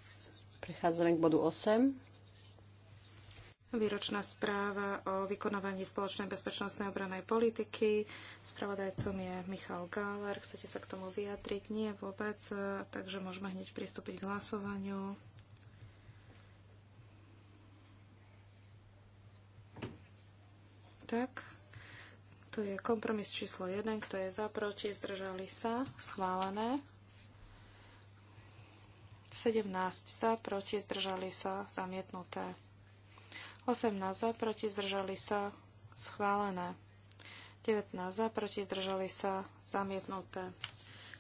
prichádzame k bodu 8. Výročná správa o vykonovaní spoločnej bezpečnostnej obranej politiky. Spravodajcom je Michal Gáler. Chcete sa k tomu vyjadriť? Nie vôbec, takže môžeme hneď pristúpiť k hlasovaniu. tak. tu je kompromis číslo 1, kto je za, proti, zdržali sa, schválené. 17 za, proti, zdržali sa, zamietnuté. 18 za, proti, zdržali sa, schválené. 19 za, proti, zdržali sa, zamietnuté.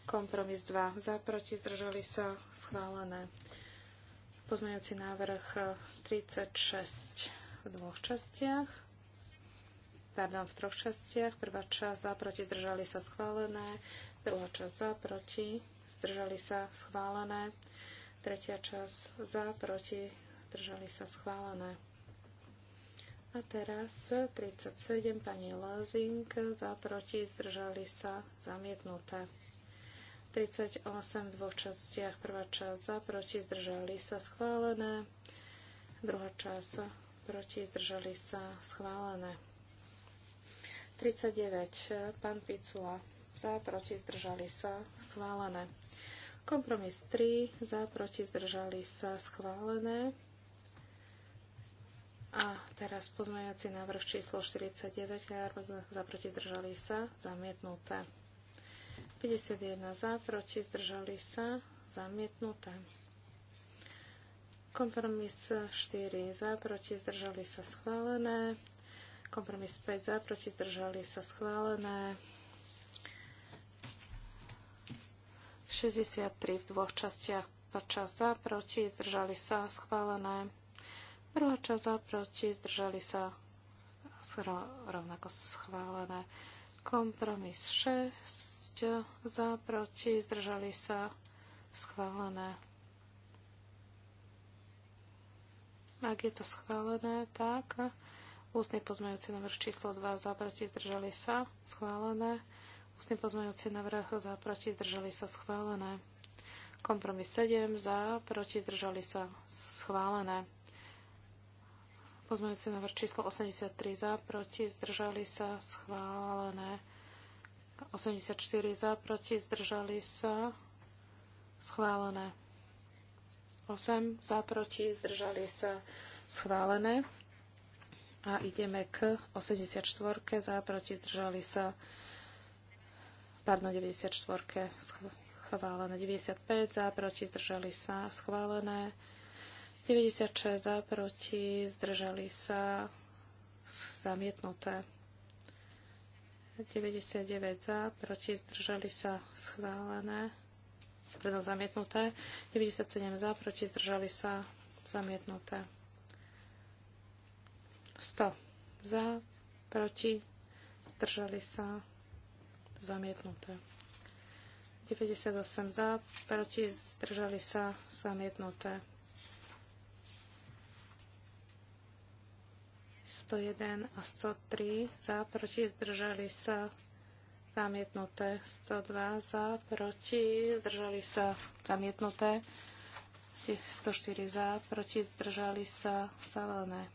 Kompromis 2 za, proti, zdržali sa, schválené. Pozmeňujúci návrh 36 eh, v dvoch častiach pardon, v troch častiach. Prvá časť za, proti, zdržali sa schválené. Druhá časť za, proti, zdržali sa schválené. Tretia časť za, proti, zdržali sa schválené. A teraz 37, pani Lozing, za, proti, zdržali sa zamietnuté. 38 v dvoch častiach. Prvá časť za, proti, zdržali sa schválené. Druhá časť proti, zdržali sa schválené. 39. Pán Picula. Za, proti, zdržali sa. Schválené. Kompromis 3. Za, proti, zdržali sa. Schválené. A teraz pozmeňovací návrh číslo 49. Za, proti, zdržali sa. Zamietnuté. 51 za, proti, zdržali sa. Zamietnuté. Kompromis 4 za, proti, zdržali sa schválené. Kompromis 5 za, proti zdržali sa schválené. 63 v dvoch častiach. Prvá časť za, proti, zdržali sa, schválené. Druhá časť za, proti, zdržali sa, rovnako schválené. Kompromis 6 za, proti, zdržali sa, schválené. Ak je to schválené, tak Ústny pozmeňujúci návrh číslo 2 za proti zdržali sa schválené. Ústny pozmeňujúci návrh za proti zdržali sa schválené. Kompromis 7 za proti zdržali sa schválené. Pozmeňujúci návrh číslo 83 za proti zdržali sa schválené. 84 za proti zdržali sa schválené. 8 za proti zdržali sa schválené. A ideme k 84. za, proti, zdržali sa. Pardon, 94. schválené. 95 za, proti, zdržali sa. Schválené. 96 za, proti, zdržali sa. Zamietnuté. 99 za, proti, zdržali sa. Schválené. Pardon, zamietnuté. 97 za, proti, zdržali sa. Zamietnuté. 100 za, proti, zdržali sa, zamietnuté. 98 za, proti, zdržali sa, zamietnuté. 101 a 103 za, proti, zdržali sa, zamietnuté. 102 za, proti, zdržali sa, zamietnuté. 104 za, proti, zdržali sa, zavolené.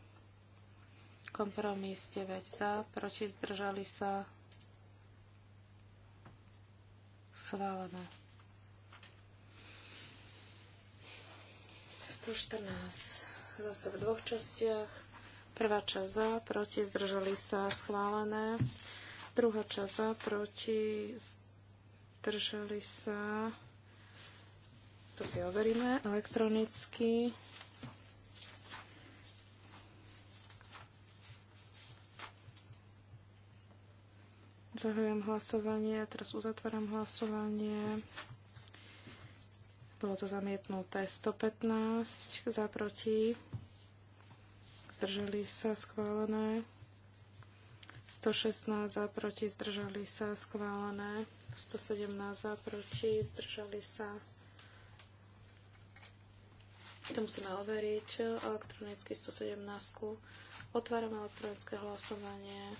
Kompromis 9 za, proti zdržali sa schválené. 114 zase v dvoch častiach. Prvá časť za, proti zdržali sa schválené. Druhá časť za, proti zdržali sa to si overíme elektronicky. Zahajujem hlasovanie, teraz uzatváram hlasovanie. Bolo to zamietnuté 115 za proti. Zdržali sa schválené. 116 za proti, zdržali sa schválené. 117 za proti, zdržali sa. To musíme overiť. Elektronicky 117. Otváram elektronické hlasovanie.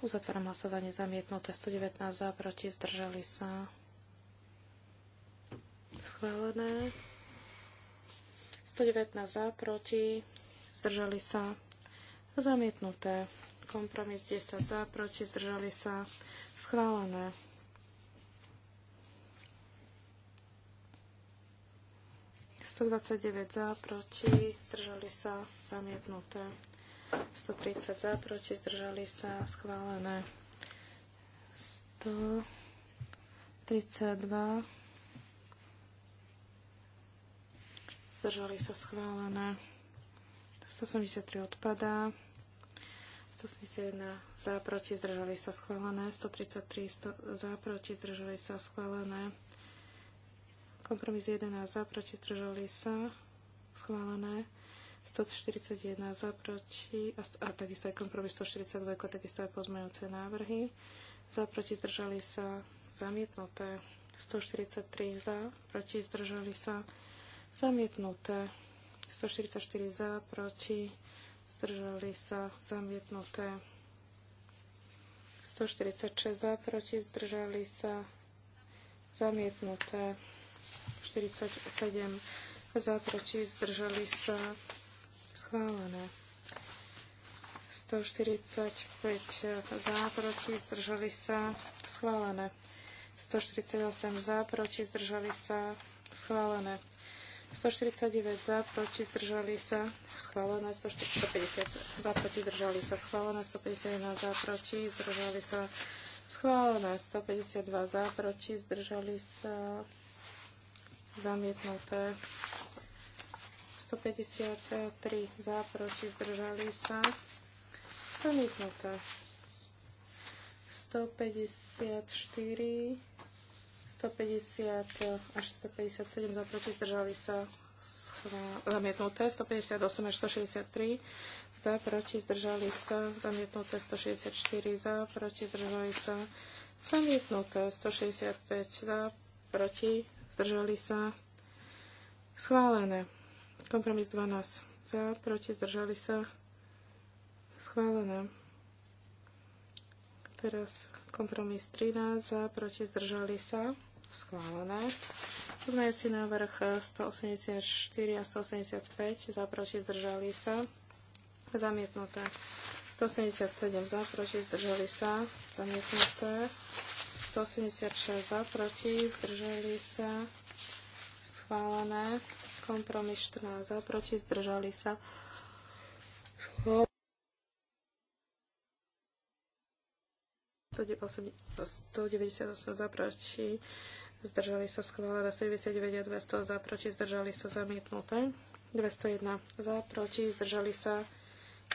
Uzatváram hlasovanie zamietnuté. 119 za, proti, zdržali sa. Schválené. 119 za, proti, zdržali sa. Zamietnuté. Kompromis 10 za, proti, zdržali sa. Schválené. Sto za, proti, zdržali sa, zamietnuté. 130 za, proti, zdržali sa, schválené. 132. Zdržali sa, schválené. 183 odpadá. 171 za, proti, zdržali sa, schválené. 133 100, za, proti, zdržali sa, schválené. Kompromis 11 za, proti, zdržali sa, schválené. 141 za proti a, a takisto aj kompromis 142, ako takisto aj pozmejúce návrhy. Za proti zdržali sa zamietnuté 143 za, proti zdržali sa zamietnuté 144 za, proti zdržali sa zamietnuté 146 za, proti zdržali sa zamietnuté 47 za, proti zdržali sa Schválené. 145 za, proti, zdržali sa, schválené. 148 za, proti, zdržali sa, schválené. 149 za, proti, zdržali sa, schválené. 150 za, proti, zdržali sa, schválené. 151 za, proti, zdržali sa, schválené. 152 za, proti, zdržali sa, zamietnuté. 153 za, proti, zdržali sa. Zamietnuté. 154, 150 až 157 za, proti, zdržali sa. Zamietnuté. 158 až 163 za, proti, zdržali sa. Zamietnuté. 164 za, proti, zdržali sa. Zamietnuté. 165 za, proti, zdržali sa. Schválené. Kompromis 12 za, proti, zdržali sa, schválené. Teraz kompromis 13 za, proti, zdržali sa, schválené. Pozmejúci návrh 184 a 185 za, proti, zdržali sa, zamietnuté. 177 za, proti, zdržali sa, zamietnuté. 176 za, proti, zdržali sa, schválené. Kompromis 14 za, proti, zdržali sa. 198 za, proti, zdržali sa schválené, 79 a 200 za, proti, zdržali sa zamietnuté, 201 za, proti, zdržali sa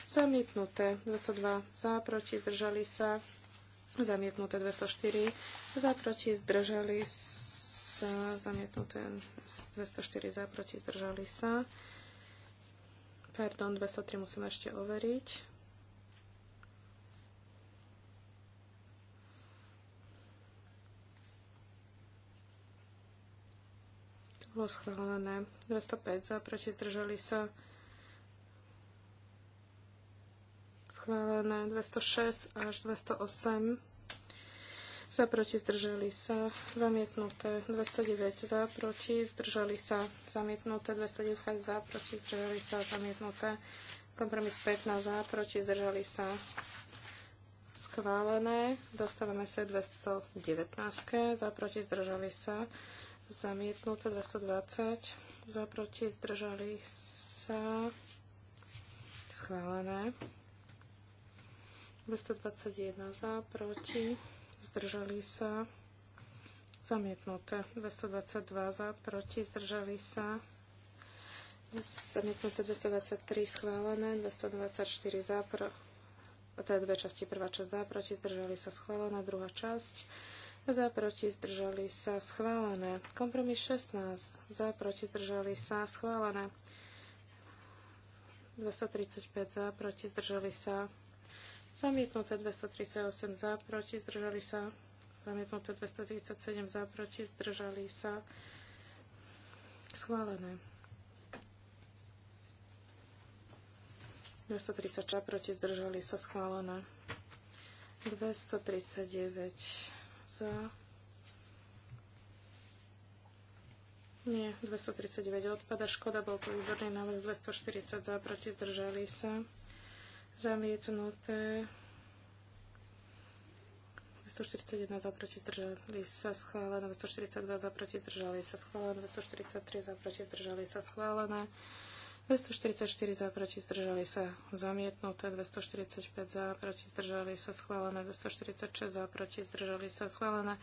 zamietnuté, 202 za, proti, zdržali sa zamietnuté, 204 za, proti, zdržali sa sa, zamietnuté 204 za, proti, zdržali sa. Pardon, 203 musím ešte overiť. To bolo schválené. 205 za, proti, zdržali sa. Schválené 206 až 208 za, proti, zdržali sa, zamietnuté 209 za, proti, zdržali sa, zamietnuté 209 za, proti, zdržali sa, zamietnuté kompromis 15 za, proti, zdržali sa, schválené. Dostávame sa 219 za, proti, zdržali sa, zamietnuté 220 za, proti, zdržali sa, schválené. 221 za, proti, zdržali sa, zamietnuté. 222 za, proti, zdržali sa, zamietnuté. 223 schválené, 224 za, pro, teda dve časti, prvá časť za, proti, zdržali sa, schválená, druhá časť za, proti, zdržali sa, schválené. Kompromis 16, za, proti, zdržali sa, schválené. 235 za, proti, zdržali sa, Zamietnuté 238 za, proti, zdržali sa. Zamietnuté 237 za, proti, zdržali sa. Schválené. za, proti, zdržali sa. Schválené. 239 za. Nie, 239 odpada. Škoda, bol to výborný návrh. 240 za, proti, zdržali sa. Zamietnuté. 241 za proti zdržali sa schválené, 242 za proti zdržali sa schválené, 243 za proti zdržali sa schválené, 244 za proti zdržali sa zamietnuté, 245 za proti zdržali sa schválené, 246 za proti zdržali sa schválené,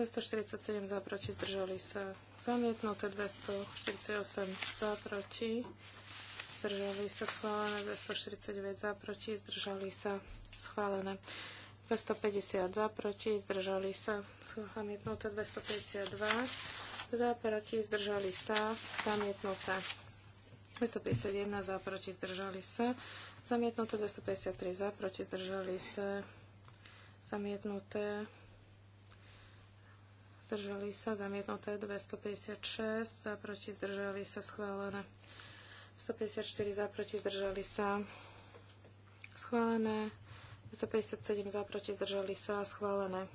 247 za proti zdržali sa zamietnuté, 248 za proti zdržali sa schválené, 249 za, proti, zdržali sa schválené. 250 za, proti, zdržali sa zamietnuté, 252 za, proti, zdržali sa zamietnuté. 251 za, proti, zdržali sa zamietnuté, 253 za, proti, zdržali sa zamietnuté zdržali sa, zamietnuté 256, za proti zdržali sa schválené 154 za, proti, zdržali sa. Schválené. 157 za, proti, zdržali sa. Schválené.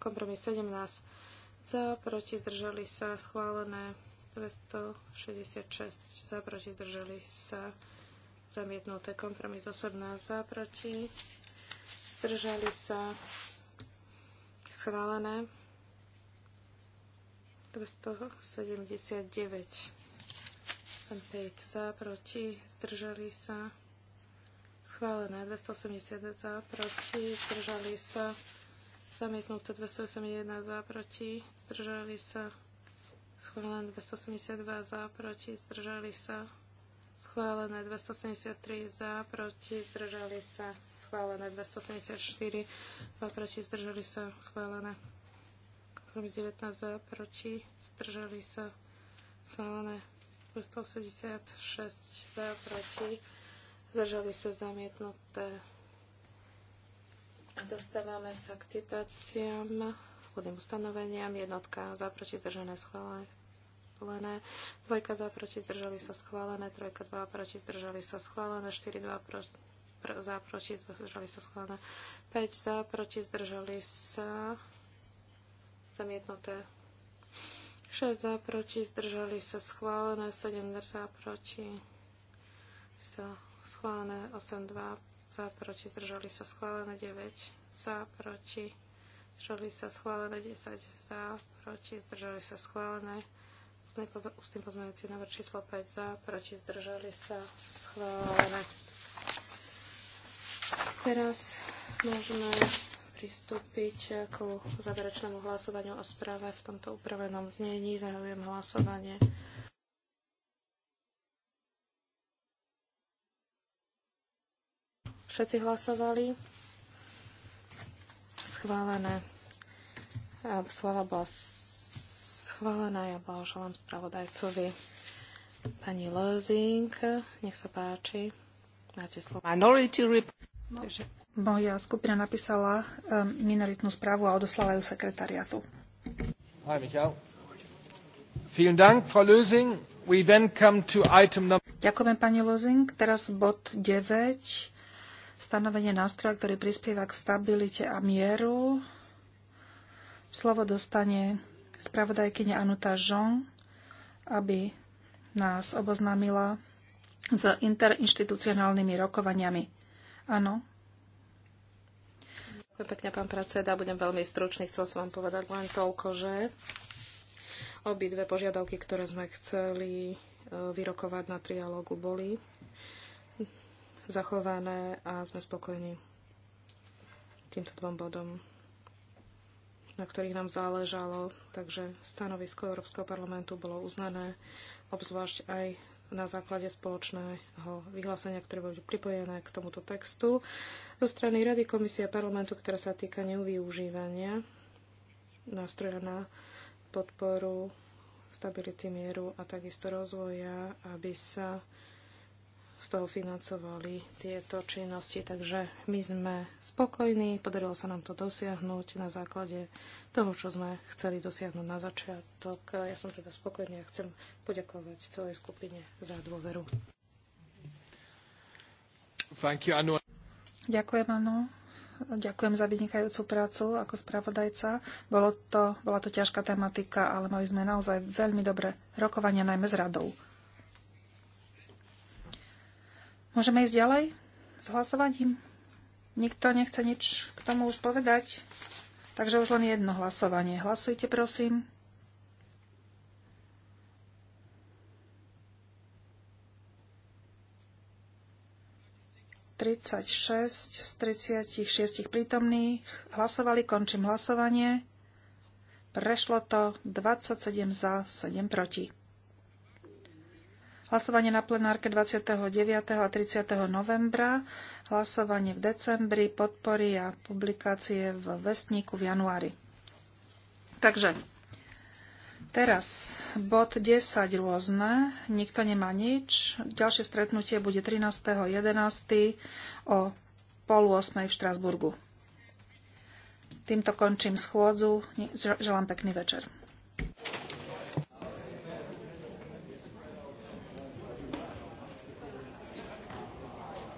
Kompromis 17 za, proti, zdržali sa. Schválené. 266 za, proti, zdržali sa. Zamietnuté. Kompromis 18 za, proti, zdržali sa. Schválené. 279 285 za, proti, zdržali sa. Schválené 280 za, proti, zdržali sa. Zamietnuté 281 za, proti, zdržali sa. Schválené 282 za, proti, zdržali sa. Schválené 273 za, proti, zdržali sa. Schválené 284, za, proti, zdržali sa. Schválené. 19 za, proti, zdržali sa. Schválené 286 za, proti, zdržali sa zamietnuté. A dostávame sa k citáciám, úvodným ustanoveniam. Jednotka za, proti, zdržané, schválené. Dvojka za, proti, zdržali sa schválené. Trojka, dva, proti, zdržali sa schválené. Štyri, dva, proti, za, proti, zdržali sa schválené. 5 za, proti, zdržali sa zamietnuté. 6 za, proti, zdržali sa schválené, 7 za, proti, sa schválené, 8, 2 za, proti, zdržali sa schválené, 9 za, proti, zdržali sa schválené, 10 za, proti, zdržali sa schválené, ústny pozmeňujúci návrh číslo 5 za, proti, zdržali sa schválené. Teraz môžeme pristúpiť k záverečnému hlasovaniu o správe v tomto upravenom znení. Zahajujem hlasovanie. Všetci hlasovali? Schválené. Slava bola schválená. Ja blahoželám spravodajcovi. Pani Lozing, nech sa páči. Máte slovo. Minority report. No. Takže moja skupina napísala um, minoritnú správu a odoslala ju sekretariatu. Hi, Vielen Dank, Frau Lösing. We then come to item number... pani Lozing. Teraz bod 9. Stanovenie nástroja, ktorý prispieva k stabilite a mieru. Slovo dostane spravodajkyňa Anuta Žon, aby nás oboznámila s interinstitucionálnymi rokovaniami. Áno, Ďakujem pekne, pán predseda. Budem veľmi stručný. Chcel som vám povedať len toľko, že obidve požiadavky, ktoré sme chceli e, vyrokovať na trialógu, boli zachované a sme spokojní týmto dvom bodom, na ktorých nám záležalo. Takže stanovisko Európskeho parlamentu bolo uznané, obzvlášť aj na základe spoločného vyhlásenia, ktoré bude pripojené k tomuto textu zo strany Rady Komisie parlamentu, ktorá sa týka neuvyužívania nástroja na podporu stability mieru a takisto rozvoja, aby sa z toho financovali tieto činnosti. Takže my sme spokojní, podarilo sa nám to dosiahnuť na základe toho, čo sme chceli dosiahnuť na začiatok. Ja som teda spokojný a chcem poďakovať celej skupine za dôveru. Thank you, Ďakujem, Anu. Ďakujem za vynikajúcu prácu ako spravodajca. Bolo to, bola to ťažká tematika, ale mali sme naozaj veľmi dobré rokovania, najmä s radou. Môžeme ísť ďalej s hlasovaním? Nikto nechce nič k tomu už povedať. Takže už len jedno hlasovanie. Hlasujte, prosím. Tridsaťšesť z 36 prítomných hlasovali, končím hlasovanie. Prešlo to 27 za, 7 proti. Hlasovanie na plenárke 29. a 30. novembra, hlasovanie v decembri, podpory a publikácie v Vestníku v januári. Takže teraz bod 10 rôzne, nikto nemá nič. Ďalšie stretnutie bude 13.11. o polu 8. v Štrasburgu. Týmto končím schôdzu. Želám pekný večer.